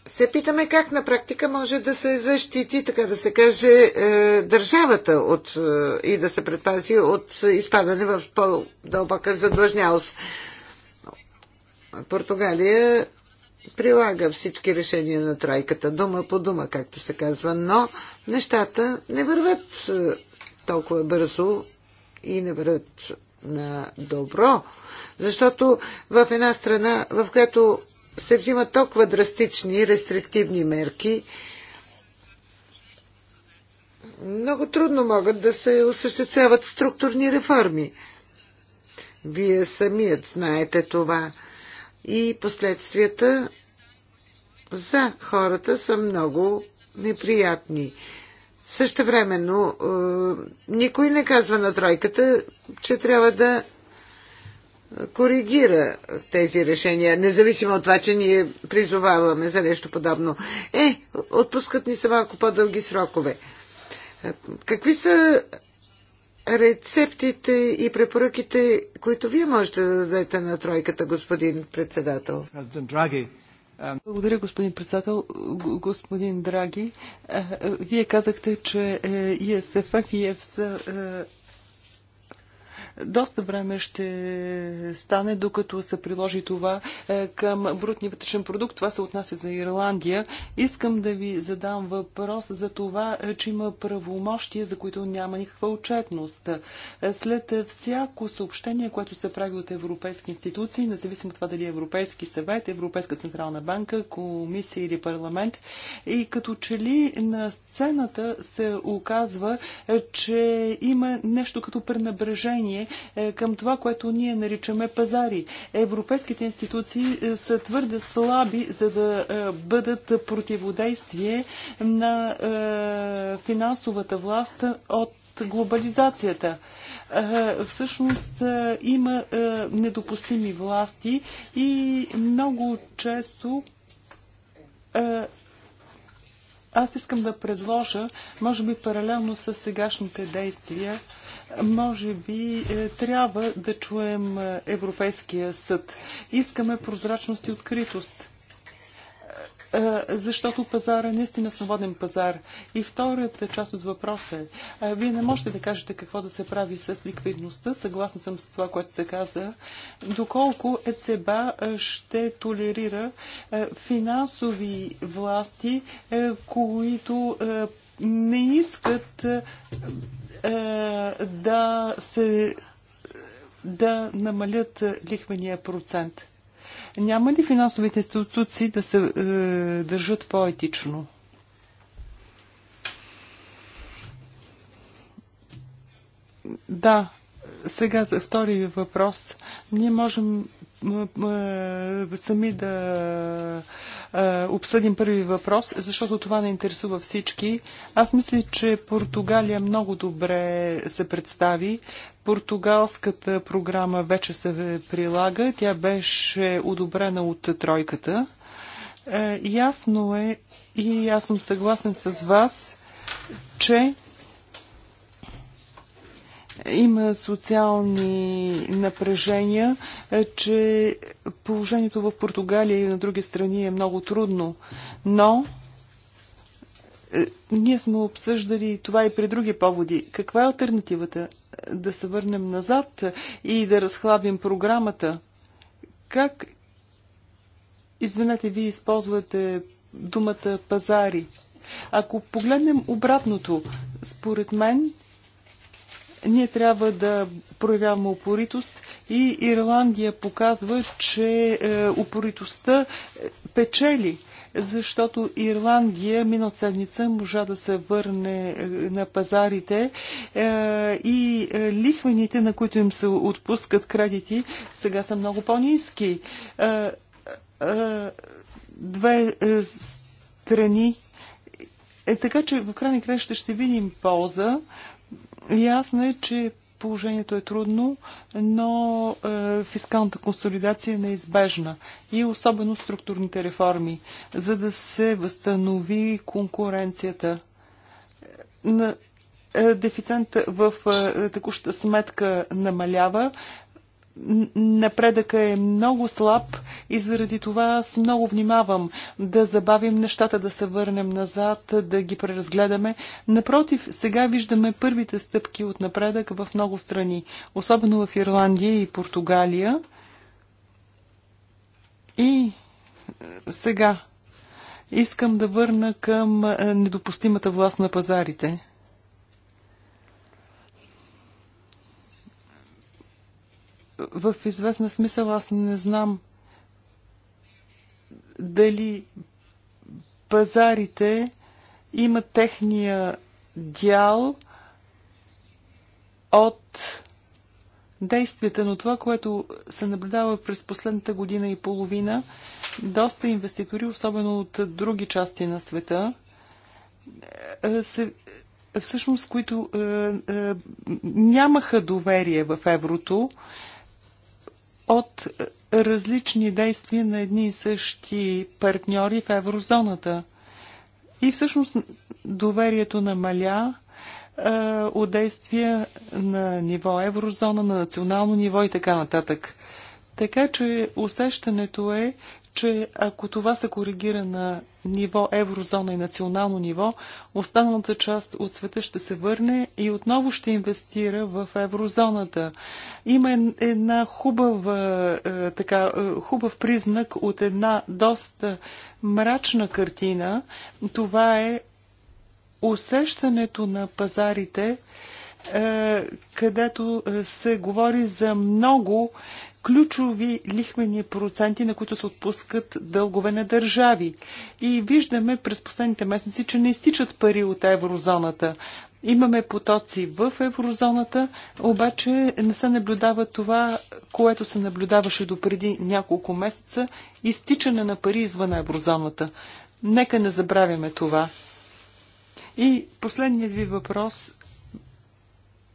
се питаме как на практика може да се защити, така да се каже, е, държавата от, е, и да се предпази от изпадане в по-дълбока задлъжнялост. Португалия прилага всички решения на тройката, дума по дума, както се казва, но нещата не върват толкова бързо и не върват на добро, защото в една страна, в която се взимат толкова драстични, рестриктивни мерки, много трудно могат да се осъществяват структурни реформи. Вие самият знаете това. И последствията за хората са много неприятни. Също времено е, никой не казва на тройката, че трябва да коригира тези решения, независимо от това, че ние призоваваме за нещо подобно. Е, отпускат ни се малко по-дълги срокове. Е, какви са рецептите и препоръките, които вие можете да дадете на тройката, господин председател? Драги, благодаря, господин председател. Господин Драги, вие казахте, че ЕСФ, и ЕФСА доста време ще стане, докато се приложи това е, към брутния вътрешен продукт. Това се отнася за Ирландия. Искам да ви задам въпрос за това, е, че има правомощия, за които няма никаква отчетност. Е, след всяко съобщение, което се прави от европейски институции, независимо от това дали Европейски съвет, Европейска централна банка, комисия или парламент, и като че ли на сцената се оказва, че има нещо като пренебрежение е, към това, което ние наричаме пазари. Европейските институции е, са твърде слаби, за да е, бъдат противодействие на финансовата власт от глобализацията всъщност има недопустими власти и много често аз искам да предложа, може би паралелно с сегашните действия, може би е, трябва да чуем е, Европейския съд. Искаме прозрачност и откритост е, защото пазара наистина свободен пазар. И втората част от въпроса е, вие не можете да кажете какво да се прави с ликвидността, съгласна съм с това, което се каза, доколко ЕЦБ ще толерира финансови власти, които не искат е, е, да се да намалят лихвения процент. Няма ли финансовите институции да се е, държат по-етично? Да, сега за втори въпрос. Ние можем е, сами да е, обсъдим първи въпрос, защото това не интересува всички. Аз мисля, че Португалия много добре се представи. Португалската програма вече се прилага. Тя беше одобрена от тройката. Е, ясно е и аз съм съгласен с вас, че има социални напрежения, е, че положението в Португалия и на други страни е много трудно. Но е, ние сме обсъждали това и при други поводи. Каква е альтернативата? Да се върнем назад и да разхлабим програмата? Как, извинете, вие използвате думата пазари? Ако погледнем обратното, според мен ние трябва да проявяваме упоритост и Ирландия показва, че е, упоритостта е, печели защото Ирландия минал седмица можа да се върне е, на пазарите и лихвените, на които им се отпускат кредити, сега са много по-низки. Две страни. Е, така че в крайни краща ще видим полза. Ясно е, че положението е трудно, но е, фискалната консолидация е неизбежна и особено структурните реформи, за да се възстанови конкуренцията. На, е, дефицент в е, текущата сметка намалява, напредъка е много слаб и заради това аз много внимавам да забавим нещата, да се върнем назад, да ги преразгледаме. Напротив, сега виждаме първите стъпки от напредък в много страни, особено в Ирландия и Португалия. И е, сега искам да върна към е, недопустимата власт на пазарите. в известна смисъл аз не знам дали пазарите имат техния дял от действията, но това, което се наблюдава през последната година и половина, доста инвеститори, особено от други части на света, е, се, всъщност, които е, е, нямаха доверие в еврото, от различни действия на едни и същи партньори в еврозоната. И всъщност доверието намаля е, от действия на ниво еврозона, на национално ниво и така нататък. Така че усещането е, че ако това се коригира на ниво еврозона и национално ниво, останалата част от света ще се върне и отново ще инвестира в еврозоната. Има една хубава, е, така, е, хубав признак от една доста мрачна картина. Това е усещането на пазарите, е, където се говори за много ключови лихвени проценти, на които се отпускат дългове на държави. И виждаме през последните месеци, че не изтичат пари от еврозоната. Имаме потоци в еврозоната, обаче не се наблюдава това, което се наблюдаваше до преди няколко месеца – изтичане на пари извън еврозоната. Нека не забравяме това. И последният ви въпрос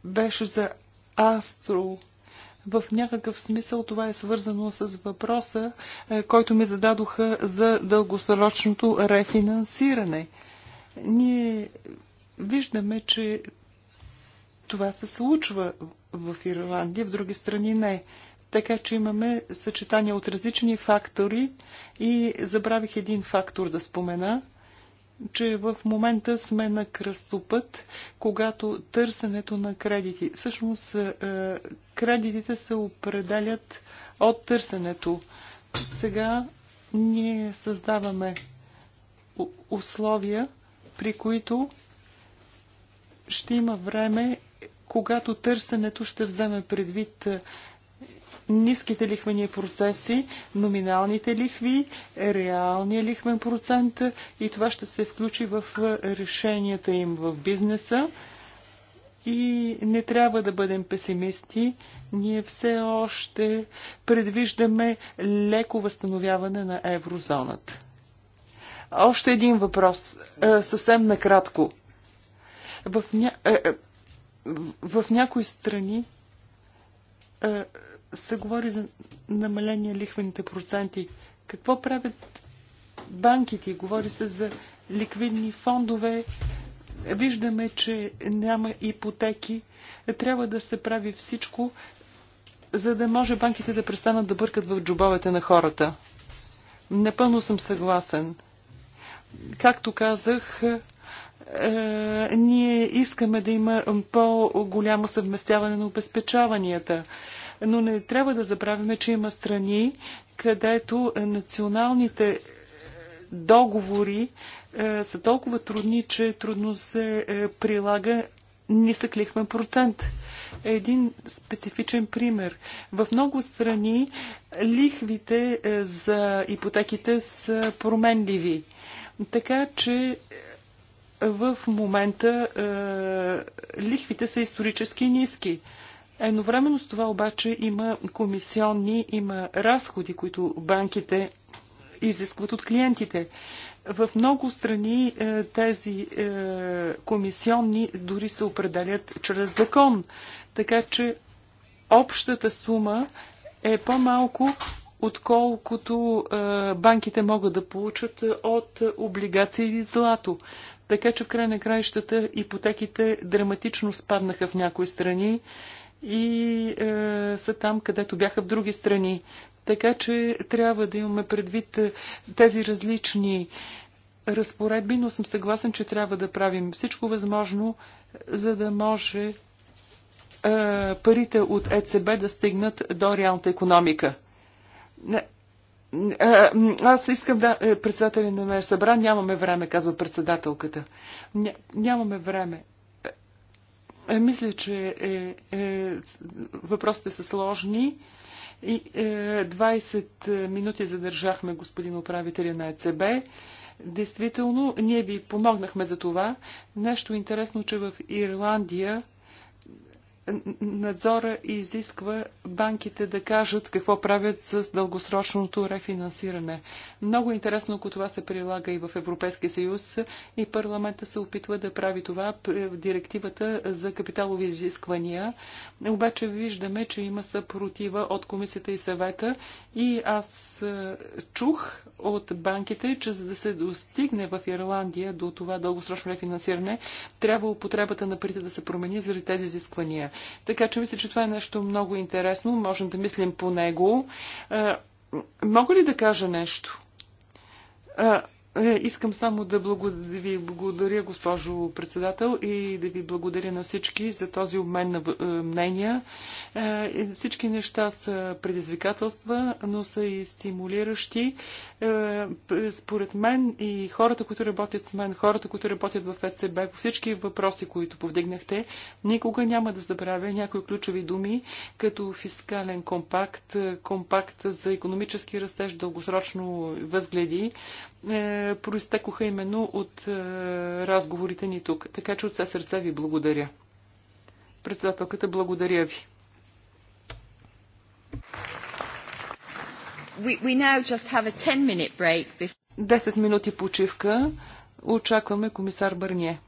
беше за Астро в някакъв смисъл това е свързано с въпроса, е, който ми зададоха за дългосрочното рефинансиране. Ние виждаме, че това се случва в Ирландия, в други страни не. Така че имаме съчетания от различни фактори и забравих един фактор да спомена, че в момента сме на кръстопът, когато търсенето на кредити, всъщност е, кредитите се определят от търсенето. Сега ние създаваме условия, при които ще има време, когато търсенето ще вземе предвид е, ниските лихвени процеси, номиналните лихви, реалния лихвен процент е, и това ще се включи в е, решенията им в бизнеса и не трябва да бъдем песимисти. Ние все още предвиждаме леко възстановяване на еврозоната. Още един въпрос, е, съвсем накратко. В, ня... Е, е, в някои страни се говори за намаление лихвените проценти. Какво правят банките? Говори се за ликвидни фондове, Виждаме, че няма ипотеки. Трябва да се прави всичко, за да може банките да престанат да бъркат в джобовете на хората. Напълно съм съгласен. Както казах, е, ние искаме да има по-голямо съвместяване на обезпечаванията. Но не трябва да забравяме, че има страни, където националните договори е, са толкова трудни, че трудно се е, прилага нисък лихвен процент. Един специфичен пример. В много страни лихвите е, за ипотеките са променливи. Така че в момента лихвите са исторически ниски. Едновременно с това обаче има комисионни, има разходи, които банките изискват от клиентите. В много страни е, тези е, комисионни дори се определят чрез закон, така че общата сума е по-малко отколкото е, банките могат да получат от облигации или злато. Така че в край на краищата ипотеките драматично спаднаха в някои страни и е, са там, където бяха в други страни. Така че трябва да имаме предвид е, тези различни разпоредби, но съм съгласен, че трябва да правим всичко възможно, за да може е, парите от ЕЦБ да стигнат до реалната економика. Е, е, аз искам да... Председателя не ме е събра. Нямаме време, казва председателката. Ня, нямаме време. Мисля, че е, е, въпросите са сложни. И, е, 20 е, минути задържахме господин управителя на ЕЦБ. Действително, ние ви помогнахме за това. Нещо интересно, че в Ирландия надзора изисква банките да кажат какво правят с дългосрочното рефинансиране. Много интересно, ако това се прилага и в Европейския съюз и парламента се опитва да прави това в директивата за капиталови изисквания. Обаче виждаме, че има съпротива от комисията и съвета и аз е, чух от банките, че за да се достигне в Ирландия до това дългосрочно рефинансиране, трябва употребата на парите да се промени заради тези изисквания. Така че мисля, че това е нещо много интересно. Можем да мислим по него. Е, мога ли да кажа нещо? Е, е, искам само да, ви благодаря, госпожо председател, и да ви благодаря на всички за този обмен на е, мнения. Е, всички неща са предизвикателства, но са и стимулиращи. Според мен и хората, които работят с мен, хората, които работят в ЕЦБ, по всички въпроси, които повдигнахте, никога няма да забравя някои ключови думи, като фискален компакт, компакт за економически растеж, дългосрочно възгледи. Е, проистекоха именно от е, разговорите ни тук. Така че от все сърце ви благодаря. Председателката, благодаря ви. Десет минути почивка. Очакваме комисар Бърние.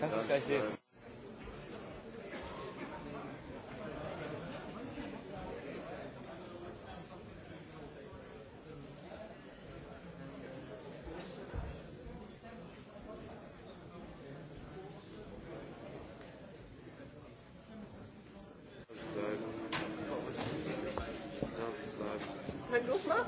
Kannst du gleich sehen. Wenn du es machst?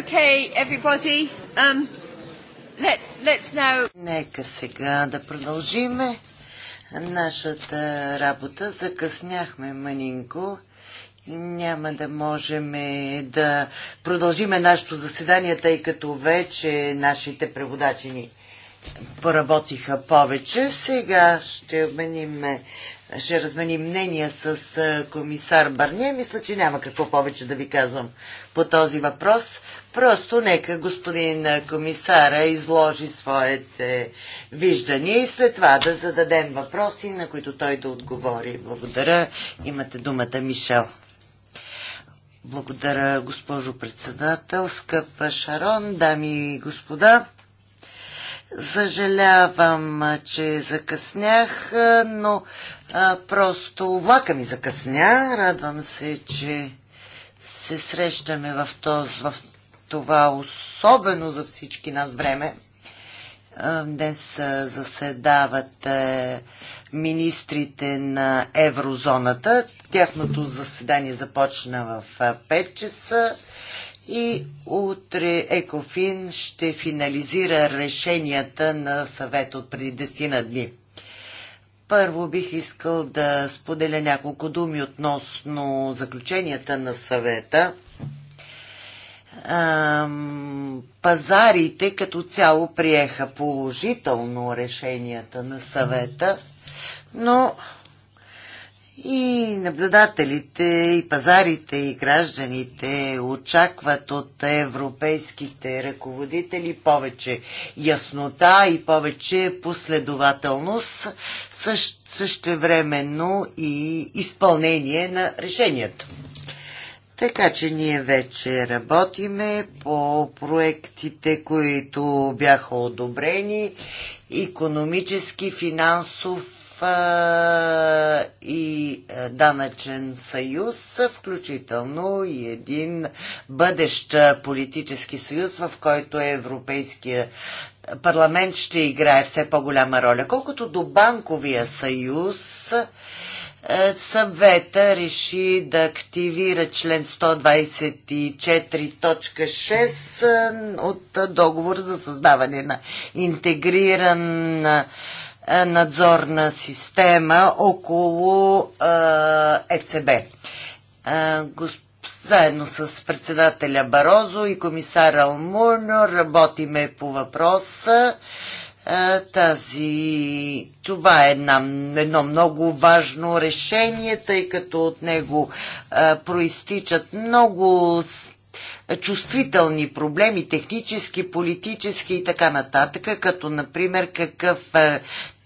Okay, everybody. Um, let's, let's now... Нека сега да продължиме нашата работа. Закъсняхме мънинко. Няма да можем да продължиме нашето заседание, тъй като вече нашите преводачи ни поработиха повече. Сега ще обменим ще разменим мнения с комисар Барния. Мисля, че няма какво повече да ви казвам по този въпрос. Просто нека господин комисара изложи своите виждания и след това да зададем въпроси, на които той да отговори. Благодаря. Имате думата, Мишел. Благодаря, госпожо председател, скъпа Шарон, дами и господа. Съжалявам, че закъснях, но а, просто влака ми закъсня. Радвам се, че се срещаме в този, в това особено за всички нас време. Днес заседават е, министрите на еврозоната. Тяхното заседание започна в 5 часа и утре Екофин ще финализира решенията на съвет от преди 10 на дни. Първо бих искал да споделя няколко думи относно заключенията на съвета а, пазарите като цяло приеха положително решенията на съвета, но и наблюдателите, и пазарите, и гражданите очакват от европейските ръководители повече яснота и повече последователност, същевременно и изпълнение на решенията. Така че ние вече работиме по проектите, които бяха одобрени, економически, финансов а, и данъчен съюз, включително и един бъдещ политически съюз, в който Европейския парламент ще играе все по-голяма роля. Колкото до банковия съюз, е, съвета реши да активира член 124.6 е, от договор за създаване на интегриран е, надзорна система около ЕЦБ. Заедно с председателя Барозо и комисар Алмурно работиме по въпроса тази, това е една, едно много важно решение, тъй като от него а, проистичат много чувствителни проблеми, технически, политически и така нататък, като например какъв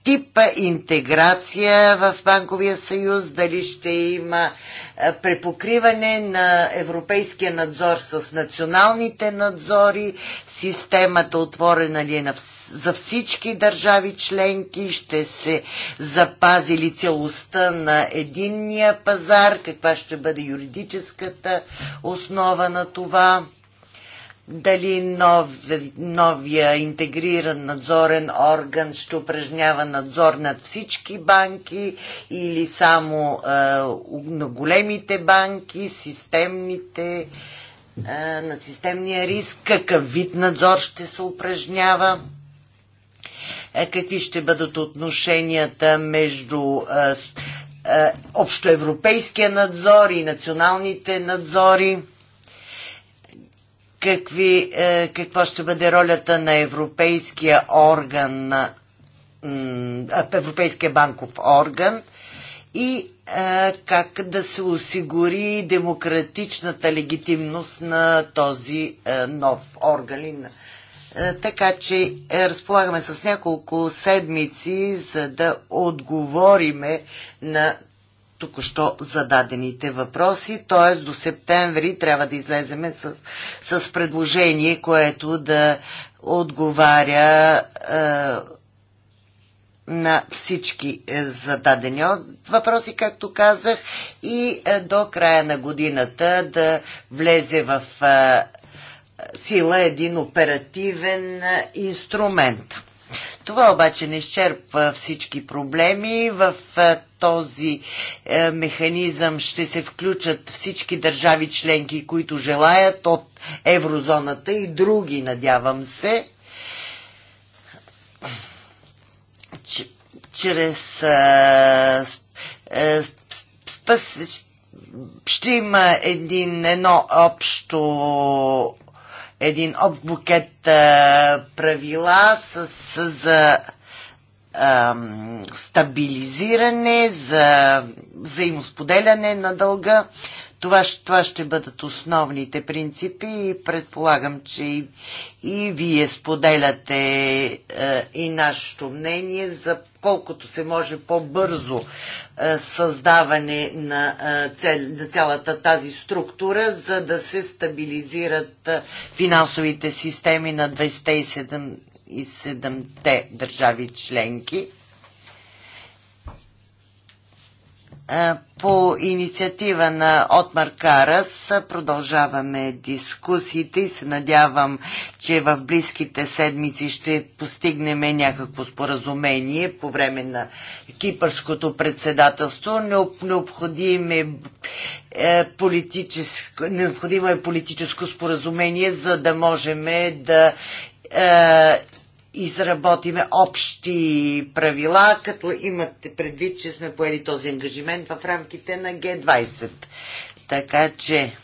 тип интеграция в Банковия съюз, дали ще има е, препокриване на европейския надзор с националните надзори, системата отворена ли е за всички държави членки, ще се запази ли целостта на единния пазар, каква ще бъде юридическата основа на това дали нов, новия интегриран надзорен орган ще упражнява надзор над всички банки или само е, на големите банки, системните, е, над системния риск, какъв вид надзор ще се упражнява какви ще бъдат отношенията между общоевропейския надзор и националните надзори какви, е, какво ще бъде ролята на Европейския орган, Европейския банков орган и е, как да се осигури демократичната легитимност на този е, нов орган. Така че разполагаме с няколко седмици, за да отговориме на току-що зададените въпроси, т.е. до септември трябва да излеземе с, с предложение, което да отговаря е, на всички е, зададени въпроси, както казах, и е, до края на годината да влезе в е, сила един оперативен инструмент. Това обаче не изчерпва всички проблеми. В този е, механизъм ще се включат всички държави членки, които желаят от еврозоната и други, надявам се. чрез е, е, спас, ще има един, едно общо един общ букет е, правила с, с, за а, стабилизиране, за взаимосподеляне на дълга. Това, това ще бъдат основните принципи и предполагам, че и, и вие споделяте е, и нашето мнение за колкото се може по-бързо е, създаване на, е, цел, на цялата тази структура, за да се стабилизират е, финансовите системи на 27 27-те държави членки по инициатива на Отмар Карас продължаваме дискусиите и се надявам, че в близките седмици ще постигнем някакво споразумение по време на кипърското председателство. Необходим е, е политическо, необходимо е политическо споразумение, за да можем да е, изработиме общи правила, като имате предвид, че сме поели този ангажимент в рамките на Г20. Така че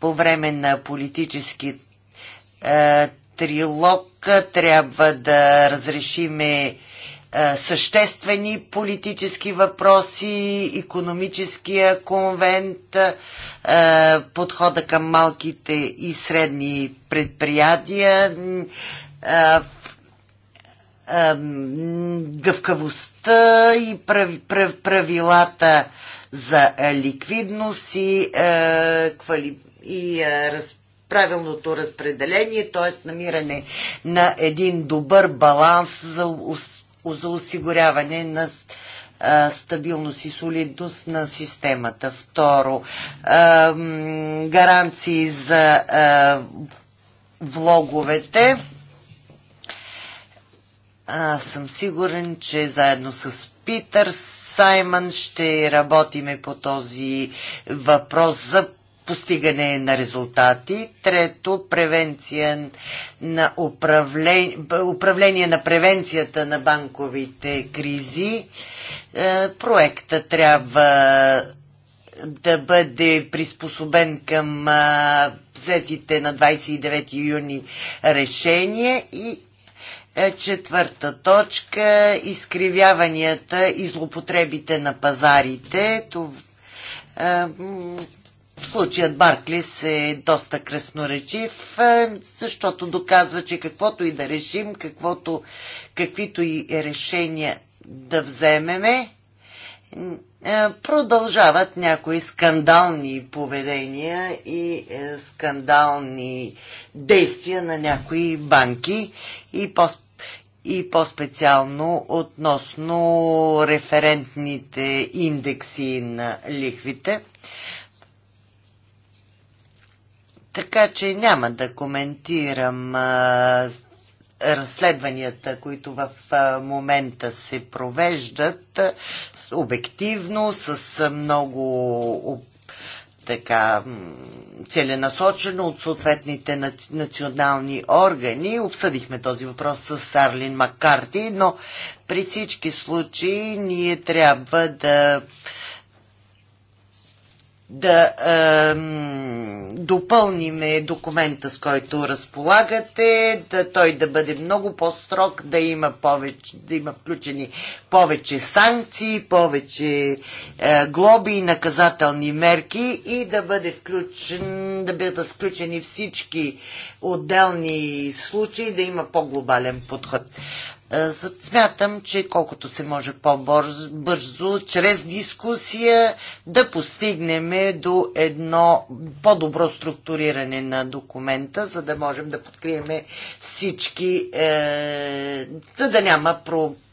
по време на политически е, трилог трябва да разрешиме е, съществени политически въпроси, економическия конвент, е, подхода към малките и средни предприятия, е, гъвкавостта и правилата за е, ликвидност и, е, и е, правилното разпределение, т.е. намиране на един добър баланс за, за осигуряване на стабилност и солидност на системата. Второ, гаранции за влоговете аз съм сигурен, че заедно с Питър Саймън ще работиме по този въпрос за постигане на резултати. Трето, превенция на управление, управление на превенцията на банковите кризи. Е, проекта трябва да бъде приспособен към взетите на 29 юни решения и е, четвърта точка – изкривяванията и злопотребите на пазарите. Е, случаят Барклис е доста красноречив, е, защото доказва, че каквото и да решим, каквото, каквито и решения да вземеме, продължават някои скандални поведения и скандални действия на някои банки и по и по-специално относно референтните индекси на лихвите. Така че няма да коментирам а, разследванията, които в а, момента се провеждат а, обективно, с а, много така целенасочено от съответните национални органи. Обсъдихме този въпрос с Сарлин Маккарти, но при всички случаи ние трябва да да е, допълниме документа, с който разполагате, да той да бъде много по-строг, да има, повече, да има включени повече санкции, повече е, глоби и наказателни мерки и да, бъде включен, да бъдат включени всички отделни случаи, да има по-глобален подход. Е, смятам, че колкото се може по-бързо, чрез дискусия, да постигнем до едно по-добро структуриране на документа, за да можем да подкриеме всички, е, за да няма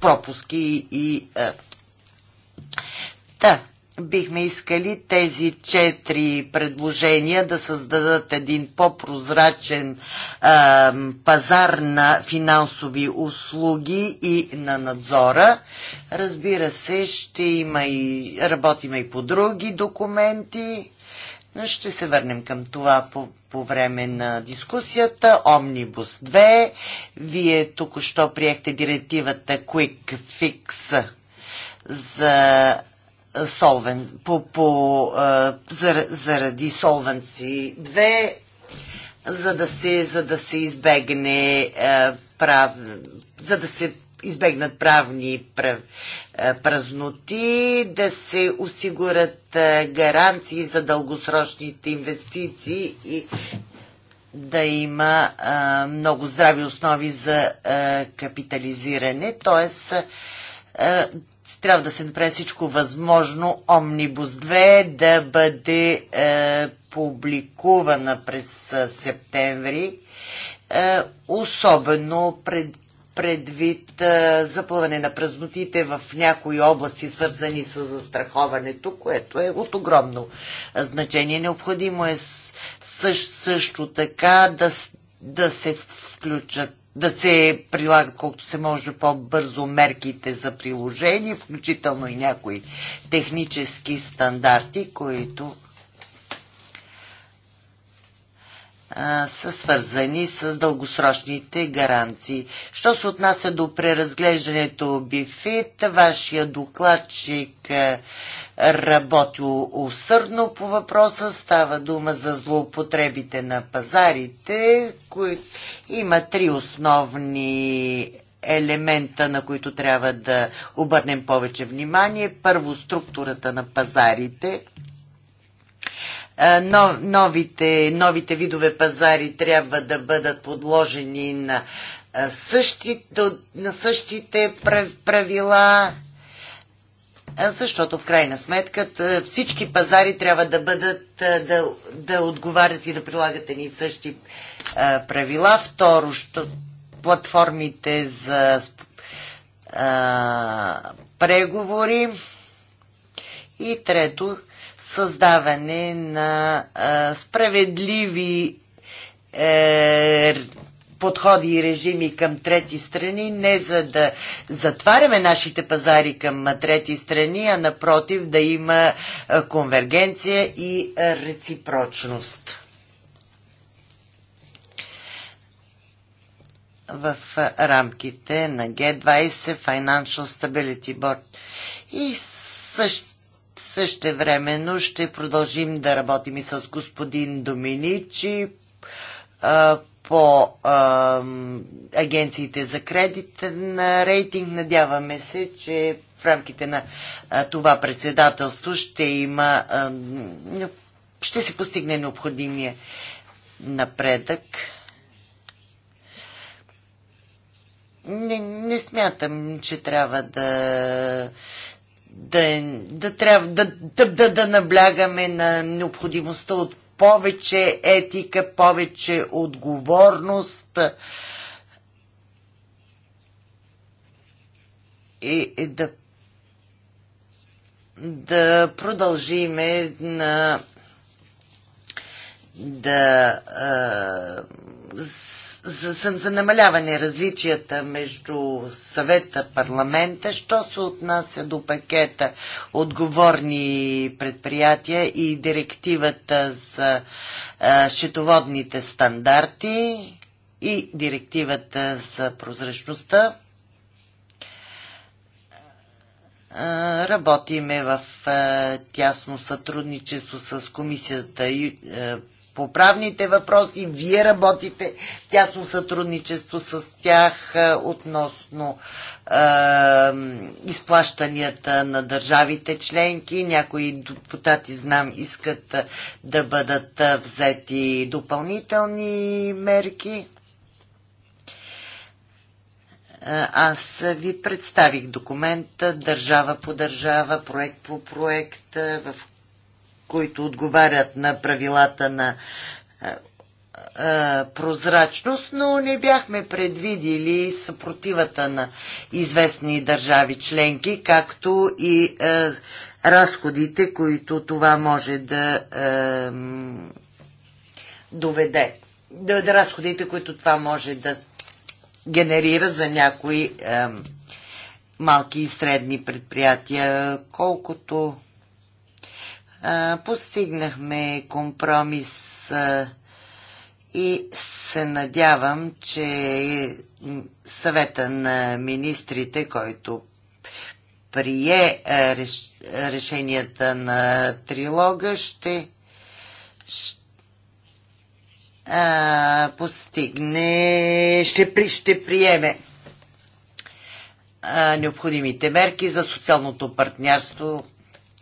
пропуски и. Е. Та, да, бихме искали тези четири предложения да създадат един по-прозрачен пазар на финансови услуги и на надзора. Разбира се, ще има и работиме и по други документи, но ще се върнем към това по, по време на дискусията. Омнибус 2. Вие тук що приехте директивата Quick Fix за Солвен, по, по, а, заради Солвенци 2, за да се, за да се избегне а, прав, за да се избегнат правни прав, а, празноти, да се осигурят а, гаранции за дългосрочните инвестиции и да има а, много здрави основи за а, капитализиране, т.е трябва да се направи всичко възможно Омнибус 2 да бъде е, публикувана през е, септември, е, особено пред, предвид е, запълване на празнотите в някои области, свързани с застраховането, което е от огромно е, значение. Необходимо е също, също така да, да се включат да се прилагат колкото се може по-бързо мерките за приложение, включително и някои технически стандарти, които са свързани с дългосрочните гаранции. Що се отнася до преразглеждането Бифит, вашия докладчик работи усърдно по въпроса. Става дума за злоупотребите на пазарите, които има три основни елемента, на които трябва да обърнем повече внимание. Първо, структурата на пазарите – е, новите, новите видове пазари трябва да бъдат подложени на е, същите, на същите правила, е, защото в крайна сметка всички пазари трябва да бъдат, да, да отговарят и да прилагат едни същи правила. Второ, що платформите за а, преговори. И трето, създаване на а, справедливи е, подходи и режими към трети страни, не за да затваряме нашите пазари към трети страни, а напротив да има конвергенция и реципрочност. в рамките на G20 Financial Stability Board и също времено ще продължим да работим и с господин Доминичи по а, агенциите за кредит на рейтинг. Надяваме се, че в рамките на а, това председателство ще има а, ще се постигне необходимия напредък. Не, не смятам, че трябва да да, да, трябва, да, да, да, да наблягаме на необходимостта от повече етика, повече отговорност и, и да, да продължиме на да а, за, за, за намаляване различията между съвета парламента, що се отнася до пакета отговорни предприятия и директивата за а, счетоводните стандарти и директивата за прозрачността. Работиме в тясно сътрудничество с комисията по правните въпроси. Вие работите тясно сътрудничество с тях е, относно е, изплащанията на държавите членки. Някои депутати, знам, искат да бъдат е, взети допълнителни мерки. Е, аз ви представих документа държава по държава, проект по проект, в които отговарят на правилата на е, е, прозрачност, но не бяхме предвидили съпротивата на известни държави членки, както и а, е, разходите, които това може да а, доведе. Да, да, разходите, които това може да генерира за някои а, малки и средни предприятия, колкото Постигнахме компромис и се надявам, че съвета на министрите, който прие решенията на трилога, ще, ще а, постигне, ще, при, ще приеме а, необходимите мерки за социалното партньорство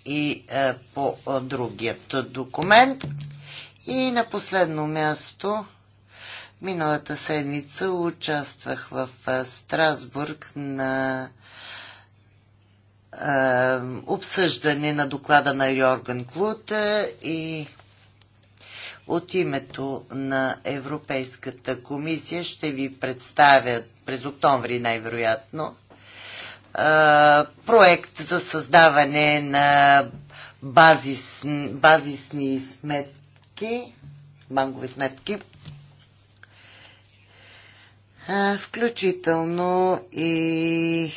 и е, по е, другият документ. И на последно място, миналата седмица участвах в е, Страсбург на е, обсъждане на доклада на Йорган Клуте и от името на Европейската комисия ще ви представя през октомври най-вероятно проект за създаване на базис, базисни сметки, банкови сметки, включително и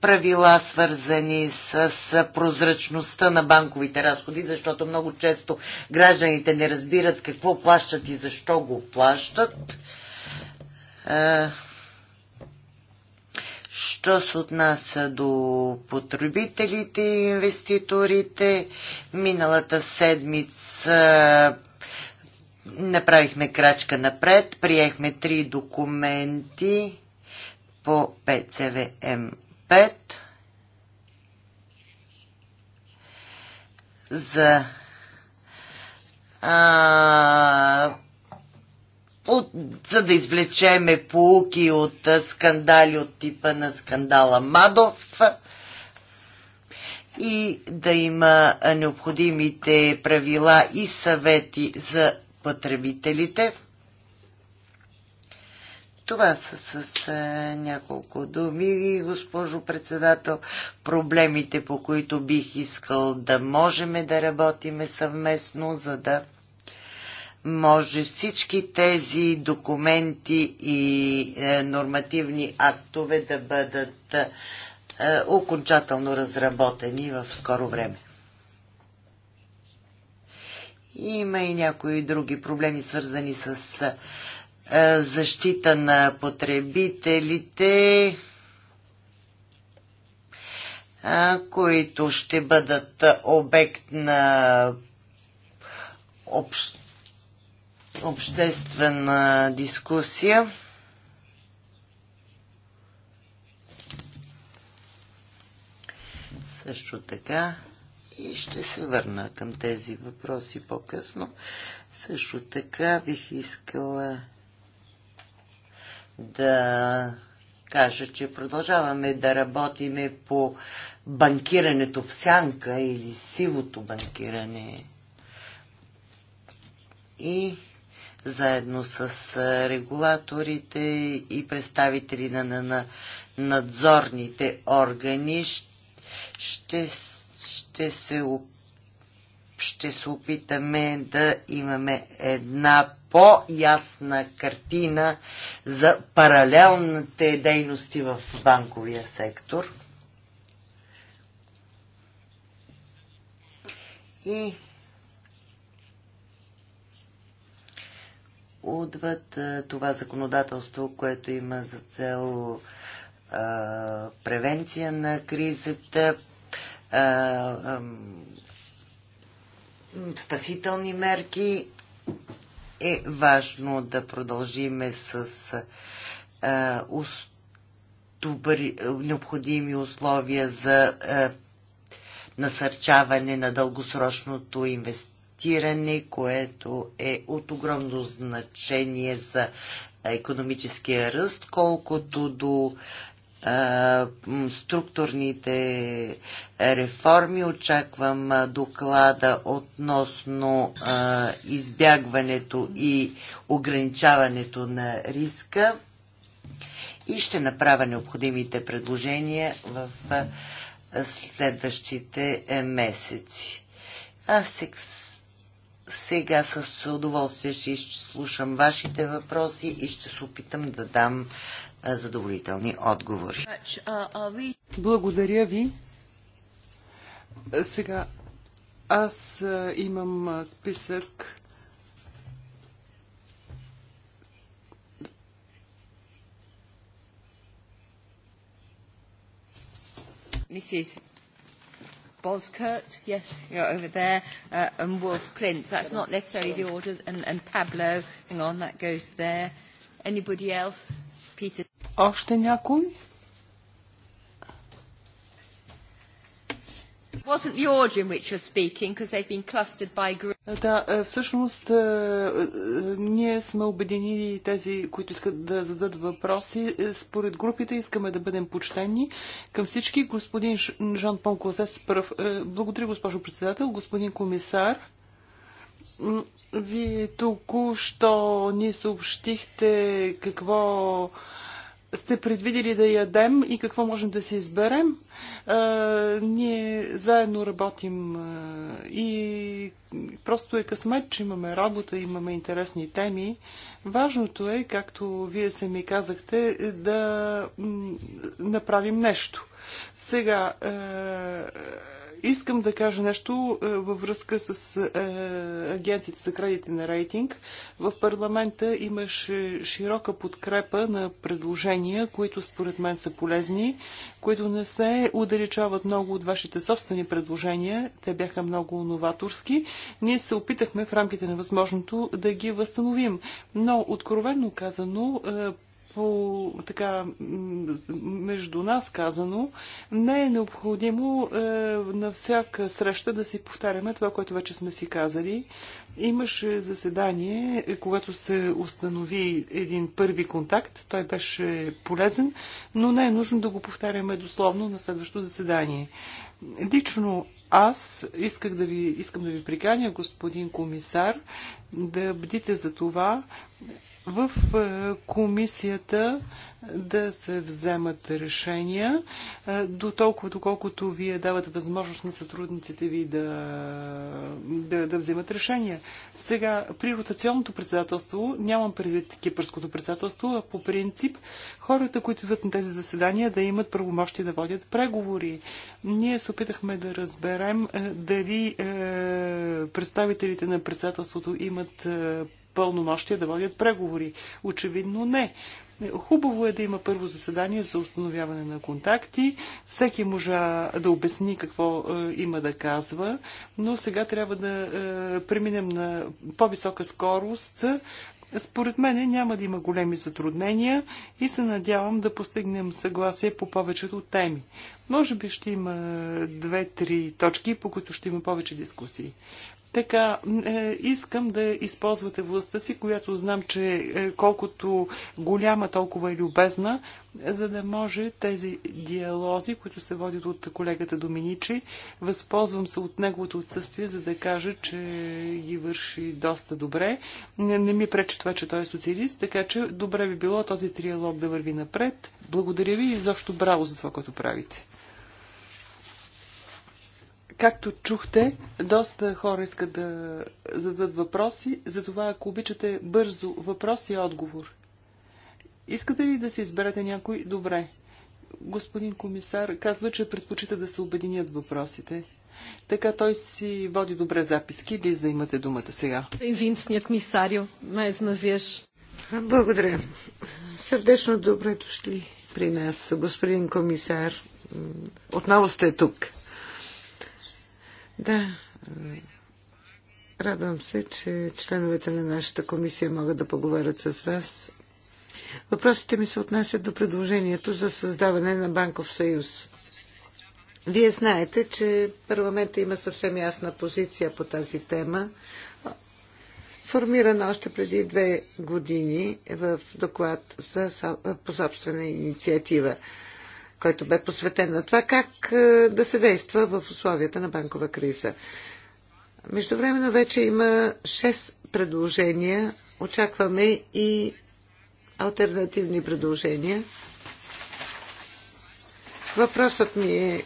правила, свързани с прозрачността на банковите разходи, защото много често гражданите не разбират какво плащат и защо го плащат. Що се отнася до потребителите и инвеститорите, миналата седмица направихме крачка напред, приехме три документи по ПЦВМ-5 за а, от, за да извлечеме полуки от скандали от типа на скандала Мадов и да има необходимите правила и съвети за потребителите. Това са с а, няколко думи, госпожо председател, проблемите, по които бих искал да можем да работиме съвместно, за да може всички тези документи и е, нормативни актове да бъдат е, окончателно разработени в скоро време. Има и някои други проблеми, свързани с е, защита на потребителите, е, които ще бъдат обект на общ обществена дискусия. Също така и ще се върна към тези въпроси по-късно. Също така бих искала да кажа, че продължаваме да работиме по банкирането в сянка или сивото банкиране. И заедно с регулаторите и представители на, на, на надзорните органи ще, ще се ще се опитаме да имаме една по-ясна картина за паралелните дейности в банковия сектор. И отвъд това законодателство, което има за цел превенция на кризата, спасителни мерки, е важно да продължиме с необходими условия за насърчаване на дългосрочното инвестиране проектиране, което е от огромно значение за економическия ръст, колкото до структурните реформи. Очаквам доклада относно избягването и ограничаването на риска и ще направя необходимите предложения в следващите е, месеци. Аз сега с удоволствие ще слушам вашите въпроси и ще се опитам да дам задоволителни отговори. Благодаря ви. Сега аз имам списък Mrs. Boskurt, yes, you're over there, uh, and Wolf Klintz. That's not necessarily the order. And, and Pablo, hang on, that goes there. Anybody else? Peter? Още някой? Е, да, е, всъщност е, ние сме обединили тези, които искат да зададат въпроси. Според групите искаме да бъдем почтени към всички. Господин Жан Пон Класес пръв. Благодаря, госпожо председател. Господин комисар, вие току-що ни съобщихте какво сте предвидели да ядем и какво можем да се изберем. А, ние заедно работим а, и просто е късмет, че имаме работа, имаме интересни теми. Важното е, както вие се ми казахте, е да направим нещо. Сега, а, е, Искам да кажа нещо е, във връзка с е, агенцията за кредити на рейтинг. В парламента имаше широка подкрепа на предложения, които според мен са полезни, които не се удалечават много от вашите собствени предложения. Те бяха много новаторски. Ние се опитахме в рамките на възможното да ги възстановим. Но, откровенно казано, е, по така между нас казано, не е необходимо е, на всяка среща да си повтаряме това, което вече сме си казали. Имаше заседание, е, когато се установи един първи контакт. Той беше полезен, но не е нужно да го повтаряме дословно на следващото заседание. Лично аз исках да ви, искам да ви приканя, господин комисар, да бдите за това в е, комисията да се вземат решения, е, до толкова, доколкото вие давате възможност на сътрудниците ви да, да, да вземат решения. Сега, при ротационното председателство, нямам предвид кипърското председателство, а по принцип хората, които идват на тези заседания, да имат правомощи да водят преговори. Ние се опитахме да разберем е, дали е, представителите на председателството имат пълномощия да водят преговори? Очевидно не. Хубаво е да има първо заседание за установяване на контакти. Всеки може да обясни какво е, има да казва, но сега трябва да е, преминем на по-висока скорост. Според мен няма да има големи затруднения и се надявам да постигнем съгласие по повечето теми. Може би ще има две-три точки, по които ще има повече дискусии. Така, е, искам да използвате властта си, която знам, че е, колкото голяма, толкова е любезна, за да може тези диалози, които се водят от колегата Доминичи, възползвам се от неговото отсъствие, за да кажа, че ги върши доста добре. Не, не ми пречи това, че той е социалист, така че добре би било този триалог да върви напред. Благодаря ви и защо браво за това, което правите. Както чухте, доста хора искат да зададат въпроси, затова ако обичате бързо въпрос и отговор. Искате ли да се изберете някой? Добре. Господин комисар казва, че предпочита да се обединят въпросите. Така той си води добре записки. Лиза, заимате думата сега. Винсния комисарио, ме uma Благодаря. Сърдечно добре дошли при нас, господин комисар. Отново сте тук. Да, радвам се, че членовете на нашата комисия могат да поговорят с вас. Въпросите ми се отнасят до предложението за създаване на банков съюз. Вие знаете, че парламента има съвсем ясна позиция по тази тема, формирана още преди две години в доклад за, по собствена инициатива който бе посветен на това как е, да се действа в условията на банкова криза. Междувременно вече има 6 предложения. Очакваме и альтернативни предложения. Въпросът ми е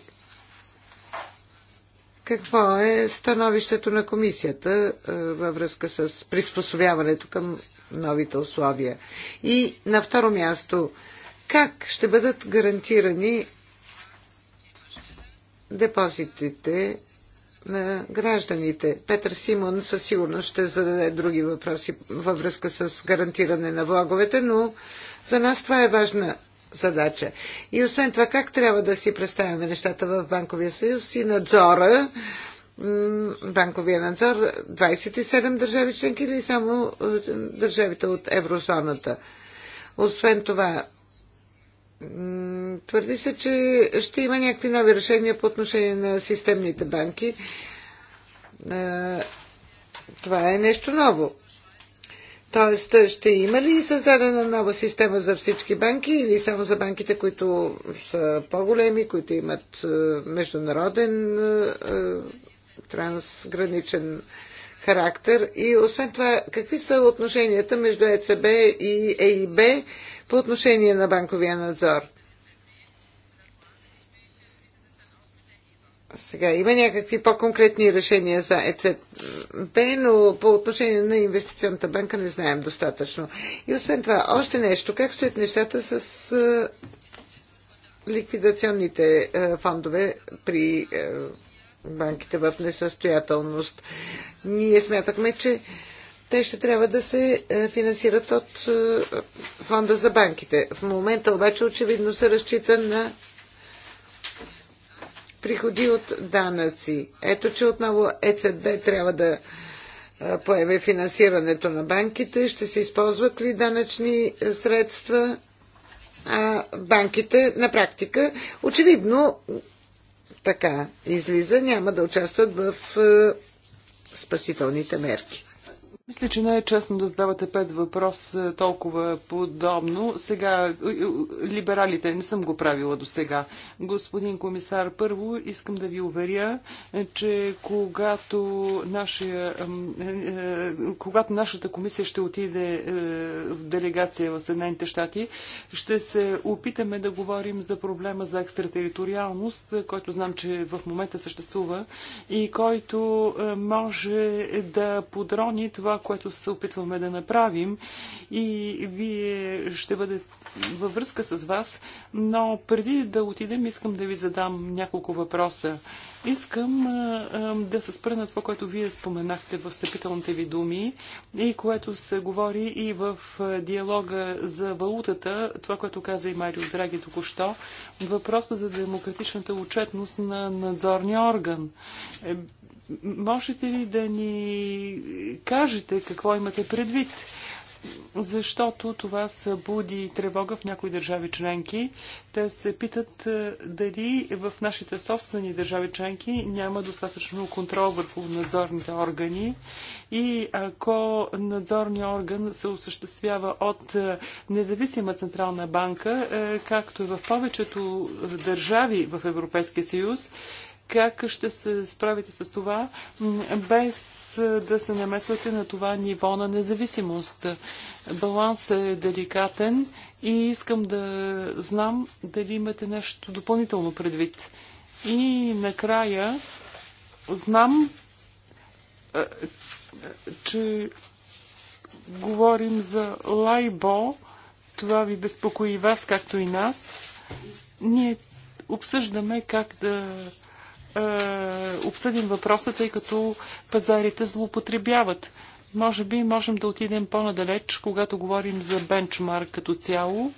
какво е становището на комисията е, във връзка с приспособяването към новите условия? И на второ място, как ще бъдат гарантирани депозитите на гражданите. Петър Симон със сигурност ще зададе други въпроси във връзка с гарантиране на влоговете, но за нас това е важна задача. И освен това, как трябва да си представяме нещата в Банковия съюз и надзора, банковия надзор, 27 държави членки или само е, държавите от еврозоната. Освен това, Твърди се, че ще има някакви нови решения по отношение на системните банки. Е, това е нещо ново. Тоест, ще има ли създадена нова система за всички банки или само за банките, които са по-големи, които имат е, международен е, трансграничен характер? И освен това, какви са отношенията между ЕЦБ и ЕИБ? по отношение на банковия надзор. Сега има някакви по-конкретни решения за ЕЦБ, но по отношение на инвестиционната банка не знаем достатъчно. И освен това, още нещо. Как стоят нещата с ликвидационните фондове при банките в несъстоятелност? Ние смятахме, че те ще трябва да се е, финансират от е, фонда за банките. В момента обаче очевидно се разчита на приходи от данъци. Ето, че отново ЕЦБ трябва да е, поеме финансирането на банките. Ще се използват ли данъчни средства? А банките на практика очевидно така излиза, няма да участват в спасителните мерки. Мисля, че не е честно да задавате пет въпрос толкова подобно. Сега, е, е, либералите, не съм го правила до сега. Господин комисар, първо искам да ви уверя, е, че когато, нашия, когато нашата комисия ще отиде в делегация в Съединените щати, ще се опитаме да говорим за проблема за екстратериториалност, който знам, че в момента съществува и който може да подрони това, което се опитваме да направим и вие ще бъдете във връзка с вас, но преди да отидем, искам да ви задам няколко въпроса. Искам да се спра на това, което вие споменахте в стъпителните ви думи и което се говори и в диалога за валутата, това, което каза и Марио Драги току-що, въпроса за демократичната отчетност на надзорния орган. Е, Можете ли да ни кажете какво имате предвид? Защото това събуди тревога в някои държави членки. Те се питат е, дали в нашите собствени държави членки няма достатъчно контрол върху надзорните органи и ако надзорният орган се осъществява от е, независима централна банка, е, както и в повечето държави в Европейския съюз, как ще се справите с това, без да се намесвате на това ниво на независимост? Балансът е деликатен и искам да знам дали имате нещо допълнително предвид. И накрая знам, че говорим за лайбо. Това ви безпокои вас, както и нас. Ние обсъждаме как да е, обсъдим въпроса, тъй като пазарите злоупотребяват. Може би можем да отидем по-надалеч, когато говорим за бенчмарк като цяло,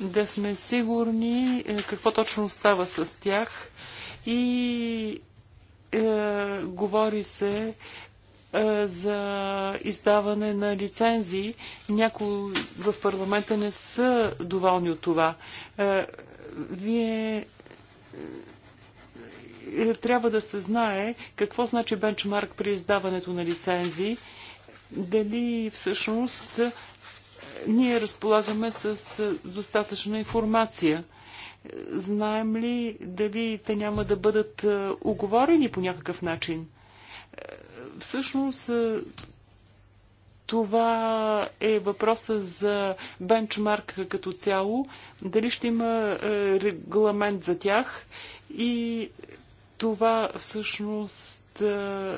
да сме сигурни е, какво точно става с тях и е, говори се е, за издаване на лицензии. Някои в парламента не са доволни от това. Е, вие трябва да се знае какво значи бенчмарк при издаването на лицензии, дали всъщност ние разполагаме с достатъчна информация. Знаем ли дали те няма да бъдат оговорени е, по някакъв начин? Е, всъщност е, това е въпроса за бенчмарк като цяло. Дали ще има регламент за тях и това всъщност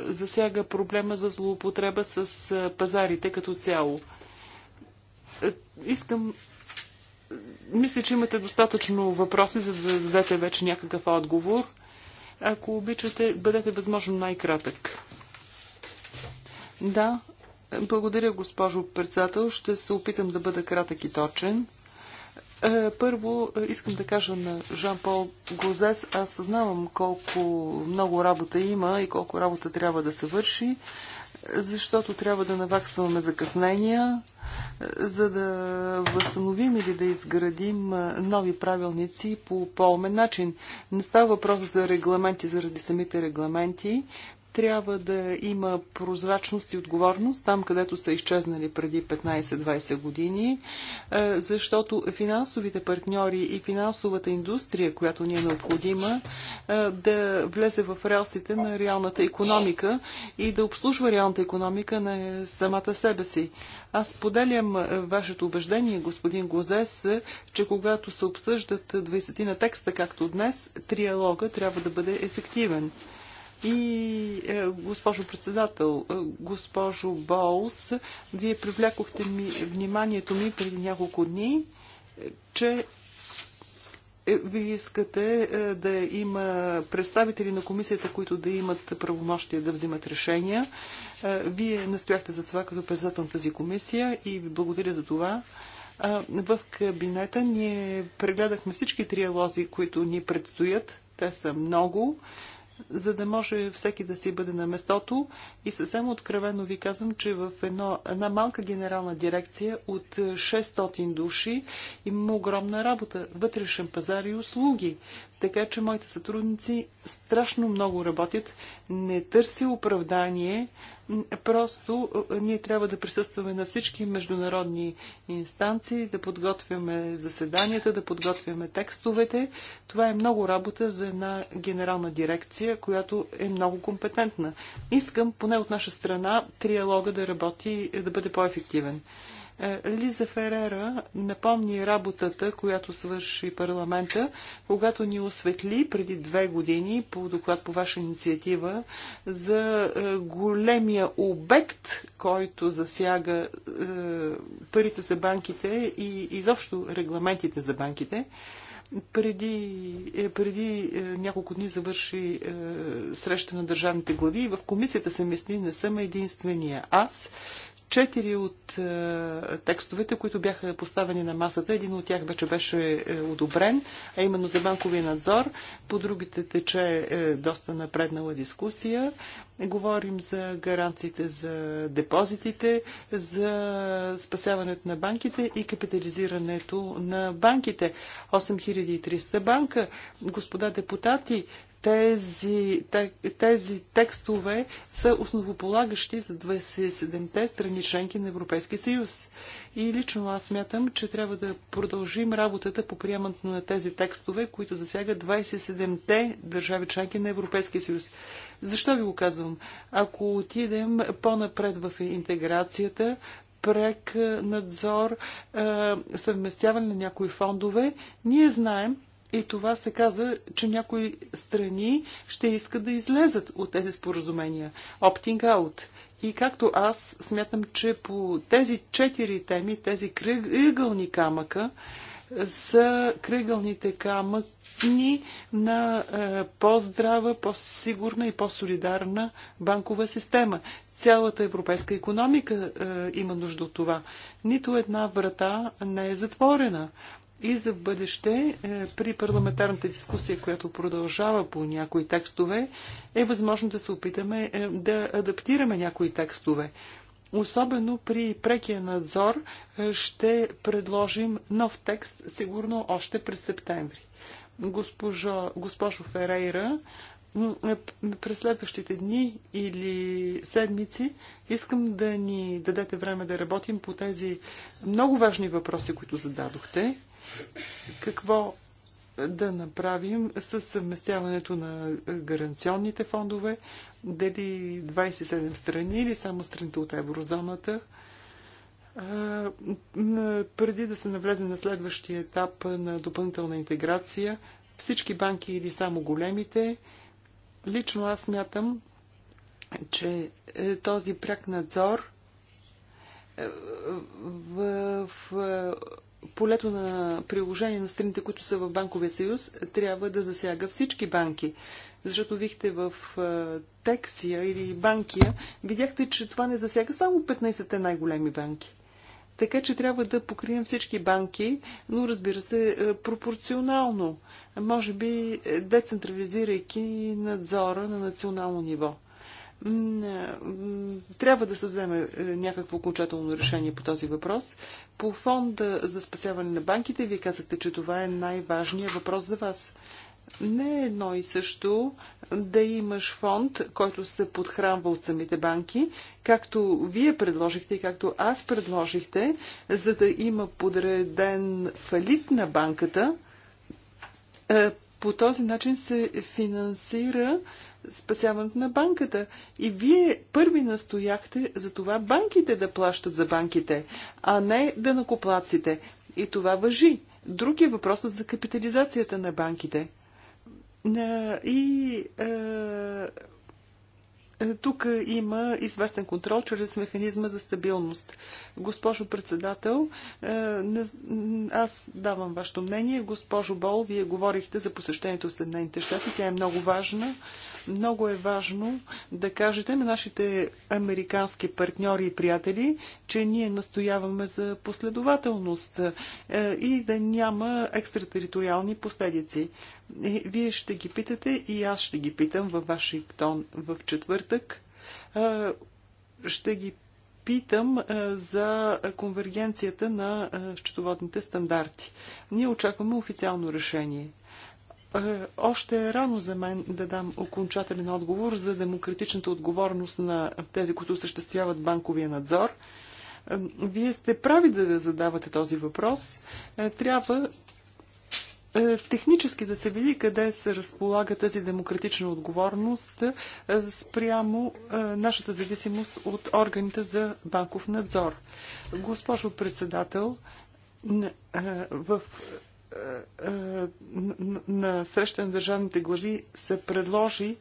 засяга проблема за злоупотреба с пазарите като цяло. Е, искам. Мисля, че имате достатъчно въпроси, за да дадете вече някакъв отговор. Ако обичате, бъдете възможно най-кратък. Да, благодаря, госпожо председател. Ще се опитам да бъда кратък и точен. Е, първо е, искам да кажа на Жан-Пол Глазес, аз съзнавам колко много работа има и колко работа трябва да се върши, защото трябва да наваксваме закъснения, е, за да възстановим или да изградим нови правилници по по-умен начин. Не става въпрос за регламенти заради самите регламенти, трябва да има прозрачност и отговорност там, където са изчезнали преди 15-20 години, е, защото финансовите партньори и финансовата индустрия, която ни е необходима, е, да влезе в релсите на реалната економика и да обслужва реалната економика на самата себе си. Аз поделям е, вашето убеждение, господин Гозес, че когато се обсъждат 20 на текста, както днес, триалога трябва да бъде ефективен. И е, госпожо председател, е, госпожо Боус, вие привлякохте ми, вниманието ми преди няколко дни, че е, ви искате да има представители на комисията, които да имат правомощия да взимат решения. Вие настояхте за това като председател на тази комисия и ви благодаря за това. В кабинета ние прегледахме всички триалози, които ни предстоят. Те са много за да може всеки да си бъде на местото. И съвсем откровено ви казвам, че в едно, една малка генерална дирекция от 600 души има огромна работа, вътрешен пазар и услуги. Така че моите сътрудници страшно много работят. Не търся оправдание, Просто е, е, ние трябва да присъстваме на всички международни инстанции, да подготвяме заседанията, да подготвяме текстовете. Това е много работа за една генерална дирекция, която е много компетентна. Искам, поне от наша страна, триалога да работи, е, да бъде по-ефективен. Е, Лиза Ферера напомни работата, която свърши парламента, когато ни осветли преди две години по доклад по ваша инициатива за е, големия обект, който засяга е, парите за банките и изобщо регламентите за банките преди, преди няколко дни завърши среща на държавните глави и в комисията се мисли, не съм единствения аз четири от е, текстовете, които бяха поставени на масата, един от тях вече беше е, одобрен, а именно за банковия надзор. По другите тече е, доста напреднала дискусия. Говорим за гаранциите за депозитите, за спасяването на банките и капитализирането на банките. 8300 банка, господа депутати, тези, тези текстове са основополагащи за 27-те страни членки на Европейския съюз. И лично аз смятам, че трябва да продължим работата по приемането на тези текстове, които засягат 27-те държави членки на Европейския съюз. Защо ви го казвам? Ако отидем по-напред в интеграцията, прек надзор, съвместяване на някои фондове, ние знаем, и това се каза, че някои страни ще искат да излезат от тези споразумения. Opting out. И както аз смятам, че по тези четири теми, тези кръгълни камъка, са кръгълните камъни на е, по-здрава, по-сигурна и по-солидарна банкова система. Цялата европейска економика е, има нужда от това. Нито една врата не е затворена. И за бъдеще, е, при парламентарната дискусия, която продължава по някои текстове, е възможно да се опитаме е, да адаптираме някои текстове. Особено при прекия надзор е, ще предложим нов текст, сигурно още през септември. Госпожо, госпожо Ферейра, през следващите дни или седмици Искам да ни дадете време да работим по тези много важни въпроси, които зададохте. Какво да направим с съвместяването на гаранционните фондове, дали 27 страни или само страните от еврозоната. Преди да се навлезе на следващия етап на допълнителна интеграция, всички банки или само големите, лично аз мятам, че е, този пряк надзор е, в, в е, полето на приложение на страните, които са в Банковия съюз, трябва да засяга всички банки. Защото вихте в Тексия или Банкия, видяхте, че това не засяга само 15-те най-големи банки. Така че трябва да покрием всички банки, но разбира се, пропорционално. Може би децентрализирайки надзора на национално ниво. Трябва да се вземе е, някакво окончателно решение по този въпрос. По фонда за спасяване на банките, вие казахте, че това е най-важният въпрос за вас. Не е едно и също да имаш фонд, който се подхранва от самите банки, както вие предложихте и както аз предложихте, за да има подреден фалит на банката. Е, по този начин се финансира спасяването на банката. И вие първи настояхте за това банките да плащат за банките, а не да накоплаците. И това въжи. Други е въпросът за капитализацията на банките. И е, е, тук има известен контрол чрез механизма за стабилност. Госпожо председател, е, не, аз давам вашето мнение. Госпожо Бол, вие говорихте за посещението в Съединените щати. Тя е много важна. Много е важно да кажете на нашите американски партньори и приятели, че ние настояваме за последователност е, и да няма екстратериториални последици. Е, вие ще ги питате и аз ще ги питам във Вашингтон в четвъртък. Е, ще ги питам за конвергенцията на счетоводните стандарти. Ние очакваме официално решение. Е, още е рано за мен да дам окончателен отговор за демократичната отговорност на тези, които осъществяват банковия надзор. Е, вие сте прави да задавате този въпрос. Е, трябва технически да се види къде се разполага тази демократична отговорност спрямо нашата зависимост от органите за банков надзор. Госпожо председател, в е, е, на среща на държавните глави се предложи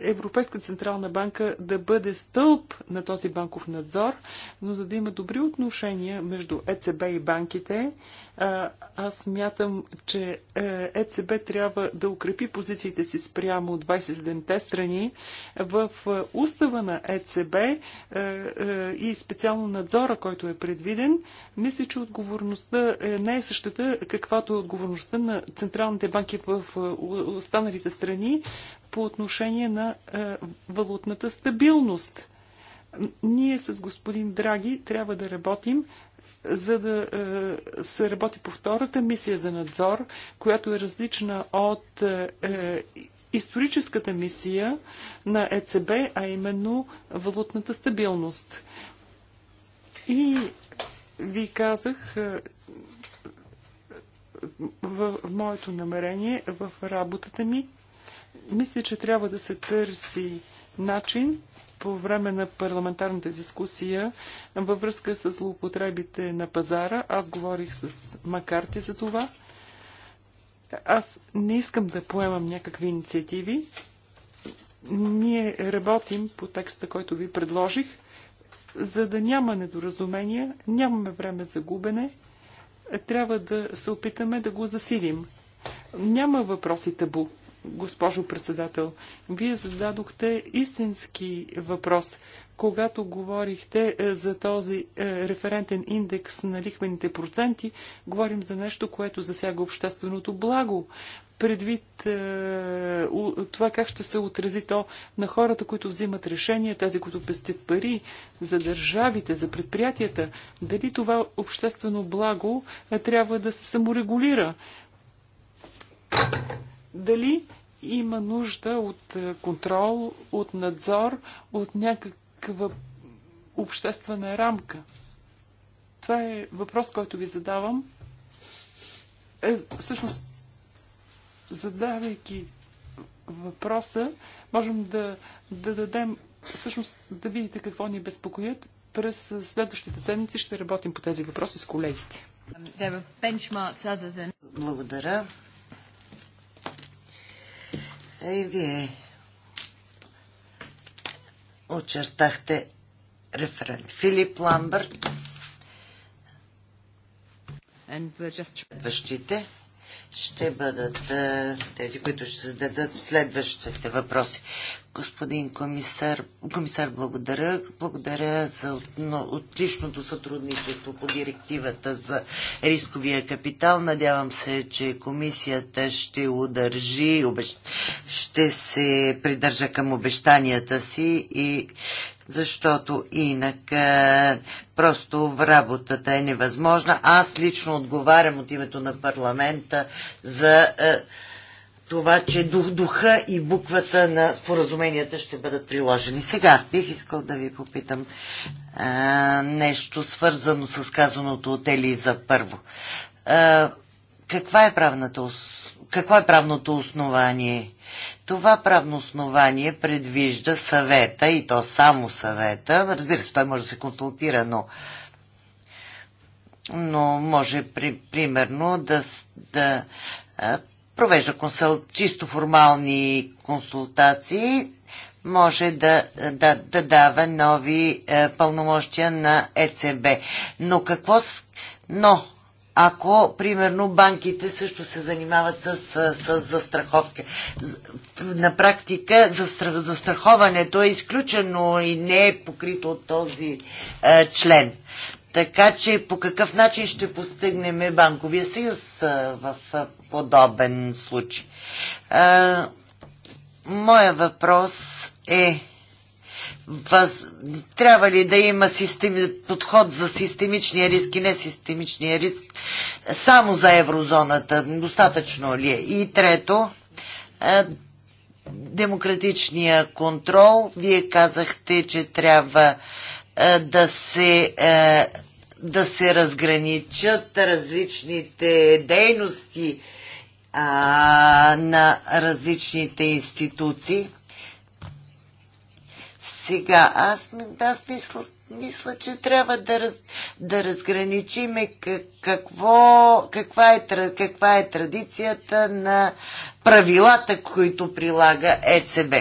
Европейска централна банка да бъде стълб на този банков надзор, но за да има добри отношения между ЕЦБ и банките, аз мятам, че е, ЕЦБ трябва да укрепи позициите си спрямо 27-те страни. В е, устава на ЕЦБ е, и специално надзора, който е предвиден, мисля, че отговорността не е същата, каквато е отговорността на централните банки в останалите страни по отношение на валутната стабилност. Ние с господин Драги трябва да работим за да е, се работи по втората мисия за надзор, която е различна от е, е, историческата мисия на ЕЦБ, а именно валутната стабилност. И ви казах в моето намерение, в работата ми, мисля, че трябва да се търси начин по време на парламентарната дискусия във връзка с злоупотребите на пазара. Аз говорих с Макарти за това. Аз не искам да поемам някакви инициативи. Ние работим по текста, който ви предложих, за да няма недоразумения, нямаме време за губене, трябва да се опитаме да го засилим. Няма въпроси табу госпожо председател. Вие зададохте истински въпрос, когато говорихте е, за този е, референтен индекс на лихвените проценти, говорим за нещо, което засяга общественото благо. Предвид е, това как ще се отрази то на хората, които взимат решения, тези, които пестят пари, за държавите, за предприятията, дали това обществено благо трябва да се саморегулира. Дали има нужда от е, контрол, от надзор, от някаква обществена рамка? Това е въпрос, който ви задавам. Е, всъщност, задавайки въпроса, можем да, да дадем, всъщност да видите какво ни безпокоят. През следващите седмици ще работим по тези въпроси с колегите. Благодаря. И вие очертахте референт. Филип Ламбърт. Вещите. Just ще бъдат тези, които ще зададат следващите въпроси. Господин комисар, комисар благодаря. Благодаря за отличното сътрудничество по директивата за рисковия капитал. Надявам се, че комисията ще удържи, ще се придържа към обещанията си и защото инак е, просто в работата е невъзможна. Аз лично отговарям от името на парламента за е, това, че дух, духа и буквата на споразуменията ще бъдат приложени. Сега бих искал да ви попитам е, нещо свързано с казаното от Елиза първо. Е, каква е правната, какво е правното основание? Това правно основание предвижда съвета и то само съвета. Разбира се, той може да се консултира, но, но може при, примерно да, да провежда консул, чисто формални консултации, може да, да, да дава нови а, е, пълномощия на ЕЦБ. Но какво, но ако, примерно, банките също се занимават с, с, с застраховка. На практика застраховането е изключено и не е покрито от този е, член. Така че по какъв начин ще постигнем банковия съюз е, в е, подобен случай? Е, моя въпрос е въз... трябва ли да има систем... подход за системичния риск и не системичния риск само за еврозоната? Достатъчно ли е? И трето, е, демократичния контрол. Вие казахте, че трябва е, да се е, да се разграничат различните дейности а, на различните институции. Сега, аз, аз мисля, мисля, че трябва да, раз, да разграничиме какво, каква, е, каква е традицията на правилата, които прилага ЕЦБ.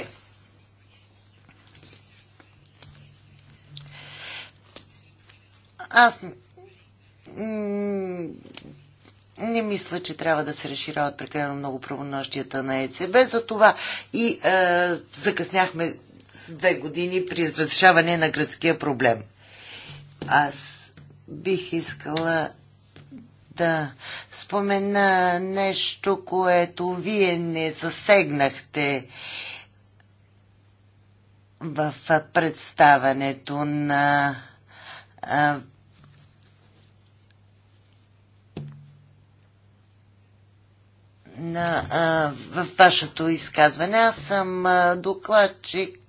Аз не мисля, че трябва да се разширяват прекалено много правонощията на ЕЦБ, затова и е, закъсняхме с две години при разрешаване на градския проблем. Аз бих искала да спомена нещо, което вие не засегнахте в представането на на, а, в вашето изказване. Аз съм докладчик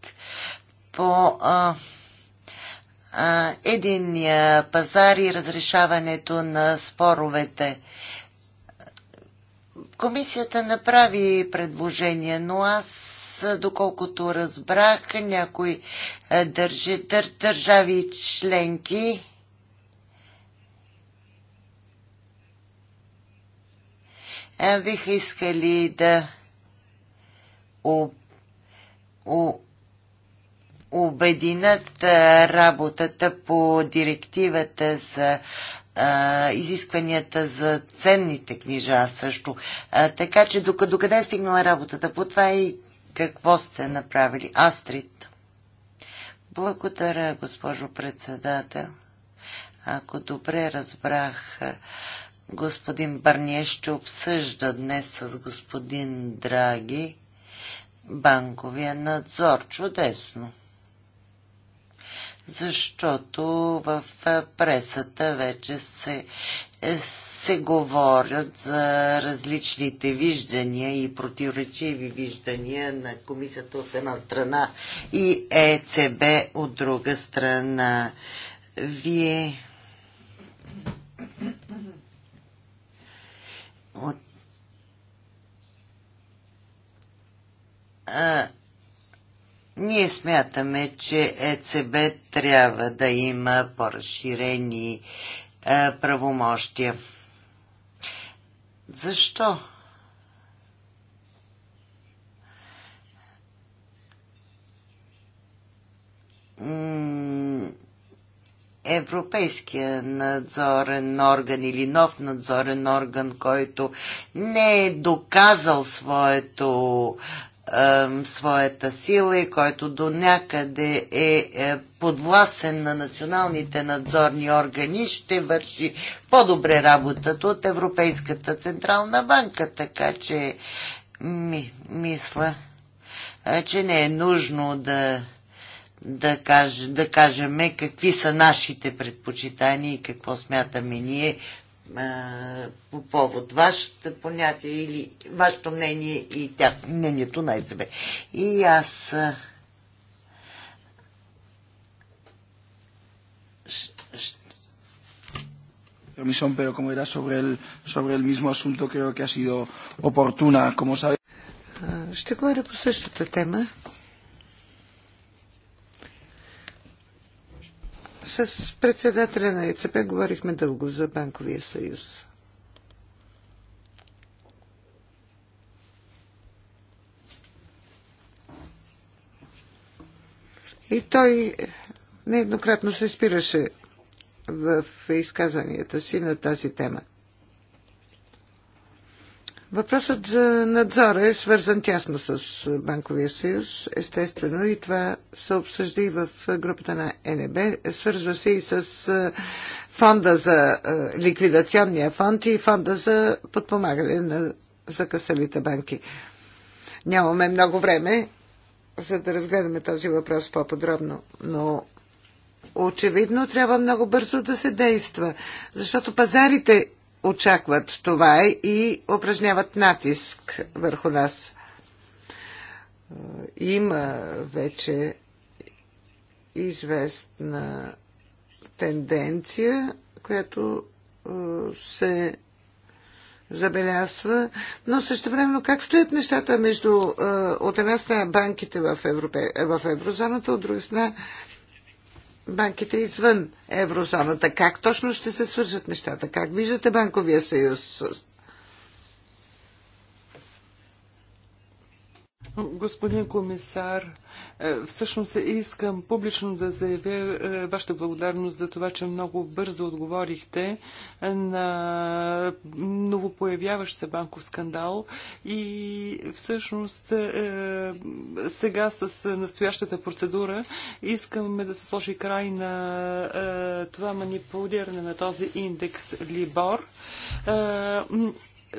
по а, а, единния пазар и разрешаването на споровете. Комисията направи предложение, но аз доколкото разбрах, някои държи, дър, държави членки биха искали да у, у, обединят работата по директивата за а, изискванията за ценните книжа също. А, така че докъде, докъде е стигнала работата по това и какво сте направили? Астрид. Благодаря, госпожо председател. Ако добре разбрах, господин Барния ще обсъжда днес с господин Драги банковия надзор. Чудесно защото в пресата вече се, е, се говорят за различните виждания и противоречиви виждания на комисията от една страна и ЕЦБ от друга страна. Вие от а, ние смятаме, че ЕЦБ трябва да има по-разширени е, правомощия. Защо? Европейския надзорен орган или нов надзорен орган, който не е доказал своето своята сила и който до някъде е, е, подвластен на националните надзорни органи, ще върши по-добре работата от Европейската Централна банка. Така че ми, мисля, че не е нужно да, да, каж, да кажем какви са нашите предпочитания и какво смятаме ние по повод вашето понятие или вашето мнение и тя, мнението на ЕЦБ. И аз pero como era sobre el, sobre el mismo asunto, creo que ha sido oportuna, como sabe. Ще говоря по същата тема. С председателя на ЕЦП говорихме дълго за Банковия съюз. И той нееднократно се спираше в изказванията си на тази тема. Въпросът за надзора е свързан тясно с Банковия съюз, естествено, и това се обсъжда и в групата на НБ. Свързва се и с фонда за ликвидационния фонд и фонда за подпомагане на закъсалите банки. Нямаме много време, за да разгледаме този въпрос по-подробно, но очевидно трябва много бързо да се действа, защото пазарите очакват това и упражняват натиск върху нас. Има вече известна тенденция, която е, се забелязва, но също времено как стоят нещата между е, от една страна банките в, Европе, в еврозоната, от друга страна банките извън еврозоната. Как точно ще се свържат нещата? Как виждате банковия съюз? Господин комисар, е, всъщност искам публично да заявя е, вашата благодарност за това, че много бързо отговорихте на новопоявяващ се банков скандал и всъщност е, сега с настоящата процедура искаме да се сложи край на това манипулиране на този индекс Либор.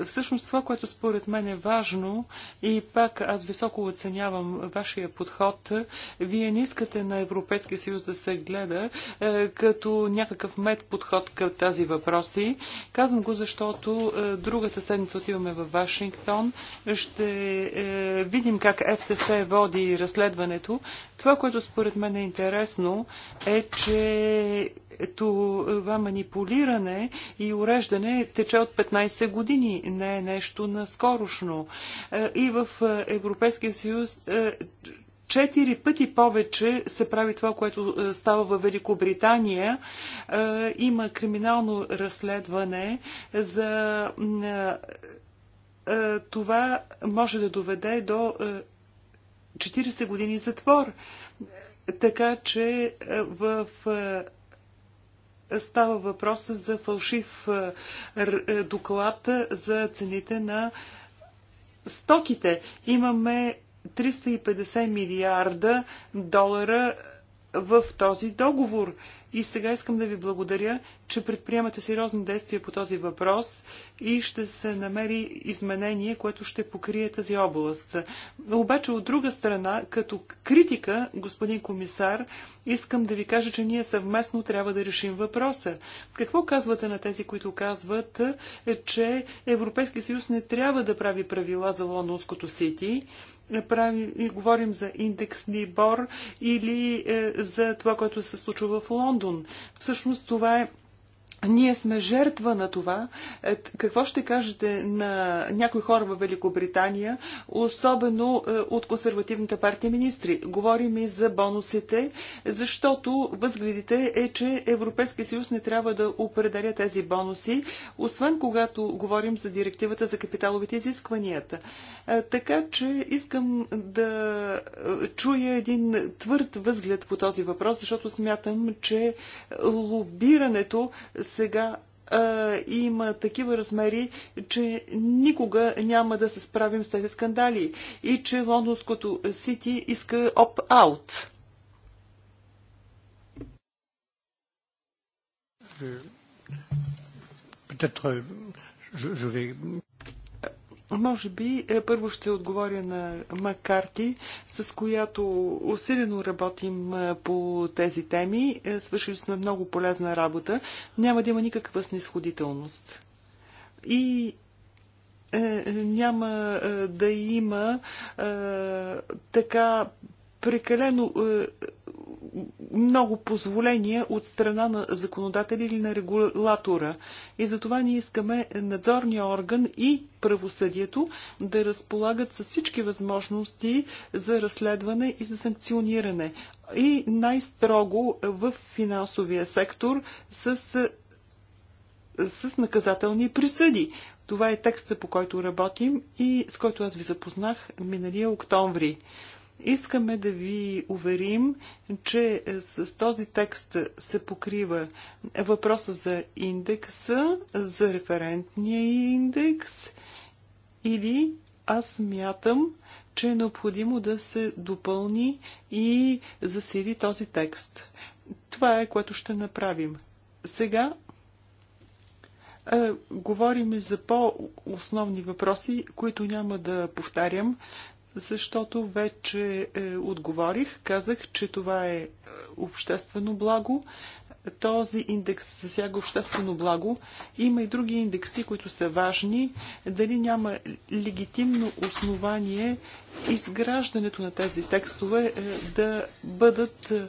Всъщност това, което според мен е важно и пак аз високо оценявам вашия подход, вие не искате на Европейския съюз да се гледа е, като някакъв мед подход към тази въпроси. Казвам го, защото е, другата седмица отиваме в Вашингтон. Ще е, видим как ФТС води разследването. Това, което според мен е интересно, е, че това манипулиране и уреждане тече от 15 години, не е нещо наскорошно. Е, и в Европейския съюз е, четири пъти повече се прави това, което е, става във Великобритания. Има криминално разследване за това може да доведе до 40 години затвор. Така че е, в е, става въпрос за фалшив е, доклад за цените на стоките. Имаме 350 милиарда долара в този договор. И сега искам да ви благодаря, че предприемате сериозни действия по този въпрос и ще се намери изменение, което ще покрие тази област. Обаче от друга страна, като критика, господин комисар, искам да ви кажа, че ние съвместно трябва да решим въпроса. Какво казвате на тези, които казват, е, че Европейския съюз не трябва да прави правила за Лондонското Сити? правим и говорим за индексни бор или е, за това, което се случва в Лондон. Всъщност това е ние сме жертва на това. Е, какво ще кажете на някои хора в Великобритания, особено е, от консервативната партия министри? Говорим и за бонусите, защото възгледите е, че Европейския съюз не трябва да определя тези бонуси, освен когато говорим за директивата за капиталовите изискванията. Е, така че искам да чуя един твърд възглед по този въпрос, защото смятам, че лобирането сега а, има такива размери, че никога няма да се справим с тези скандали и че лондонското Сити иска оп-аут. Peut-être euh, je, je vais може би е, първо ще отговоря на Макарти, с която усилено работим е, по тези теми. Е, свършили сме много полезна работа. Няма да има никаква снисходителност. И няма да има така прекалено много позволения от страна на законодателя или на регулатора. И затова ние искаме надзорния орган и правосъдието да разполагат с всички възможности за разследване и за санкциониране. И най-строго в финансовия сектор с, с наказателни присъди. Това е текста, по който работим и с който аз ви запознах миналия октомври. Искаме да ви уверим, че е, с този текст се покрива въпроса за индекса, за референтния индекс или аз мятам, че е необходимо да се допълни и засили този текст. Това е което ще направим. Сега е, говорим за по-основни въпроси, които няма да повтарям, защото вече е, отговорих, казах, че това е, е обществено благо. Този индекс засяга обществено благо. Има и други индекси, които са важни. Дали няма легитимно основание изграждането на тези текстове е, да бъдат е,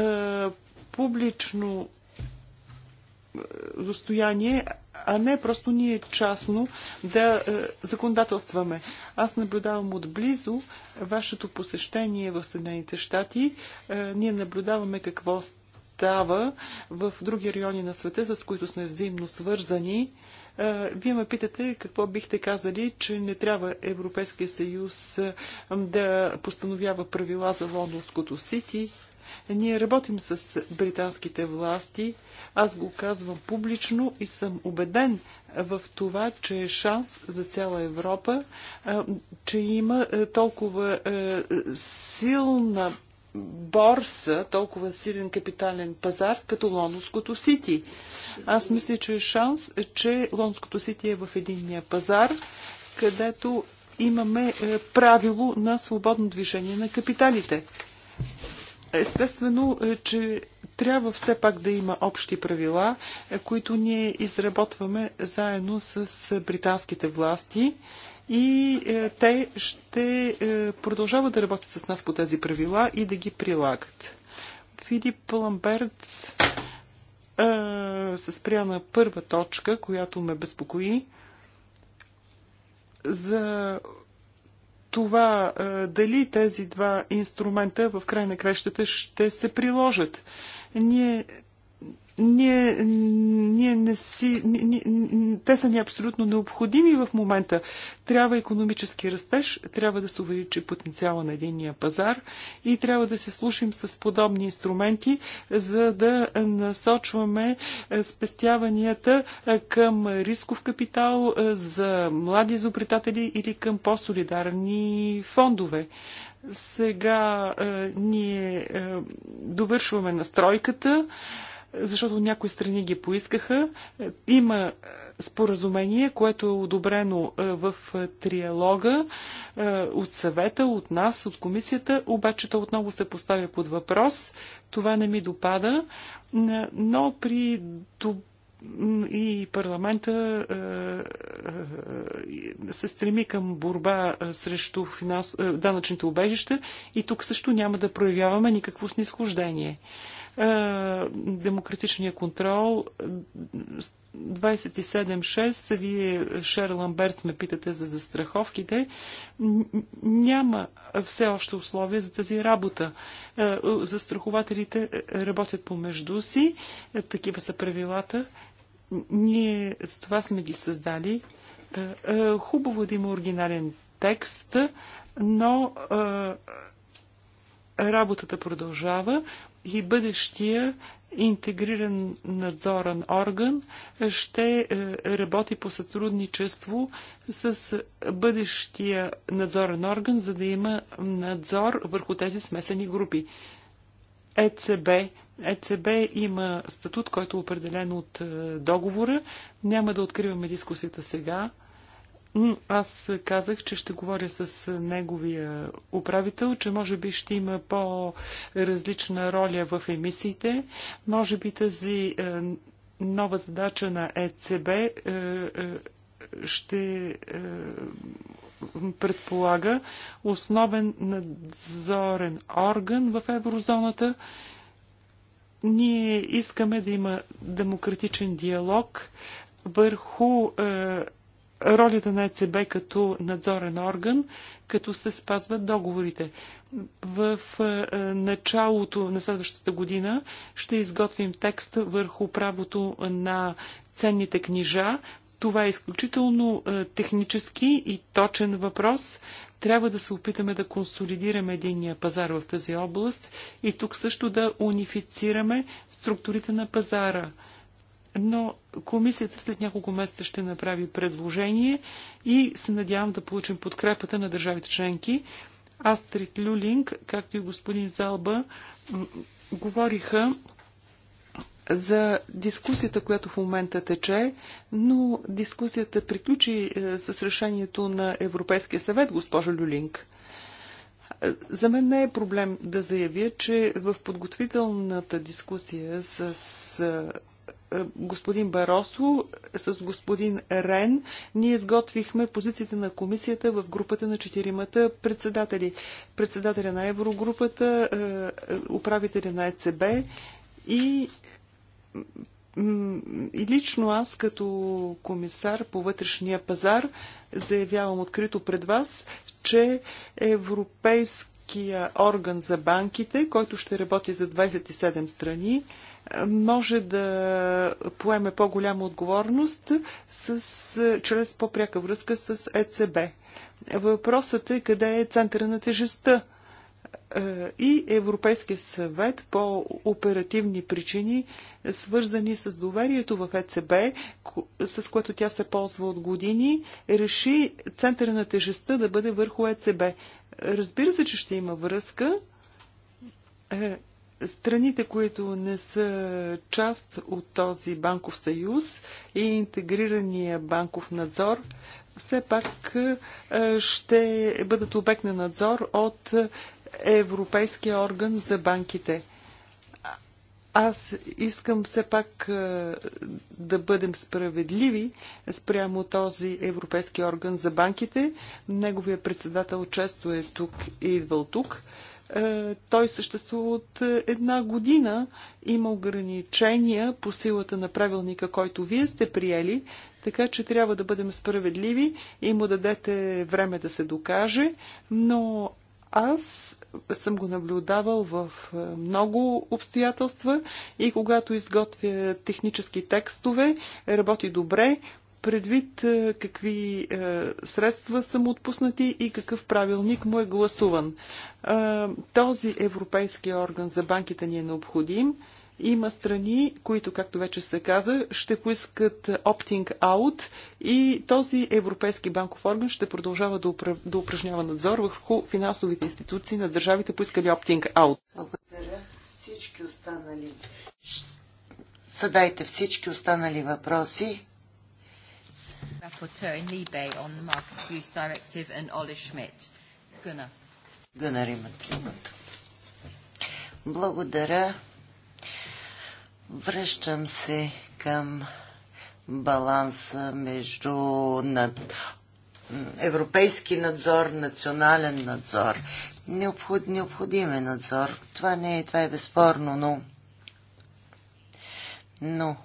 е публично е, достояние, а не просто ние частно да е, законодателстваме. Аз наблюдавам отблизо вашето посещение в Съединените щати. Е, ние наблюдаваме какво става в други райони на света, с които сме взаимно свързани. Е, вие ме питате какво бихте казали, че не трябва Европейския съюз е, да постановява правила за лондонското сити, ние работим с британските власти. Аз го казвам публично и съм убеден в това, че е шанс за цяла Европа, е, че има е, толкова е, силна борса, толкова силен капитален пазар, като Лондонското Сити. Аз мисля, че е шанс, че Лондонското Сити е в единния пазар, където имаме правило на свободно движение на капиталите. Естествено, е, че трябва все пак да има общи правила, е, които ние изработваме заедно с британските власти и е, те ще продължават да работят с нас по тези правила и да ги прилагат. Филип Ламберт, се спря на първа точка, която ме безпокои за това е, дали тези два инструмента в край на кращата ще се приложат. Ние ние, ние не си, ни, ни, те са ни абсолютно необходими в момента. Трябва економически растеж, трябва да се увеличи потенциала на единния пазар и трябва да се слушим с подобни инструменти, за да насочваме е, спестяванията е, към рисков капитал е, за млади изобретатели или към по-солидарни фондове. Сега е, ние е, довършваме настройката. Е, защото някои страни ги поискаха. Има е, споразумение, което е одобрено е, в е, триалога от съвета, от нас, от комисията, обаче то отново се поставя под въпрос. Това не ми допада, но при и парламента се стреми към борба срещу финанс... данъчните убежища и тук също няма да проявяваме никакво снисхождение. Е, демократичния контрол 27.6, вие Шерл Ламберт ме питате за застраховките. Няма все още условия за тази работа. Е, застрахователите работят помежду си, е, такива са правилата. Ние за това сме ги създали. Хубаво да има оригинален текст, но работата продължава и бъдещия интегриран надзорен орган ще е, работи по сътрудничество с бъдещия надзорен орган, за да има надзор върху тези смесени групи. ЕЦБ. ЕЦБ има статут, който е определен от е, договора. Няма да откриваме дискусията сега. Аз казах, че ще говоря с неговия управител, че може би ще има по-различна роля в емисиите. Може би тази е, нова задача на ЕЦБ е, е, ще предполага основен надзорен орган в еврозоната. Ние искаме да има демократичен диалог върху ролята на ЕЦБ като надзорен орган, като се спазват договорите. В е, е, началото на следващата година ще изготвим текст върху правото на ценните книжа. Това е изключително е, технически и точен въпрос. Трябва да се опитаме да консолидираме единния пазар в тази област и тук също да унифицираме структурите на пазара – но комисията след няколко месеца ще направи предложение и се надявам да получим подкрепата на държавите членки. Астрид Люлинг, както и господин Залба, говориха за дискусията, която в момента тече, но дискусията приключи е, с решението на Европейския съвет, госпожо Люлинг. За мен не е проблем да заявя, че в подготвителната дискусия с е, е, господин Баросо, с господин Рен, ние изготвихме позицията на комисията в групата на четиримата председатели. Председателя на Еврогрупата, е, е, управителя на ЕЦБ и и лично аз като комисар по вътрешния пазар заявявам открито пред вас, че европейския орган за банките, който ще работи за 27 страни, може да поеме по-голяма отговорност с, чрез по-пряка връзка с ЕЦБ. Въпросът е къде е центъра на тежестта и Европейския съвет по оперативни причини, свързани с доверието в ЕЦБ, с което тя се ползва от години, реши центъра на тежестта да бъде върху ЕЦБ. Разбира се, че ще има връзка е, Страните, които не са част от този банков съюз и интегрирания банков надзор, все пак е, ще бъдат обект на надзор от Европейския орган за банките. Аз искам все пак е, да бъдем справедливи спрямо този Европейски орган за банките. Неговия председател често е тук и идвал тук. Е, той съществува от е, една година. Има ограничения по силата на правилника, който вие сте приели, така че трябва да бъдем справедливи и му дадете време да се докаже, но аз съм го наблюдавал в е, много обстоятелства и когато изготвя технически текстове, работи добре, предвид е, какви е, средства са му отпуснати и какъв правилник му е гласуван. Е, този европейски орган за банките ни е необходим. Има страни, които, както вече се каза, ще поискат оптинг аут и този Европейски банков орган ще продължава да, упра... да упражнява надзор върху финансовите институции на държавите, поискали оптинг аут. Благодаря. Всички останали. Съдайте всички останали въпроси Rapporteur in Libe on the Market Abuse Directive and Olle Schmidt. Гъна. Гънар имат думата. Благодаря. Връщам се към баланса между над... европейски надзор, национален надзор. Необход... Необходим е надзор. Това не е, това е безспорно, но но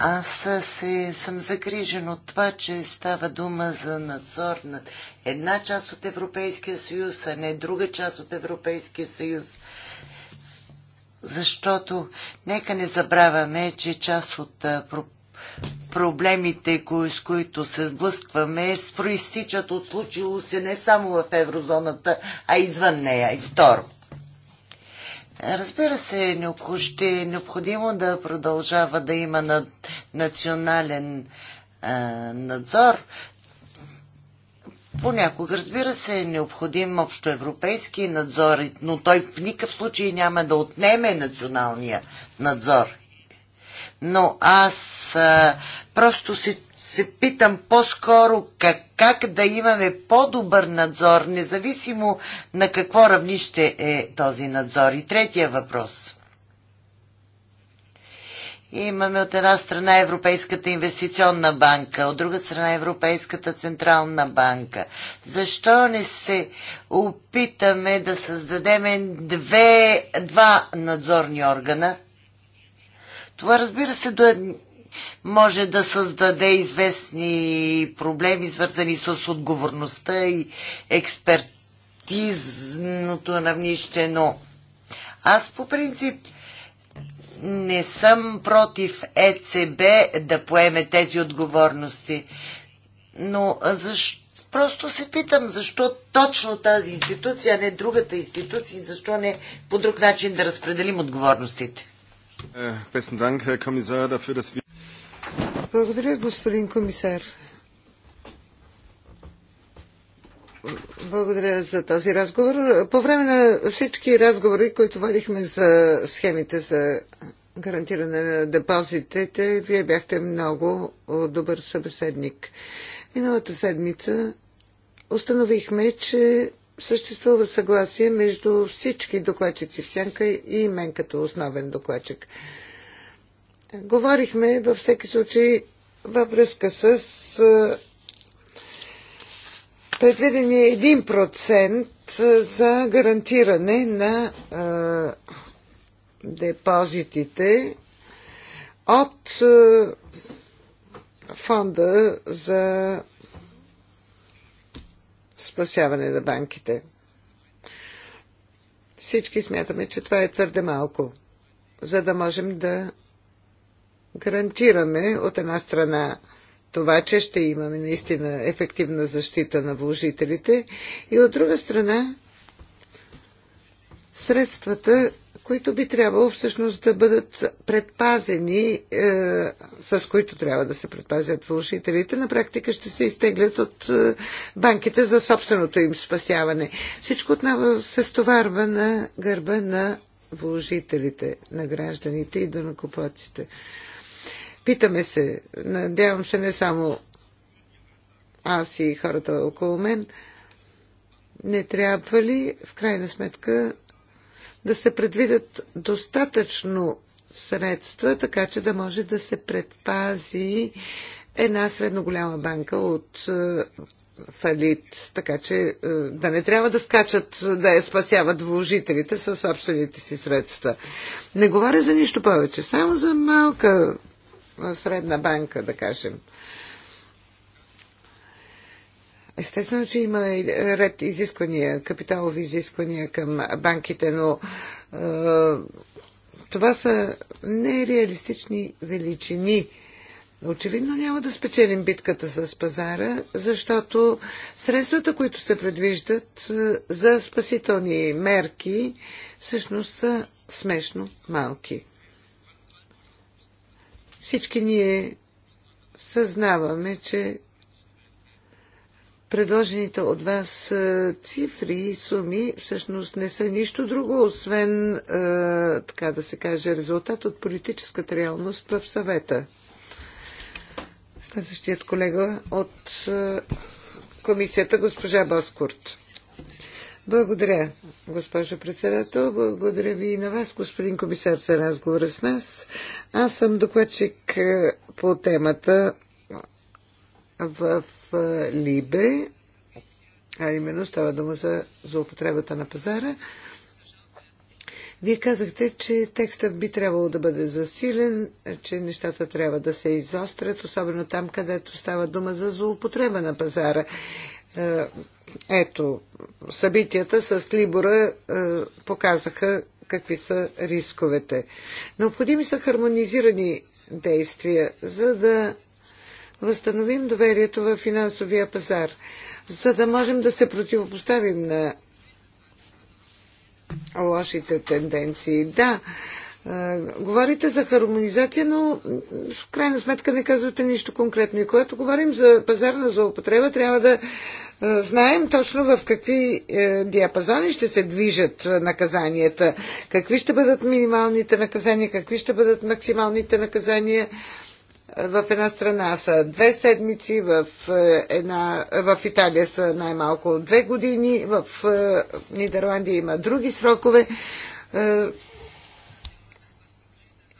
аз се, съм загрижен от това, че става дума за надзор над една част от Европейския съюз, а не друга част от Европейския съюз. Защото нека не забравяме, че част от проблемите, кои, с които се сблъскваме, проистичат от случило се не само в еврозоната, а извън нея. И второ – Разбира се, е ще е необходимо да продължава да има над, национален а, надзор. Понякога, разбира се, е необходим общоевропейски надзор, но той в никакъв случай няма да отнеме националния надзор. Но аз а, просто се се питам по-скоро как, как да имаме по-добър надзор, независимо на какво равнище е този надзор. И третия въпрос. Имаме от една страна Европейската инвестиционна банка, от друга страна Европейската централна банка. Защо не се опитаме да създадем две, два надзорни органа? Това разбира се до, може да създаде известни проблеми, свързани с отговорността и експертизното равнище, но аз по принцип не съм против ЕЦБ да поеме тези отговорности, но защо? Просто се питам, защо точно тази институция, а не другата институция, защо не по друг начин да разпределим отговорностите. Uh, благодаря, господин комисар. Благодаря за този разговор. По време на всички разговори, които водихме за схемите за гарантиране на депозитите, вие бяхте много добър събеседник. Миналата седмица установихме, че съществува съгласие между всички докладчици в Сянка и мен като основен докладчик. Говорихме във всеки случай във връзка с предвидения 1% за гарантиране на депозитите от фонда за спасяване на банките. Всички смятаме, че това е твърде малко, за да можем да гарантираме от една страна това, че ще имаме наистина ефективна защита на вложителите и от друга страна средствата, които би трябвало всъщност да бъдат предпазени, е, с които трябва да се предпазят вложителите, на практика ще се изтеглят от е, банките за собственото им спасяване. Всичко отново се стоварва на гърба на вложителите, на гражданите и донакоплаците. Да Питаме се, надявам се не само аз и хората около мен, не трябва ли в крайна сметка да се предвидят достатъчно средства, така че да може да се предпази една средно голяма банка от е, фалит, така че е, да не трябва да скачат да я спасяват вложителите със собствените си средства. Не говоря за нищо повече, само за малка средна банка, да кажем. Естествено, че има ред изисквания, капиталови изисквания към банките, но е, това са нереалистични величини. Очевидно няма да спечелим битката с пазара, защото средствата, които се предвиждат е, за спасителни мерки, всъщност са смешно малки. Всички ние съзнаваме, че предложените от вас е, цифри и суми всъщност не са нищо друго, освен, е, така да се каже, резултат от политическата реалност в съвета. Следващият колега от е, комисията, госпожа Баскурт. Благодаря, госпожо председател. Благодаря ви и на вас, господин комисар, за разговора с нас. Аз съм докладчик е, по темата в е, Либе, а именно става дума за злоупотребата на пазара. Вие казахте, че текстът би трябвало да бъде засилен, че нещата трябва да се изострят, особено там, където става дума за злоупотреба на пазара. Е, ето, събитията с Либора е, показаха какви са рисковете. Необходими са хармонизирани действия, за да възстановим доверието в финансовия пазар, за да можем да се противопоставим на лошите тенденции. Да, е, Говорите за хармонизация, но в крайна сметка не казвате нищо конкретно. И когато говорим за пазарна злоупотреба, трябва да знаем точно в какви е, диапазони ще се движат наказанията, какви ще бъдат минималните наказания, какви ще бъдат максималните наказания в една страна са две седмици, в, е, една, в Италия са най-малко две години, в е, Нидерландия има други срокове.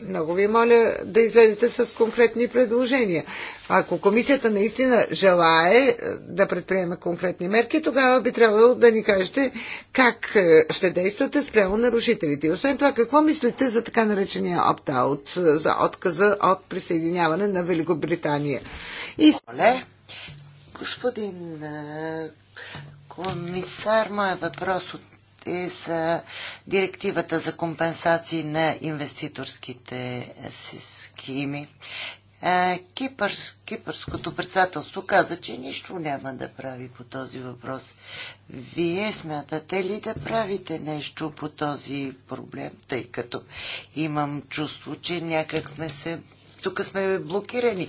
Много ви моля да излезете с конкретни предложения. Ако комисията наистина желае е, да предприеме конкретни мерки, тогава би трябвало да ни кажете как е, ще действате спрямо нарушителите. И освен това, какво мислите за така наречения опт-аут, е, за отказа от присъединяване на Великобритания? И... Оле, господин комисар, моят въпрос от е са директивата за компенсации на инвеститорските схеми. Кипър, кипърското председателство каза, че нищо няма да прави по този въпрос. Вие смятате ли да правите нещо по този проблем, тъй като имам чувство, че някак сме се... Тук сме блокирани.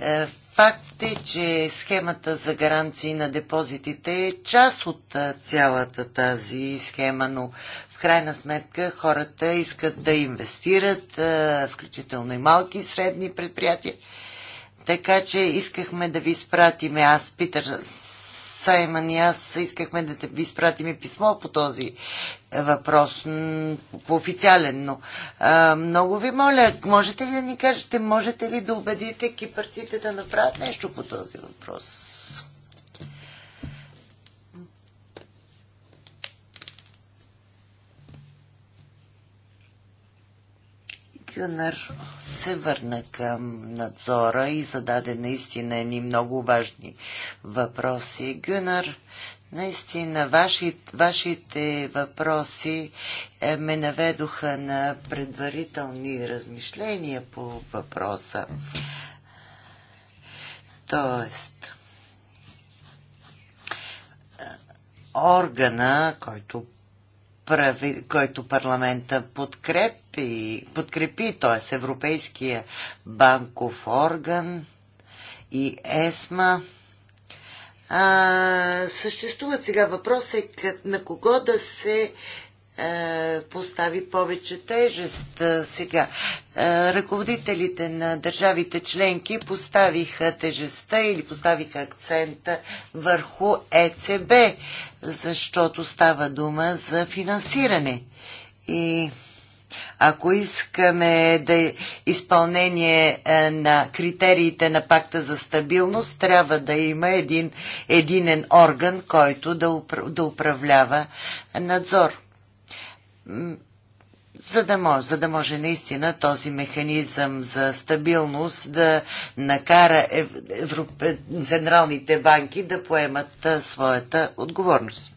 Е, Факт е, че схемата за гаранции на депозитите е част от цялата тази схема, но в крайна сметка хората искат да инвестират, включително и малки и средни предприятия. Така че искахме да ви спратиме. Аз Питър Саймън и аз искахме да ви изпратим писмо по този въпрос, по официален, но а, много ви моля, можете ли да ни кажете, можете ли да убедите кипърците да направят нещо по този въпрос? Кюнер се върна към надзора и зададе наистина едни много важни въпроси. Гюнер, наистина ваши, вашите въпроси е, ме наведоха на предварителни размишления по въпроса. Тоест, е, органа, който, прави, който парламента подкреп, подкрепи, подкрепи т.е. Европейския банков орган и ЕСМА. А, съществуват сега въпрос е на кого да се е, постави повече тежест. Сега, е, ръководителите на държавите членки поставиха тежестта или поставиха акцента върху ЕЦБ, защото става дума за финансиране. И ако искаме да изпълнение е, на критериите на пакта за стабилност, трябва да има един единен орган, който да, упра, да управлява надзор. За да, може, за да може наистина този механизъм за стабилност да накара Европ... централните банки да поемат е, своята отговорност.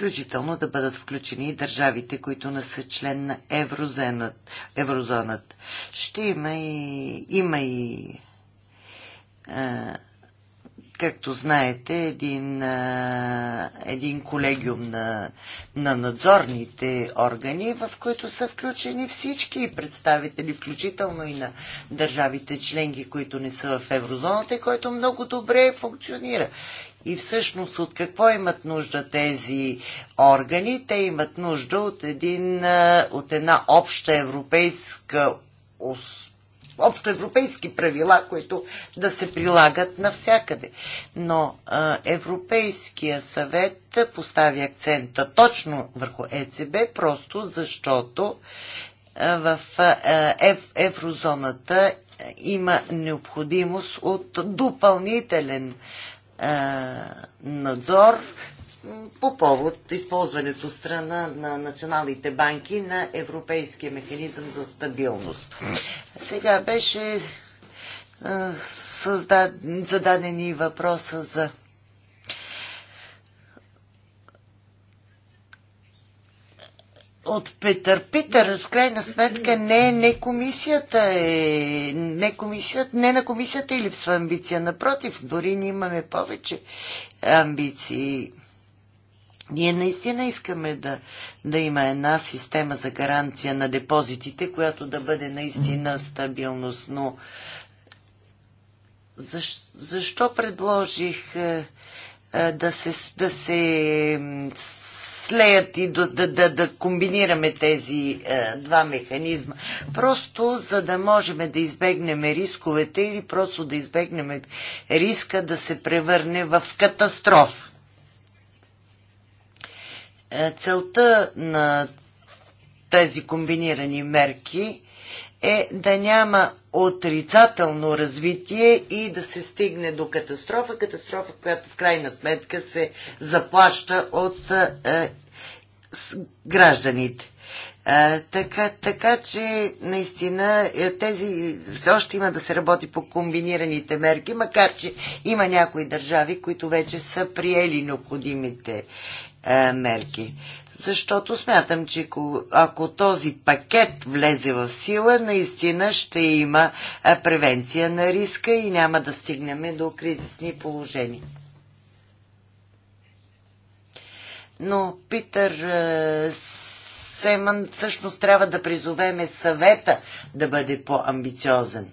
включително да бъдат включени и държавите, които не са член на еврозоната. Ще има и, има и а, както знаете, един, а, един колегиум на, на надзорните органи, в които са включени всички представители, включително и на държавите членки, които не са в еврозоната и който много добре функционира и всъщност от какво имат нужда тези органи? Те имат нужда от, един, от една обща европейска общоевропейски правила, които да се прилагат навсякъде. Но а, Европейския съвет постави акцента точно върху ЕЦБ, просто защото а, в а, ев, еврозоната има необходимост от допълнителен е, надзор по повод използването страна на националните банки на Европейския механизъм за стабилност. Сега беше е, създад... зададени въпроса за от Петър Питър, в крайна сметка, не, не комисията е, не, комисията, не на комисията е липсва амбиция. Напротив, дори ние имаме повече амбиции. Ние наистина искаме да, да има една система за гаранция на депозитите, която да бъде наистина стабилност, но защо предложих е, е, да се, да се слеят и да, да, да, да комбинираме тези е, два механизма. Просто за да можем да избегнем рисковете или просто да избегнем риска да се превърне в катастрофа. Е, целта на тези комбинирани мерки е да няма отрицателно развитие и да се стигне до катастрофа, катастрофа, която в крайна сметка се заплаща от е, гражданите. А, така, така че наистина е, тези все още има да се работи по комбинираните мерки, макар че има някои държави, които вече са приели необходимите а, мерки защото смятам, че ако този пакет влезе в сила, наистина ще има превенция на риска и няма да стигнем до кризисни положения. Но Питър Семан всъщност трябва да призовеме съвета да бъде по-амбициозен.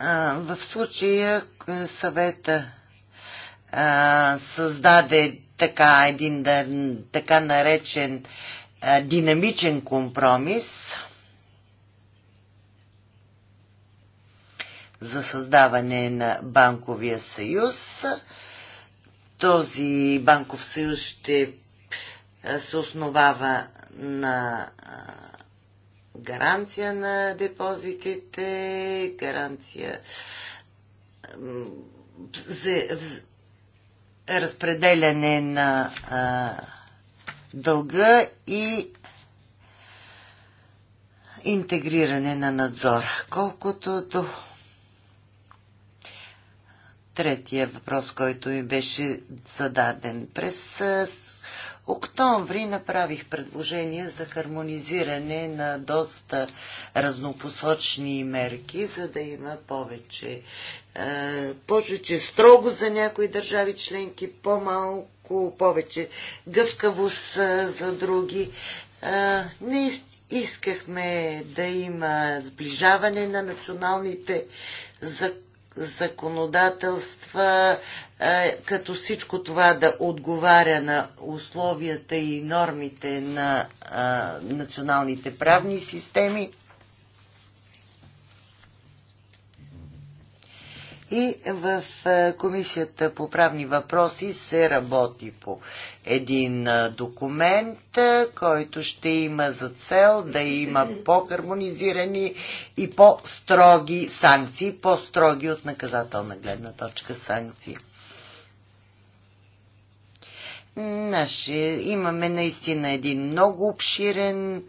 в случая е, съвета създаде така един така наречен динамичен компромис за създаване на банковия съюз. Този банков съюз ще се основава на гаранция на депозитите, гаранция за разпределяне на а, дълга и интегриране на надзора. Колкото до третия въпрос, който ми беше зададен през октомври направих предложение за хармонизиране на доста разнопосочни мерки, за да има повече, е, повече строго за някои държави членки, по-малко, повече гъвкавост е, за други. Е, не искахме да има сближаване на националните закони законодателства, е, като всичко това да отговаря на условията и нормите на е, националните правни системи. И в е, Комисията по правни въпроси се работи по един е, документ, е, който ще има за цел да има по-хармонизирани и по-строги санкции, по-строги от наказателна гледна точка санкции. Наши, имаме наистина един много обширен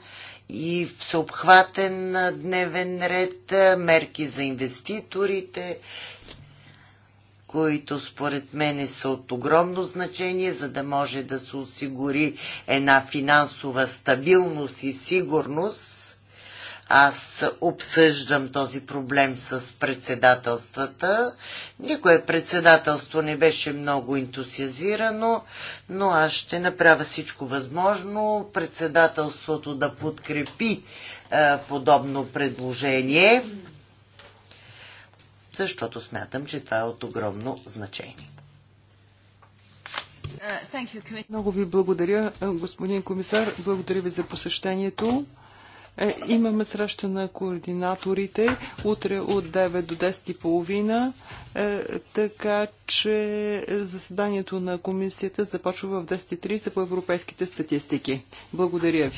и всеобхватен дневен ред, мерки за инвеститорите, които според мен са от огромно значение, за да може да се осигури една финансова стабилност и сигурност. Аз обсъждам този проблем с председателствата. Никое председателство не беше много ентусиазирано, но аз ще направя всичко възможно председателството да подкрепи е, подобно предложение защото смятам, че това е от огромно значение. Uh, Много ви благодаря, господин комисар. Благодаря ви за посещението. Е, имаме среща на координаторите утре от 9 до 10.30, е, така че заседанието на комисията започва в 10.30 по европейските статистики. Благодаря ви.